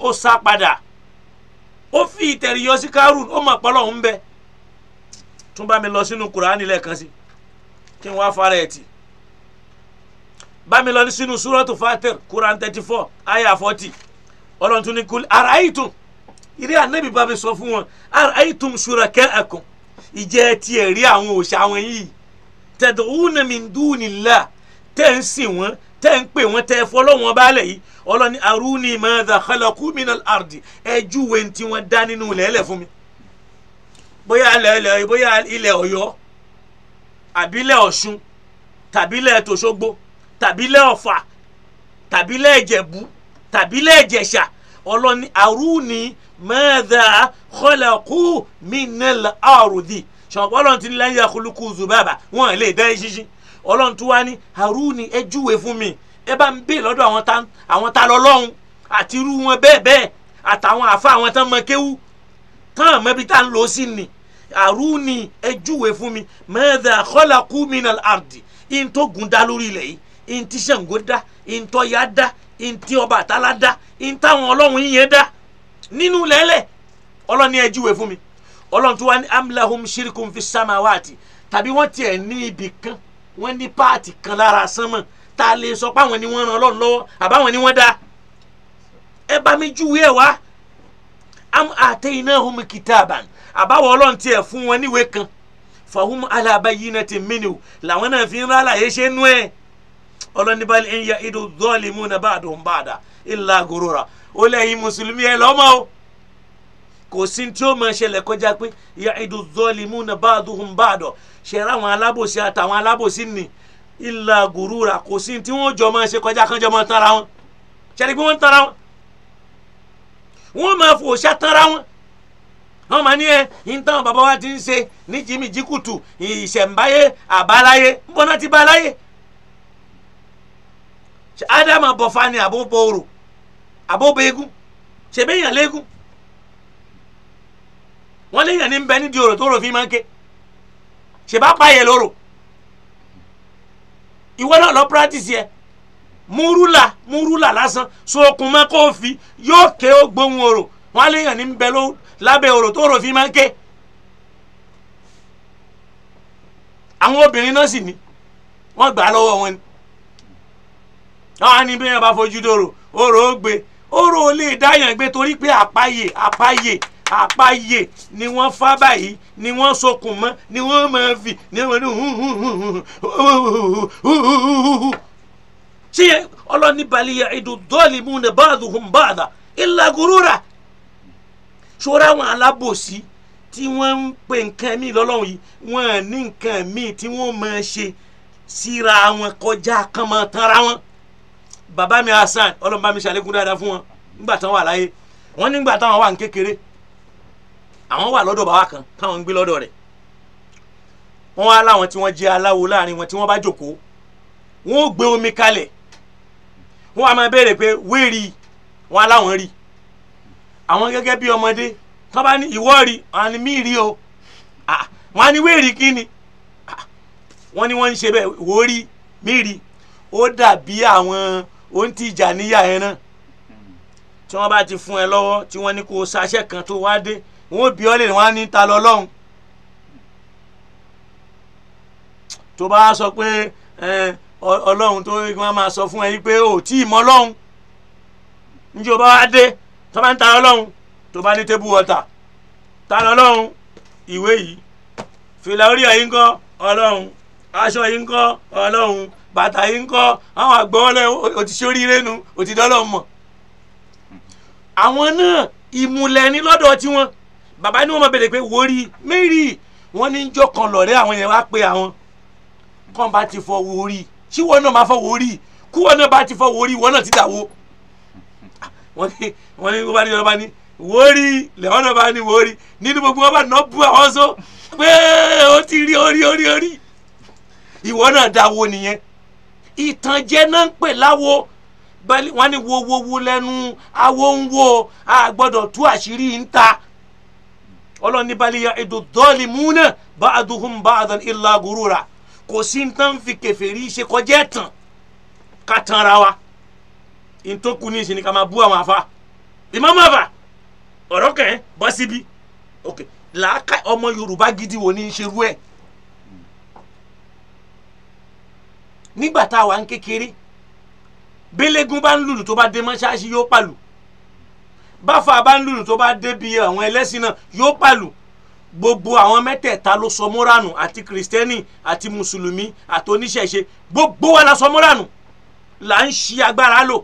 ó sá padà ó fi ìtẹ̀rì yọ sí karun ó mọ̀ pé ọlọ́run bẹ tún bá mi lọ sínú kuraani lẹ́ẹ̀kan sí kí n wá fara ẹ̀ tì bá mi lọ sínú fatir kuran thirty four forty ọlọ́run tún ní kul ìrí ànábì bá mi sọ fún wọn ara'aytum shuraka'akum ìjẹ́ tiẹ̀ rí àwọn òòṣà wọn yìí tad'una min dunillah tẹ́ ń sìn wọ́n tẹ́ ń pè wọ́n tẹ́ fọlọ́wọ́n baálẹ̀ yìí ọlọ́ni aruni madha khalaqu minal ardi ẹjú wẹ̀ tí wọ́n dá nínú lẹ́lẹ̀ fún mi bóyá lẹ́lẹ̀ bóyá ilẹ̀ ọ̀yọ́ àbílẹ̀ ọ̀ṣun tàbílẹ̀ tòṣogbo tàbílẹ̀ ọ̀fà tàbílẹ̀ ìjẹ̀bú tàbílẹ̀ ìjẹ̀ṣà ọlọ́ni aruni mẹ́ẹ̀dá kọ́lẹ̀kú minel arudi ṣọ̀pọ̀ ọlọ́run ti ní láyé akólúkú zubaba wọn lè dá eṣinṣin ọlọ́run tó wá ní haruni ẹ júwe fún mi ẹ bá ń bè lọ́dọ̀ àwọn ta lọ́lọ́run àti irú wọn bẹ́ẹ̀ bẹ́ẹ̀ àtàwọn àfa àwọn tán mọ kéwú tán mẹ́bi tá ń lò ó sí ni haruni ẹ júwe fún mi mẹ́ẹ̀dá kọ́lẹ̀kú minel arudi in tó gun dá lórí ilẹ̀ yìí in tí Ṣàngó dá in tó ya dá in tí ọba àtàlá dá in táwọn ọlọ́run yìnyẹn dá nínú lẹ́lẹ̀ ọlọ́run ní ẹjú wẹ̀ fún mi ọlọ́run tó wá ní amlahum shirikun fi samawati tàbí wọ́n tiẹ̀ ní ibì kan wọ́n ní páàtì kan lára sánmọ̀ tá a lè sọ pé àwọn ni wọ́n ran ọlọ́run lọ́wọ́ àbáwọn ni wọ́n dá ẹ bá mi júwe ẹ wá am atainahum kitaban àbáwọ̀ ọlọ́run tiẹ̀ fún wọn níwèé kan fahum ala bayyinatin minhu làwọn náà fi ń rálá yé ṣe nú ẹ ọlọ́nibali ń ya idu dhalimuna ba'duhum ba'da illa gurura ó lẹ́yìn mùsùlùmí ẹ lọ́mọ o kò sí tí ó máa ṣẹlẹ̀ kọjá pé ya'idu zalimuna ba'duhum ba'da ṣẹ̀rá àwọn alábòsí àtàwọn alábòsí nì illa gurura kò sí tí wọ́n jọ máa ṣe kọjá kánjọ́ máa tara wọn ṣẹlẹ̀ pé wọ́n tara wọn wọ́n máa fò ṣá tara wọn wọ́n máa ní ẹ nítawọn bàbá wa ti ń ṣe ní jìmìjìkùtù ìṣẹ̀ǹbáyé àbáláyé ń bọ́ná ti báláyé ádámà bọ̀fà ni àbúbọ̀ òrò àbó beegun ṣèbí yàn léegun wọn léyàn ní bẹ nídìí ọ̀rọ̀ tó rò fi máa ń ké ṣèbá pààyè lóró ìwọ náà lọ practice yẹ múrúlà múrúlà lásán sókun mọ kó fi yóò ké ó gbóhùn ọ̀rọ̀ wọn léyàn ní bẹ lábẹ́ ọ̀rọ̀ tó rò fi máa àwọn obìnrin náà sì ni wọn gbà á lọ́wọ́ wọn ni wọn á ní bí wọn bá fojú dòrò ọ̀rọ̀ ó gbé oró ò lè dáyàn gbé torí pé àpáyè àpáyè àpáyè ni wọ́n fá báyìí ni wọ́n sokùn mọ́ ni wọ́n máa fi ni wọ́n ní ṣé ọlọ́ni balẹ̀ ìdù dọ́ọ̀lì mú ní báàdù hùn báàdà ìlà gúrúra ṣọ́ra àwọn alábòsí tí wọ́n ń pe nǹkan míì lọ́lọ́run yìí wọ́n ní nǹkan míì tí wọ́n máa ṣe síra wọn kọjá kan máa tanra wọn. Baba mi Hasan Ọlọ́run mi ṣàlékún dáadáa fún wọn nígbà táwọn wà láyé wọn nígbà táwọn wà ní kékeré àwọn wà lọ́dọ̀ bàbá kan táwọn ń gbé lọ́dọ̀ rẹ̀ wọn wá láwọn tí wọ́n jẹ́ aláwo láàrin wọn tí wọ́n bá jókòó wọn ò gbé omi kalẹ̀ wọn a máa béèrè pé wéèrè wọn aláwọn rí àwọn gẹ́gẹ́ bí ọmọdé tó bá ní ìwọ rí àwọn ni mí rí o wọn á ní wéèrè kí ni wọn ni wọ́n ń ṣe bẹ́ẹ̀ wò rí mí rí ó dàbí àwọn ó ń tìjà níyà yẹn náà tí wọ́n bá ti fún ẹ lọ́wọ́ tí wọ́n ní kó o ṣaṣẹ́ kan tó wá dé wọ́n bí ọ́ lè wọ́n á ní ta lọ lọ́hùn tó bá sọ pé ọlọ́hun tó wọ́n máa sọ fún ẹ yí pé ò tí ì mọ lọ́hùn njẹ́ o bá wá dé tó bá ń ta lọ lọ́hùn tó bá ní tébù wọ́tà ta lọ lọ́hùn ìwé yìí fìlà orí ẹ̀yìn kọ́ ọlọ́hun aṣọ yìí kọ́ ọlọ́hun bàtà yìí ń kọ́ àwọn àgbọ̀wọ́lẹ̀ o ti ṣoríire nu o ti dọ́lọ́ mọ̀ àwọn náà ìmùlẹ̀ ní lọ́dọ̀ tiwọn bàbá ni wọ́n máa bèrè pé wórí mary wọ́n ní jọ́ kan lọ̀rẹ́ àwọn yẹn wá pé àwọn kàn bá ti fọ wórí tí wọ́n náà máa fọ wórí kú wọ́n náà bá ti fọ wórí wọ́n náà ti dàwó wọ́n ní wọ́n ní wọ́n bá ní wọ́n bá ní wórí lẹ́wọ́n náà bá ní wórí nínú gbogbo wọn bá nà bú àwọn so pé ó ti rí orí orí orí ìwọ náà dáwó nìyẹn ìtànjẹ náà ń pè láwo bẹ́ẹ̀ wọ́n ní wowowo lẹ́nu awo ń wo a gbọ́dọ̀ tú àṣírí ń ta ọlọ́ni balẹ̀ èdò dọ́ọ̀lì múnà bá a bá a dàn ìlà gòrúra kò sí ń tán fi kẹfẹ́rí ṣe kọjá ẹ̀tàn ká tan ara wa ntọ́kù ní ìsìn ní ká máa bú àwọn afa ìmọ̀mọ́ àfà ọ̀rọ̀ kẹ́ bọ́ síbi ok làákà ọmọ Yorùbá gidi wo ni ń ṣerú ẹ̀ nígbà tá a wà ń kékeré bẹ́lẹ́gún bá ń lùlù tó bá dé mọ́ṣáláṣí yóò pàlù báfa bá ń lùlù tó bá dé bi àwọn ẹlẹ́sìn náà yóò pàlù gbogbo àwọn mẹ́tẹ̀ẹ̀ta ló sọ mọ́ránù àti kìrìsìtẹ́nì àti mùsùlùmí àti oníṣẹ̀ṣe gbogbo wa la sọ mọ́ránù là ń ṣi agbára lò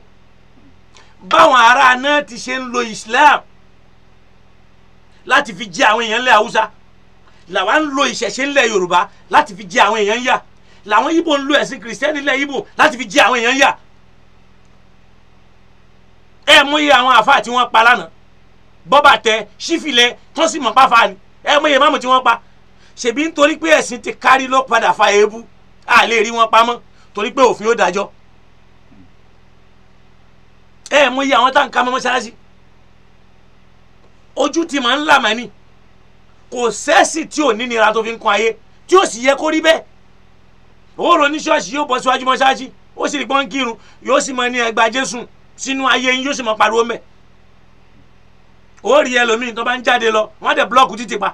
báwọn ará náà ti ṣe ń lo Islam láti fi jẹ àwọn èèyàn ńlẹ̀ Haúsá làwa ń lo ìṣẹ̀ṣe ńlẹ̀ Yorùbá láti fi jẹ àwọn èèyàn yà làwọn ibo ń lo ẹ̀sìn kìrìsìtẹ́nì ilẹ̀ ibo láti fi jẹ àwọn èèyàn yà ẹ mú iye àwọn àfa tí wọ́n pa lánàá bọ́bà tẹ sífìlẹ̀ tó sì mọ̀ pàfà ni ẹ mú iye máàmù tí wọ́n pa ṣèbí nítorí pé ẹ̀sìn ti kárí ló padà fa èébú a lè rí wọn pamọ́ torí pé òfin ó dájọ́ ẹ mú iye àwọn táǹkà mọ́ mọ́ṣáláṣí ojú ti máa ń là mà ní kò sẹ́sì tí ò ní nira tó fi ń kún ayé tí ò sì yẹ kó rí bẹ́ẹ̀ ó rò ní ṣọ́ọ̀ṣì yóò bọ́ síwájú mọ́ṣáláṣí ó sì rí pọ́n kírun yóò sì mọ ní ẹgbàá jésù sínú ayé yín yóò sì mọ pariwo mẹ́ ó rí ẹlòmíì tó bá ń jáde lọ wọ́n á dẹ̀ blọ́ọ̀kù títì pa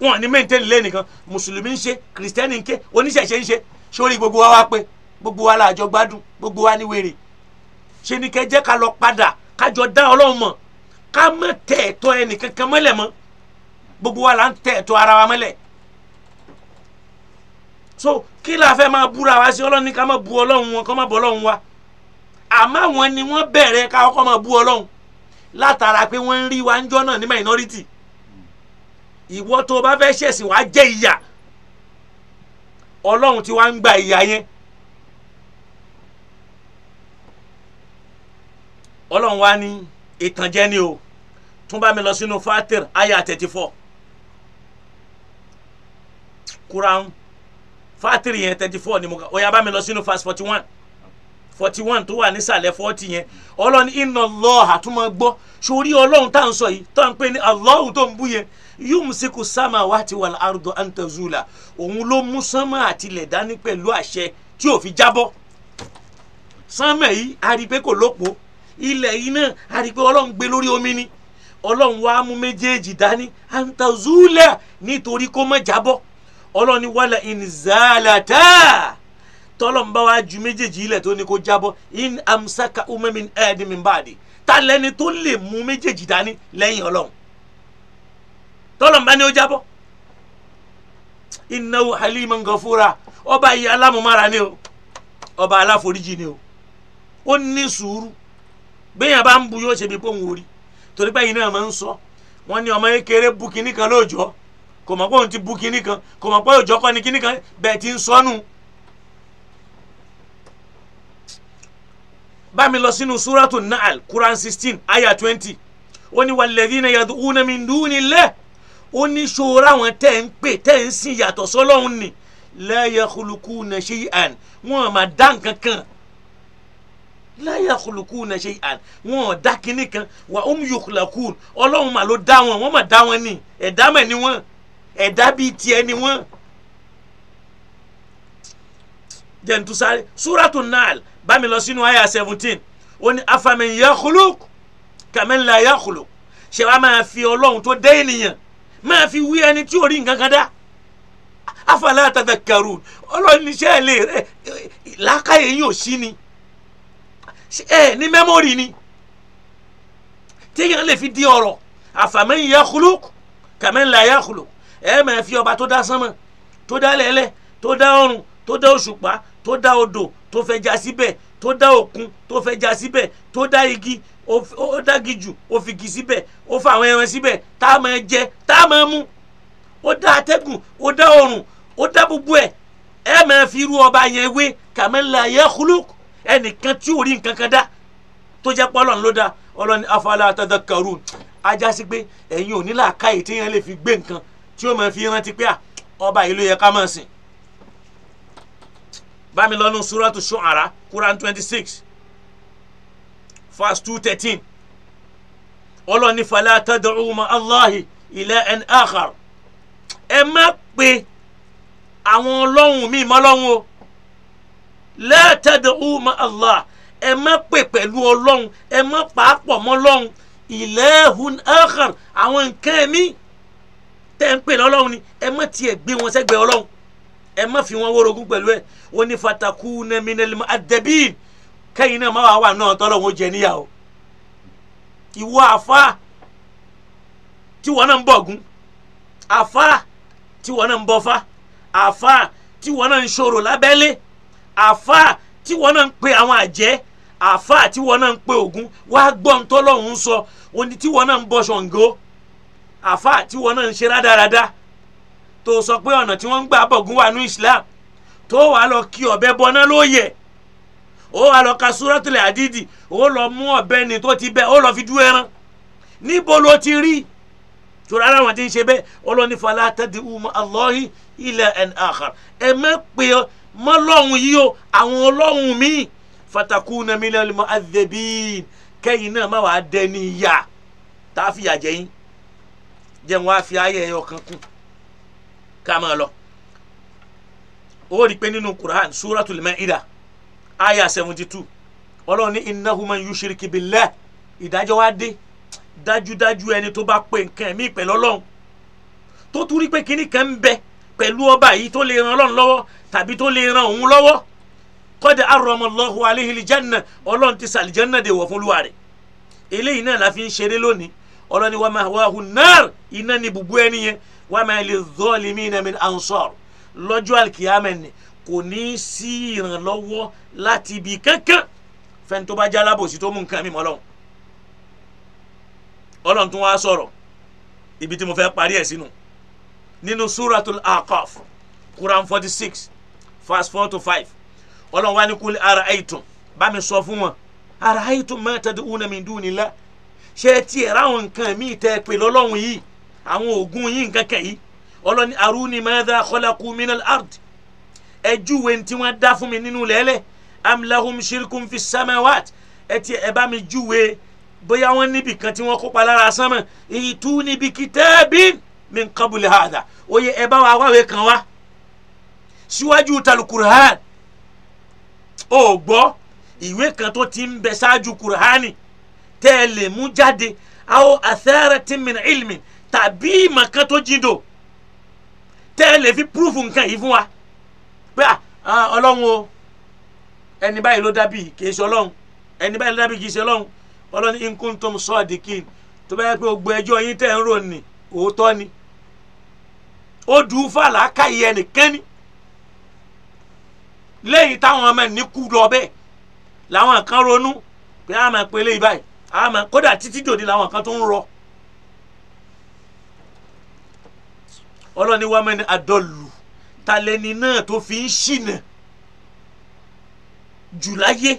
wọn ní mẹ́ńtẹ́lì lẹ́nìkan mùsùlùmí ń ṣe kìrìsìtẹ́nì ń ké oníṣẹ̀ṣe ń ṣe sórí gbogbo wa wá pé gbogbo wa làjọ gbádùn gbogbo wa ní wèrè ṣe ni kẹjẹ ká lọ padà kájọ dá ọlọ́run mọ̀ ká má tẹ̀ ẹ̀tọ́ ẹnìkankan mọ́lẹ̀ mọ́ gbogbo wa là ń tẹ̀ ẹ̀tọ́ ara wa mọ́lẹ̀ so kí la fẹ́ máa búra wá sí ọlọ́run ní ká máa bu ọlọ́run wọn ká máa bọ ọlọ́run wa àmọ́ àwọn ni wọ́n bẹ̀rẹ̀ ká kọ́kọ́ máa bu ọlọ́run látara pé wọ́n ń rí wa ń jọ́ náà ní minority ìwọ tó o bá fẹ́ ṣẹ̀sìn wàá jẹ́ ìyà ọlọ́run tí wàá ń gba ìyà yẹn ọlọ́run wa ní ìtànjẹ ni o tún bá mi lọ sínú fatir aya thirty four Quran fatiri yẹn thirty four ni mo ka ó yá bá mi lọ sínú verse forty one forty one tó wà nísàlẹ̀ forty yẹn ọlọ́ni iná lọ́ọ̀hà tó máa gbọ́ sórí ọlọ́run tá à ń sọ yìí tó à ń pè ní alọ́hùn tó ń bú yẹn yumsiku samawati wal ardu an tazula òun ló mú sánmà àtilẹ̀ dání pẹ̀lú àṣẹ tí ò fi jábọ́ sánmà yìí a kò lópo ilẹ̀ yìí náà a ọlọ́run gbé lórí omi ni ọlọ́run wàá mú méjèèjì dání an nítorí kó má jábọ́ ọlọ́ni wàlà ìnzàlàtà tọ́lọ̀ ń bá wa ju méjèèjì ilẹ̀ tó ní kó jábọ́ in amsaka umemin ẹ̀ẹ́dìmín báàdì ta lẹni tó lè mú méjèèjì dání lẹ́yìn ọlọ́run tọ́lọ̀ ń bá ní ó jábọ́ innahu haliman gafura ọba yìí alámúmára ni o ọba aláforíjì ni o ó ní sùúrù bẹ́yàn bá ń bu yóò ṣe bí pé òun ò rí torí báyìí náà máa ń sọ ọmọ yẹn kò mọ̀ pé òun ti bu kinní kan kò mọ̀ pé òjò kọ́ ni kinní kan bẹ́ẹ̀ ti ń sọnù. bá mi lọ sínú suratu nahl quran sixteen ayah twenty ó ní walladhina yad'una min dunillah ó ní ṣòro àwọn tẹ́ ń pè tẹ́ ń sìn yàtọ̀ sọ́lọ́hún ni la yakhluquna shay'an wọn máa dá nǹkan kan la yakhluquna shay'an wọn dá kinní kan wa hum yukhlaqun ọlọ́run mà ló dá wọn wọ́n mà dá wọn ni ẹ̀dá mẹ́ ni ẹ̀dá bíi tiẹ̀ ni wọ́n jẹ̀ntusáré súrátù Nahl bámi lọ seventeen ó ní afaman yakhluq kaman la yakhluq ṣe wá máa fi ọlọ́run tó dé ènìyàn máa fi wí ni tí ò rí nǹkan kan afala tadhakkarun ọlọ́run níṣẹ́ ẹ̀ lè rẹ̀ làákàyè yìí ò sí ni ẹ ní mẹ́mórì ni téèyàn lè fi di ọ̀rọ̀ afaman yakhluq kaman la yakhluq ẹ máa fi ọba tó dá sánmọ̀ tó dá lẹ́lẹ̀ tó dá ọ̀run tó dá òṣùpá tó dá odò tó fẹ́ já síbẹ̀ tó dá òkun tó fẹ́ já síbẹ̀ tó dá igi ó dági jù ó figi síbẹ̀ ó fa àwọn ẹran síbẹ̀ tá a máa jẹ tá a máa mú ó dá atẹ́gùn ó dá ọ̀run ó dá gbogbo ẹ̀ ẹ máa fi irú ọba yẹn wé kàmẹ́lá yẹ kúlùk ẹnìkan tí ò rí nǹkan kan dá tó jẹ́ pé Ọlọ́run ló dá Ọlọ́run afala tadhakkarun ajá sí pé ẹ̀yin ò ní làákàyè tí lè fi gbé nǹkan tí ó máa fi rántí pé à ọba yìí ló yẹ ká máa sìn bá mi lọ́nu suratu Shu'ara Quran twenty six verse two thirteen ọlọ́ni fala tad'u ma Allahi ilahan akhar ẹ má pe àwọn ọlọ́run mi mọ́ ọlọ́run o la tad'u ma Allah ẹ má pè pẹ̀lú ọlọ́run ẹ má pàápọ̀ mọ́ ọlọ́run ilahun akhar àwọn nǹkan mi tẹ́ ń pè lọ́lọ́run ni ẹ má tiẹ̀ gbé wọn sẹ́gbẹ̀ẹ́ ọlọ́run ẹ má fi wọn wórogún pẹ̀lú ẹ wọn ní fatakú nẹ́mínẹ́lẹ́mọ́ adẹ́bíìn kẹ́yìn náà má wàá wà náà tọ́lọ́run ó jẹ níyàwó ìwọ àfa tí wọn náà ń bọ̀gún àfa tí wọn náà ń bọ̀fá àfa tí wọn náà ń ṣòro lábẹ́lé àfa tí wọn náà ń pe àwọn àjẹ́ àfa tí wọn náà ń pe ògún wàá gbọ́n tọ́lọ́run sọ wọn ni tí wọn náà ń bọ ṣàngó àfa tí wọn náà ń ṣe rádaràda tó sọ pé ọ̀nà tí wọ́n ń gbà bọ̀gún wà ní Islam tó wàá lọ kí ọ̀bẹ bọná lóye ó wàá lọ ka Suratul Hadidi ó lọ mú ọ̀bẹ ni tó ti bẹ́ ó lọ fi dú ẹran níbo ló ti rí torí ara wọn ti ń ṣe bẹ́ẹ̀ ọlọ́ni fala tad'u ma Allahi ilahan akhar ẹ má pè yìí o àwọn ọlọ́hùn míì fatakuna minal mu'adhdhabin kẹ́yìn náà má wàá dẹni ìyà tá a fìyà jẹ yín jẹ́ n wá fi ayé ẹyọ kan kún ká máa lọ ó rí i pé nínú Quran suratul Maida aya seventy two ọlọ́run ní innahu man yushrik billah ìdájọ́ wa dé dájúdájú ẹni tó bá pè nǹkan ẹ̀mí pẹ̀lú ọlọ́run tó tún rí pé kinní kan ń bẹ pẹ̀lú ọba yìí tó lè ran ọlọ́run lọ́wọ́ tàbí tó lè ran òun lọ́wọ́ kọ́dà arọmọlọ́hu aléhìlì jẹ́nà ọlọ́run ti sàlìjẹ́nà dè wọ̀ fún lúwa rẹ̀ eléyìí náà la fi ń ṣeré lónìí ọlọ́ni wa ma'wahu nar iná ni bùbú ẹni yẹn wa ma liz-zalimina min ansar lọ́jọ́ alikiyama ni kò ní í sí ìrànlọ́wọ́ láti ibi kankan fẹ́ni tó bá já alábòsí tó mú nǹkan mi mọ́ lọ́hùn ọlọ́run tún wá sọ̀rọ̀ ibi tí mo fẹ́ parí ẹ̀ sínú nínú suratul aqaf quran forty six verse four to five ọlọ́run wá ní kul ara'aytum bá mi sọ fún wọn ara'aytum ma tad'una min dunillah ṣé tiẹ̀ ráwọn nǹkan míì tẹ́ pè lọ́lọ́run yìí àwọn oògùn yìí nǹkan kan yìí ọlọ́ni arúni mẹ́ta kọ́lákú minal ard ẹjúwe tí wọ́n dá fún mi nínú lẹ́lẹ̀ amlahum shirkun fi samawat ẹ ti ẹ bá mi júwe bóyá wọ́n níbi kan tí wọ́n kópa lára sánmọ̀ ìtú níbi kitabin min qabli hada oyè ẹ bá wa wáwé kan wá síwájú talukurhan ó gbọ́ ìwé kan tó ti ń bẹ ṣáájú kurhani tẹ́ ẹ lè mú jáde àwọn atharatin min ilmi tàbí ìmọ̀ kan tó jíndò tẹ́ ẹ lè fi púrúfù nǹkan yìí fún wa pé ah, ọlọ́run o ẹni báyìí ló dábì kìí ṣe ọlọ́run ẹni báyìí ló dábì kìí ṣe ọlọ́run ọlọ́run in kuntum sadiqin tó bá yẹ pé gbogbo ẹjọ́ yín tẹ̀ ń rò ní òótọ́ ni ó dùn fàlà káyé ẹnìkan ni lẹ́yìn táwọn ọmọ ẹ̀ ní kú lọ bẹ́ẹ̀ làwọn kan ronú pé àwọn máa pe àmọ́ kódà títí dòní làwọn kan tó ń rọ ọlọ́ni wa mẹ́ni adọ́lù talẹ́ni náà tó fi ń ṣìnà jùláyé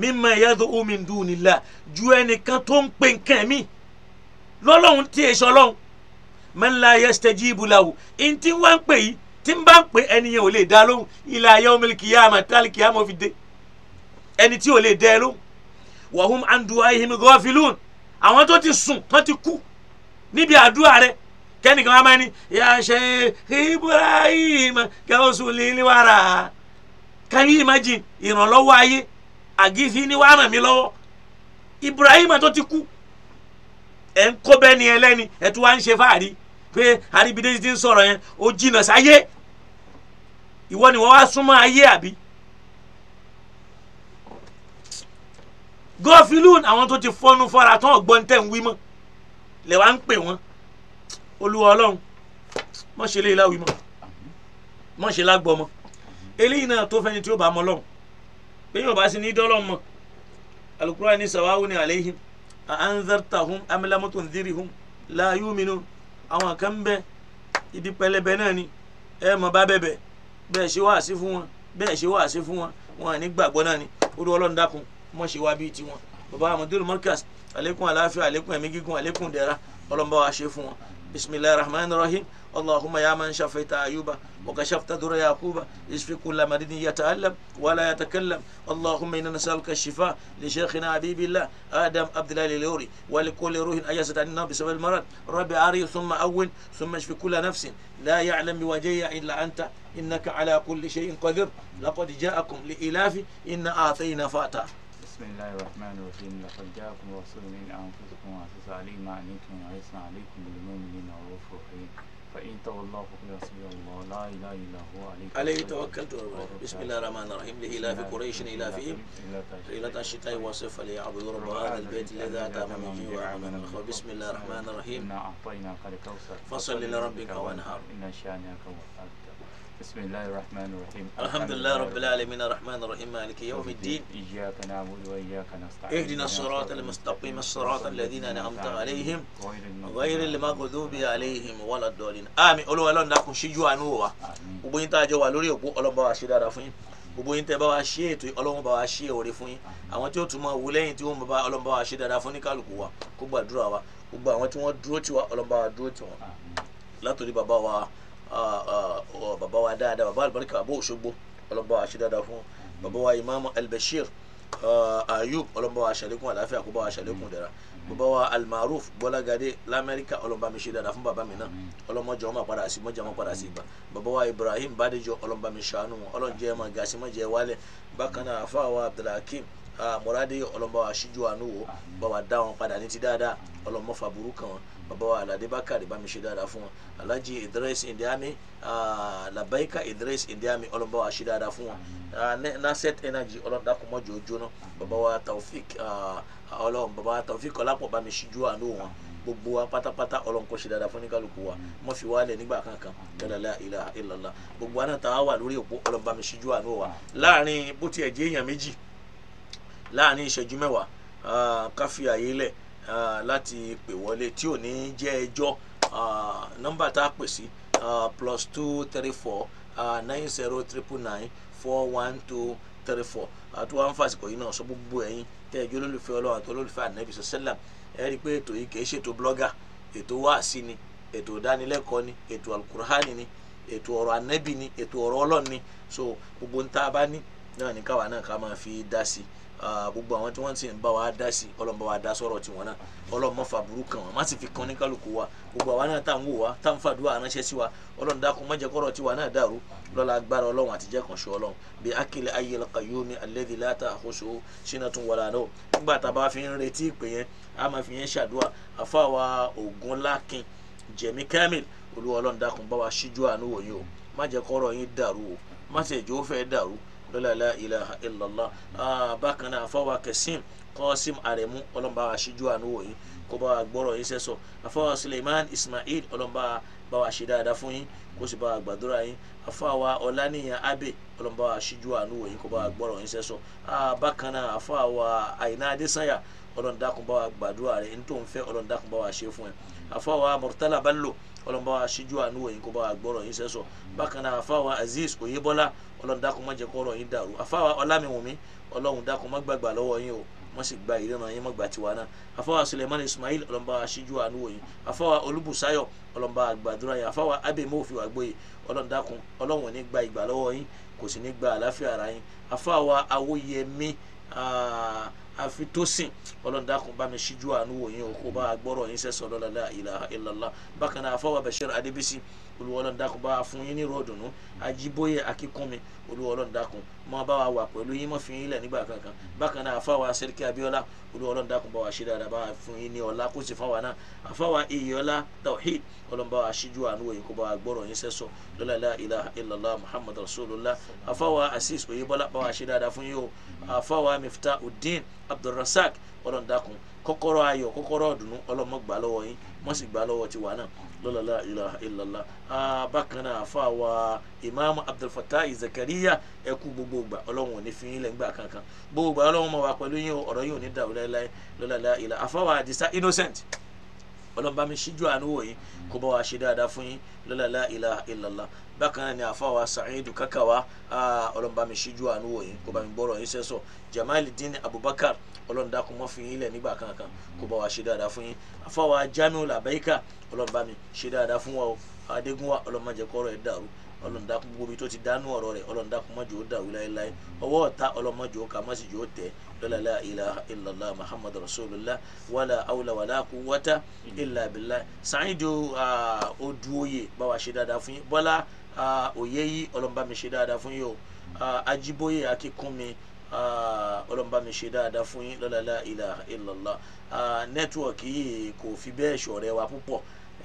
mímọ ìyàtọ̀ omi ń dùn nílà ju ẹnìkan tó ń pè nǹkan mi lọ́lọ́run tí èso ọlọ́run mẹ́ńlá yẹ́sítẹ́jì ìbúláwò ntí wá ń pè yìí tí ń bá ń pè ẹni yẹn ò lè dá lóhùn ilà ayé omi kìí àmọ́ tálíkìí àmọ́ fi dé ẹni tí ò lè dá ẹ lóhùn wahum anduwa ihimi gọfilun àwọn tó ti sùn tó ti kú níbi àdúrà rẹ kẹ́nìkan máa ní ya Sheikh Ibrahim gawusu liliwara can you imagine ìrànlọ́wọ́ ayé àgìfì ni wàá ràn mí lọ́wọ́ Ibrahim tó ti kú ẹ̀ ń kó bẹ́ẹ̀ ni ẹlẹ́ni ẹ̀ tó wá ń ṣe fáàrí pé àríbidé ti ń sọ̀rọ̀ yẹn ó jìnnà sáyé ìwọ ni wọ́n wá súnmọ́ ayé àbí gọfìlún àwọn tó ti fọnú fọra tán ọgbọ́n tẹ̀ ń wí mọ́ lẹ́wà ń pè wọ́n olúwa ọlọ́run mọ̀ ṣe léyìí láwí mọ́ mọ̀ ṣe lágbọ́ mọ́ eléyìí náà tó fẹ́ni tí ó bá mọ́ lọ́hùn bẹ́ẹ̀ yóò bá sí ní dọ́lọ́hùn mọ́ alukura ní sàwáwù ní àléhìn àánzẹ́rtàhùn amílámọ́tòǹdírìhùn láyúmínú àwọn kan bẹ ibi pẹlẹbẹ náà ni ẹ mọ̀ bá bẹ̀bẹ̀ bẹ́ẹ̀ ṣe wáàsí fún wọn bẹ́ẹ̀ ṣe wáàsí fún wọn wọn ní gbàgbọ́ náà ni olúwa ọlọ́run dákun mọ̀ ṣe wá ti won bàbá amadiru markas alekun àlàáfíà alekun ẹ̀mí gígùn alekun dẹ̀ra ba wa ṣe fún wọn bismillahir rahmanir rahim اللهم يا من شفيت أيوب وكشفت دور يعقوب اشف كل مريض يتألم ولا يتكلم اللهم إنا نسألك الشفاء لشيخنا حبيب الله آدم عبد الله اليوري ولكل روح أجازت عن النار بسبب المرض رب عري ثم أول ثم اشف كل نفس لا يعلم بوجهها إلا أنت إنك على كل شيء قدير لقد جاءكم لإلاف إن أعطينا فاتا بسم الله الرحمن الرحيم لقد جاءكم رسول من أنفسكم وعزيز عليه ما عنيتم وعز عليكم بالمؤمنين ورؤوف الرحيم فإن تولوا فقل حسبي الله لا إله إلا هو عليك عليه توكلت بسم الله الرحمن الرحيم له لإلاف قريش فيهم ليلة الشتاء وصف لي عبد رب هذا البيت الذي أتى من وعمل الخير بسم الله الرحمن الرحيم إنا أعطيناك الكوثر فصل لربك وانهار إن شانك هو الأبتر بسم الله الرحمن الرحيم الحمد لله رب العالمين الرحمن الرحيم مالك يوم الدين إياك نعبد وإياك نستعين اهدنا الصراط المستقيم الصراط الذين أنعمت عليهم غير المغضوب عليهم ولا الضالين آمين أولو ألون داكم شجوا نوا وبين تاجوا لوري وبو ألون بوا شدا رافين gbogbo yín tẹ́ bá wa ṣe ètò ọlọ́run bá wa ṣe òre fún yín àwọn tí ó tún máa wù lẹ́yìn tí wọ́n bá ọlọ́run bá wa ṣe dáadáa fún oníkàlùkù wa kó gbàdúrà wa gbogbo àwọn tí wọ́n dúró tiwa ọlọ́run bá wa dúró tiwọn látòrí bàbá wa Ah, ah, oh, bàbá wa dáadáa bàbá alibarika bàbá òṣogbo ọlọ́ba wa ṣe dáadáa fún bàbá wa imam albashir ah, ayub ọlọ́ba wa ṣàlékún àlàáfíà kó bá wa ṣàlékún dẹ̀ra bàbá wa almaruf bọ́lágadé lamẹ́ríkà ọlọ́ba mi ṣe dáadáa fún bàbá mi náà ọlọ́mọjọ́ ọmọ padà sí mọ́jọ́ ọmọ padà sí gbà bàbá wa ibrahim bàdéjọ ọlọ́ba mi ṣàánú wọn ọlọ́njẹ́ ẹ̀ máa ga sí mọ́jẹ́ wálẹ̀ bákan náà àfa wa abdulhakeem muradi ọlọ́ba wa ṣíjú àánú wo bàbá dá wọn padà ní ti dáadáa ọlọ́mọ fàbùrú kan wọn bàbá wa aládé bákàrè bá mi ṣe dáadáa fún wọn alhaji idris indiami ah, labaika idris indiami ọlọ́mọba wa ṣe dáadáa fún wọn ah, nasset energy ọlọ́dàkùnmọ́jọ ojóná bàbá wa taofik ah, ọlọ́run bàbá wa taofik ọlápọ̀ bá mi ṣíjú àánú wọn gbogbo wa pátápátá ọlọ́run kó ṣe dáadáa fún oníkálukú wa mọ́ fi wálẹ̀ nígbà kankan kẹlẹ́lá ilà ìlàlá gbogbo wa náà tá a wà lórí òpó ọlọ́run bá mi ṣíjú àánú wa láàrin bó tiẹ̀ jẹ́ èèyàn méjì láàrin ìṣẹ́jú mẹ́wàá ká fi àyè lẹ̀ láti pè wọlé tí ò ní jẹ́ ẹjọ́ nọ́mbà tá a pè sí plus two three four nine zero triple nine four one two three four àti wọn fàsìkò yìí náà sọ gbogbo ẹ̀yin tẹ́ ẹjọ́ olólùfẹ́ Ọlọ́run àti olólùfẹ́ ànábì sọ́sẹ́là ẹ rí i pé ètò yìí kìí ṣètò blọ́gà ètò wáàsí ni ètò ìdánilẹ́kọ̀ọ́ ni ètò alukurhani ni ètò ọ̀rọ̀ ànábì ni ètò ọ̀rọ̀ Ọlọ́run ni so gbogbo ń tá a bá ní náà ní káwa náà ká máa fi dá sí i. Ah, gbogbo àwọn tí wọ́n ti ń bá wa dá sí ọlọ́run bá wa dá sọ̀rọ̀ tiwọn náà ọlọ́run má fa burú kan wọn má sì fi kan ní kálukú wa gbogbo àwa náà tá à ń wò wá tá à ń fàdúrà ránṣẹ́ sí wa ọlọ́run dákun má jẹ́ kọ́rọ̀ tiwa náà dàrú lọ́la agbára ọlọ́run àtijọ́ kan ṣe ọlọ́run bí akele ayẹlẹ kayoni alẹ́dí láta àkóso sínú tún wàlá náà nígbà tá a bá fi ń retí ìpè yẹn a máa fi yẹn ṣàdúrà àfàwà ògùn lákin jẹ̀mí kamil olúwa ọlọ́run dákun bá wa ṣíjú àánú wòye o má jẹ́ kọ́rọ̀ yín dàrú o má sì ẹ̀jọ́ fẹ́ dàrú lọ́la la ilaha illallah bákan náà àfọwà kẹsìm kọ́sìm àrẹ̀mú ọlọ́mọba wa ṣíjú àánú wọ̀nyí kó bá wa gbọ́rọ̀ yín sẹ́sọ̀ àfọwà suleiman ismail ọlọ́mọba bá wa ṣe dáadáa fún yín kó sì bá wa gbàdúrà yín àfọwà ọláníyàn abe ọlọ́mọba wa ṣíjú àánú wọ̀nyí kó bá wa gbọ́rọ̀ yín sẹ́sọ̀ bákan náà àfọwà àyìnà adésanya ọlọ́ndàkùn gbàdúrà rẹ̀ ní tó ń ọlọ́run dákun má jẹ́ kó ọ̀rọ̀ yín dàrú àfáwà ọlámiwùmí ọlọ́run dákun má gbàgbà lọ́wọ́ yín o wọ́n sì gba ìrìnà yín mọ́gbà tiwa náà àfáwà suleiman ismail ọlọ́mba aṣíjú àánú wòye àfáwà olúbùsáyọ̀ ọlọ́mba àgbàdúrà yìí àfáwà abẹ́mọ́ òfin àgbóyè ọlọ́run dákun ọlọ́run ní gba ìgbà lọ́wọ́ yín kò sì ní gba àlàáfíà ara yín àfáwà awóyẹmí àfitósìn ọlọ́run dákun bá mi ṣíjú àánú wòye o kó bá gbọ́rọ̀ yín sẹ́sọ̀ lọ́la ilaha illallah bákan náà àfáwà bashir olùwọ́lọ́n dákun bá wa fún yín ní ìrọ̀dùnú ajíbóyè akíkúnmi olùwọ́lọ́n dákun mọ bá wa wà pẹ̀lú yín mọ́ fi yín lẹ̀ nígbà kankan bákan náà àfáwà sẹ́ríkì abíọ́lá olùwọ́lọ́n dákun bá wa ṣe dáadáa bá wa fún yín ní ọlá kó sì fáwa náà àfáwà ìyọ́lá tawhid ọlọ́n bá wa ṣíjú àánú òye kó bá wa gbọ́rọ̀ yín sẹ́sọ lọ́lá ilá ilá ilàlá muhammad rasulullah àfáwà asis oyebola bá wa ṣe dáadáa kọ́kọ́rọ́ ayọ̀ kọ́kọ́rọ́ ọ̀dùnnú ọlọ́mọ gbà lọ́wọ́ yín wọ́n sì gbà lọ́wọ́ tiwa náà lọ́lọ́lá ilaha illallah bákan náà àfa wa imaamu abdulfatai zakariya ẹkú gbogbo gbà ọlọ́run ò ní fi yín lẹ́ngbà kankan gbogbo gbà ọlọ́run máa wà pẹ̀lú yín ọ̀rọ̀ yín ò ní dàrú láéláé lọ́lọ́lá ilaha àfa wa àdìsá innocent ọlọ́run bá mi ṣíjú àánú wò yín kó wa ṣe dáadáa fún yín lọ́lọ́lá ilaha illallah bákan ni àfa wa sa'idu kakawa ọlọ́run bá mi ṣíjú àánú wò yín kó bá mi gbọ́rọ̀ yín sẹ́sọ̀ jamalidin abubakar ọlọ́run dákun mọ́ fún yín lẹ̀ nígbà kankan kó bá wa ṣe dáadáa fún yín àfọwọ́ Jamiu Labaika ọlọ́run bá mi ṣe dáadáa fún wa o Adégúnwà ọlọ́run má jẹ́ kọ́rọ̀ ẹ̀ dàrú ọlọ́run dákun gbogbo ibi tó ti dánú ọ̀rọ̀ rẹ̀ ọlọ́run dákun má jẹ́ ó dàrú láéláé ọwọ́ ọ̀tá ọlọ́run má jẹ́ ó má sì jẹ́ tẹ̀ lọ́lá ilaha muhammadu rasulillah wàlà awùlà wàlà quwwata illa billah Sàyídù Odùoyè bá wa ṣe dáadáa fún yín Bọ́lá Oyèyí ọlọ́run bá mi ṣe dáadáa fún yín o Ajíbóyè Akínkúnmi Ah, ọlọ́mọba mi ṣe dáadáa fún yín lọ́lọ́lá ilaha illallah ah, nẹ́tíwọ̀kì yìí kò fi bẹ́ẹ̀ ṣọ̀rẹ́ wa púpọ̀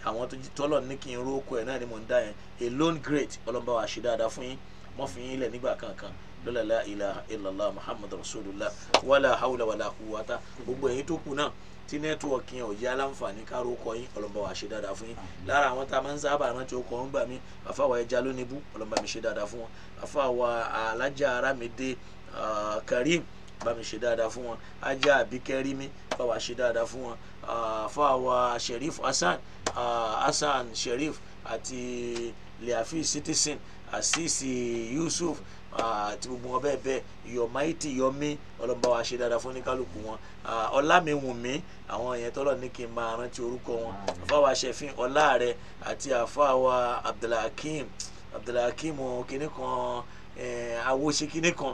àwọn tọ́lọ̀ ní kí n rókò ẹ̀ náà ni mò ń dá yẹn alone great ọlọ́mọba wa ṣe dáadáa fún yín wọ́n fi yín ilẹ̀ nígbà kankan lọ́lọ́lá ilaha illallah muhammadu rasulullah wàlà hawla wàlà kúwàtà gbogbo ẹ̀yin tó kù náà tí nẹ́tíwọ̀kì yẹn ò yá láǹfààní káró kọ yín ọlọ́mọba wa ṣe dáadáa fún yín lára àwọn tá a máa ń sábà rántí ọkọ̀ ń gbà mí àfàwà ẹja lónìí bú ọlọ́mọba mi ṣe dáadáa fún wọn àfàwà alájà arámídé Ah, karim bá mi ṣe dáadáa fún wọn ajá àbíkẹ́rímí bá wa ṣe dáadáa fún wọn ah, fáwa sherif hasan ah, hasan sherif àti leafi citizen asisi yusuf àti gbogbo wọn bẹ́ẹ̀ bẹ́ẹ̀ yọ̀máìtì yọmí ọlọ́mọba wa ṣe dáadáa fún oníkálukú wọn ọlámiwùnmí àwọn èèyàn tọ́lọ̀ ní kí n máa rántí orúkọ wọn àfáwà ṣẹ̀fín ọláàrẹ àti àfáwà abdulhakeem abdulhakeem kìnnìkan eh, awoṣe kìnnìkan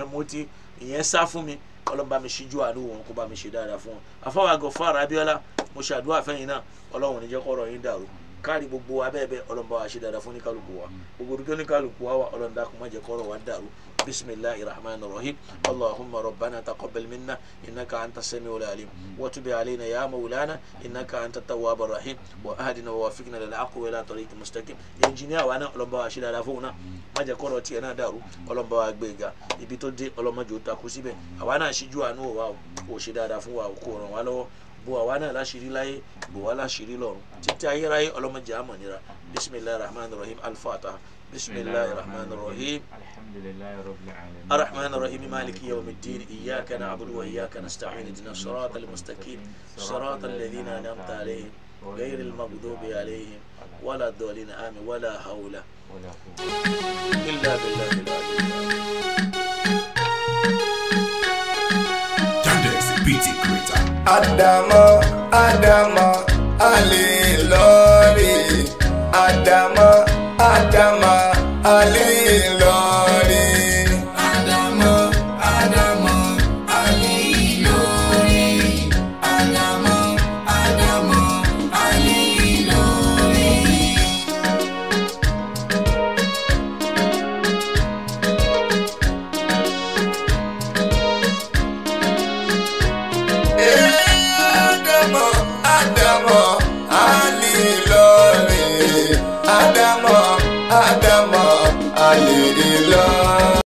ẹmọtí ìyẹn sá fún mi ọlọ́run bá mi ṣíjú àánú wọn kó bá mi ṣe dáadáa fún wọn àfọwọ́ Gofar Abíọ́lá mo ṣàdúrà fẹ́yìn náà ọlọ́run níjẹ́ kọ́rọ̀ yín dàrú káàrí gbogbo abẹ́ẹ̀bẹ́ ọlọ́run bá wa ṣe dáadáa fún oníkálukú wa gbogbo oníkálukú wa ọlọ́run dákun má jẹ́ kọ́rọ̀ wa dàrú بسم الله الرحمن الرحيم اللهم ربنا تقبل منا إنك أنت السميع العليم وتب علينا يا مولانا إنك أنت التواب الرحيم وأهدنا ووفقنا للحق وإلى طريق مستقيم إنجينيا وأنا ألم بواشي لافونا ما جاكورو تينا دارو ألم بواغبيغا ibi tó dé ọlọmọdé ó takú síbẹ̀ àwa náà ṣíjú àánú wa ò ṣe dáadáa fún wa ò kó ràn wá lọ́wọ́ bó àwa náà láṣìírí láyé bó wa láṣìírí lọ́run títí ayérayé ọlọmọdé àmọ̀nira bisimilayi rahman rahim alfata bisimilayi rahman rahim. الحمد لله رب العالمين الرحمن الرحيم مالك يوم الدين إياك نعبد وإياك نستعين اهدنا الصراط المستقيم صراط الذين أنعمت عليهم غير المغضوب عليهم ولا الضالين آمين ولا حول ولا قوة إلا بالله العلي Adama, Adama, Ali Lori, Adama, Adama Ali Lori. Adama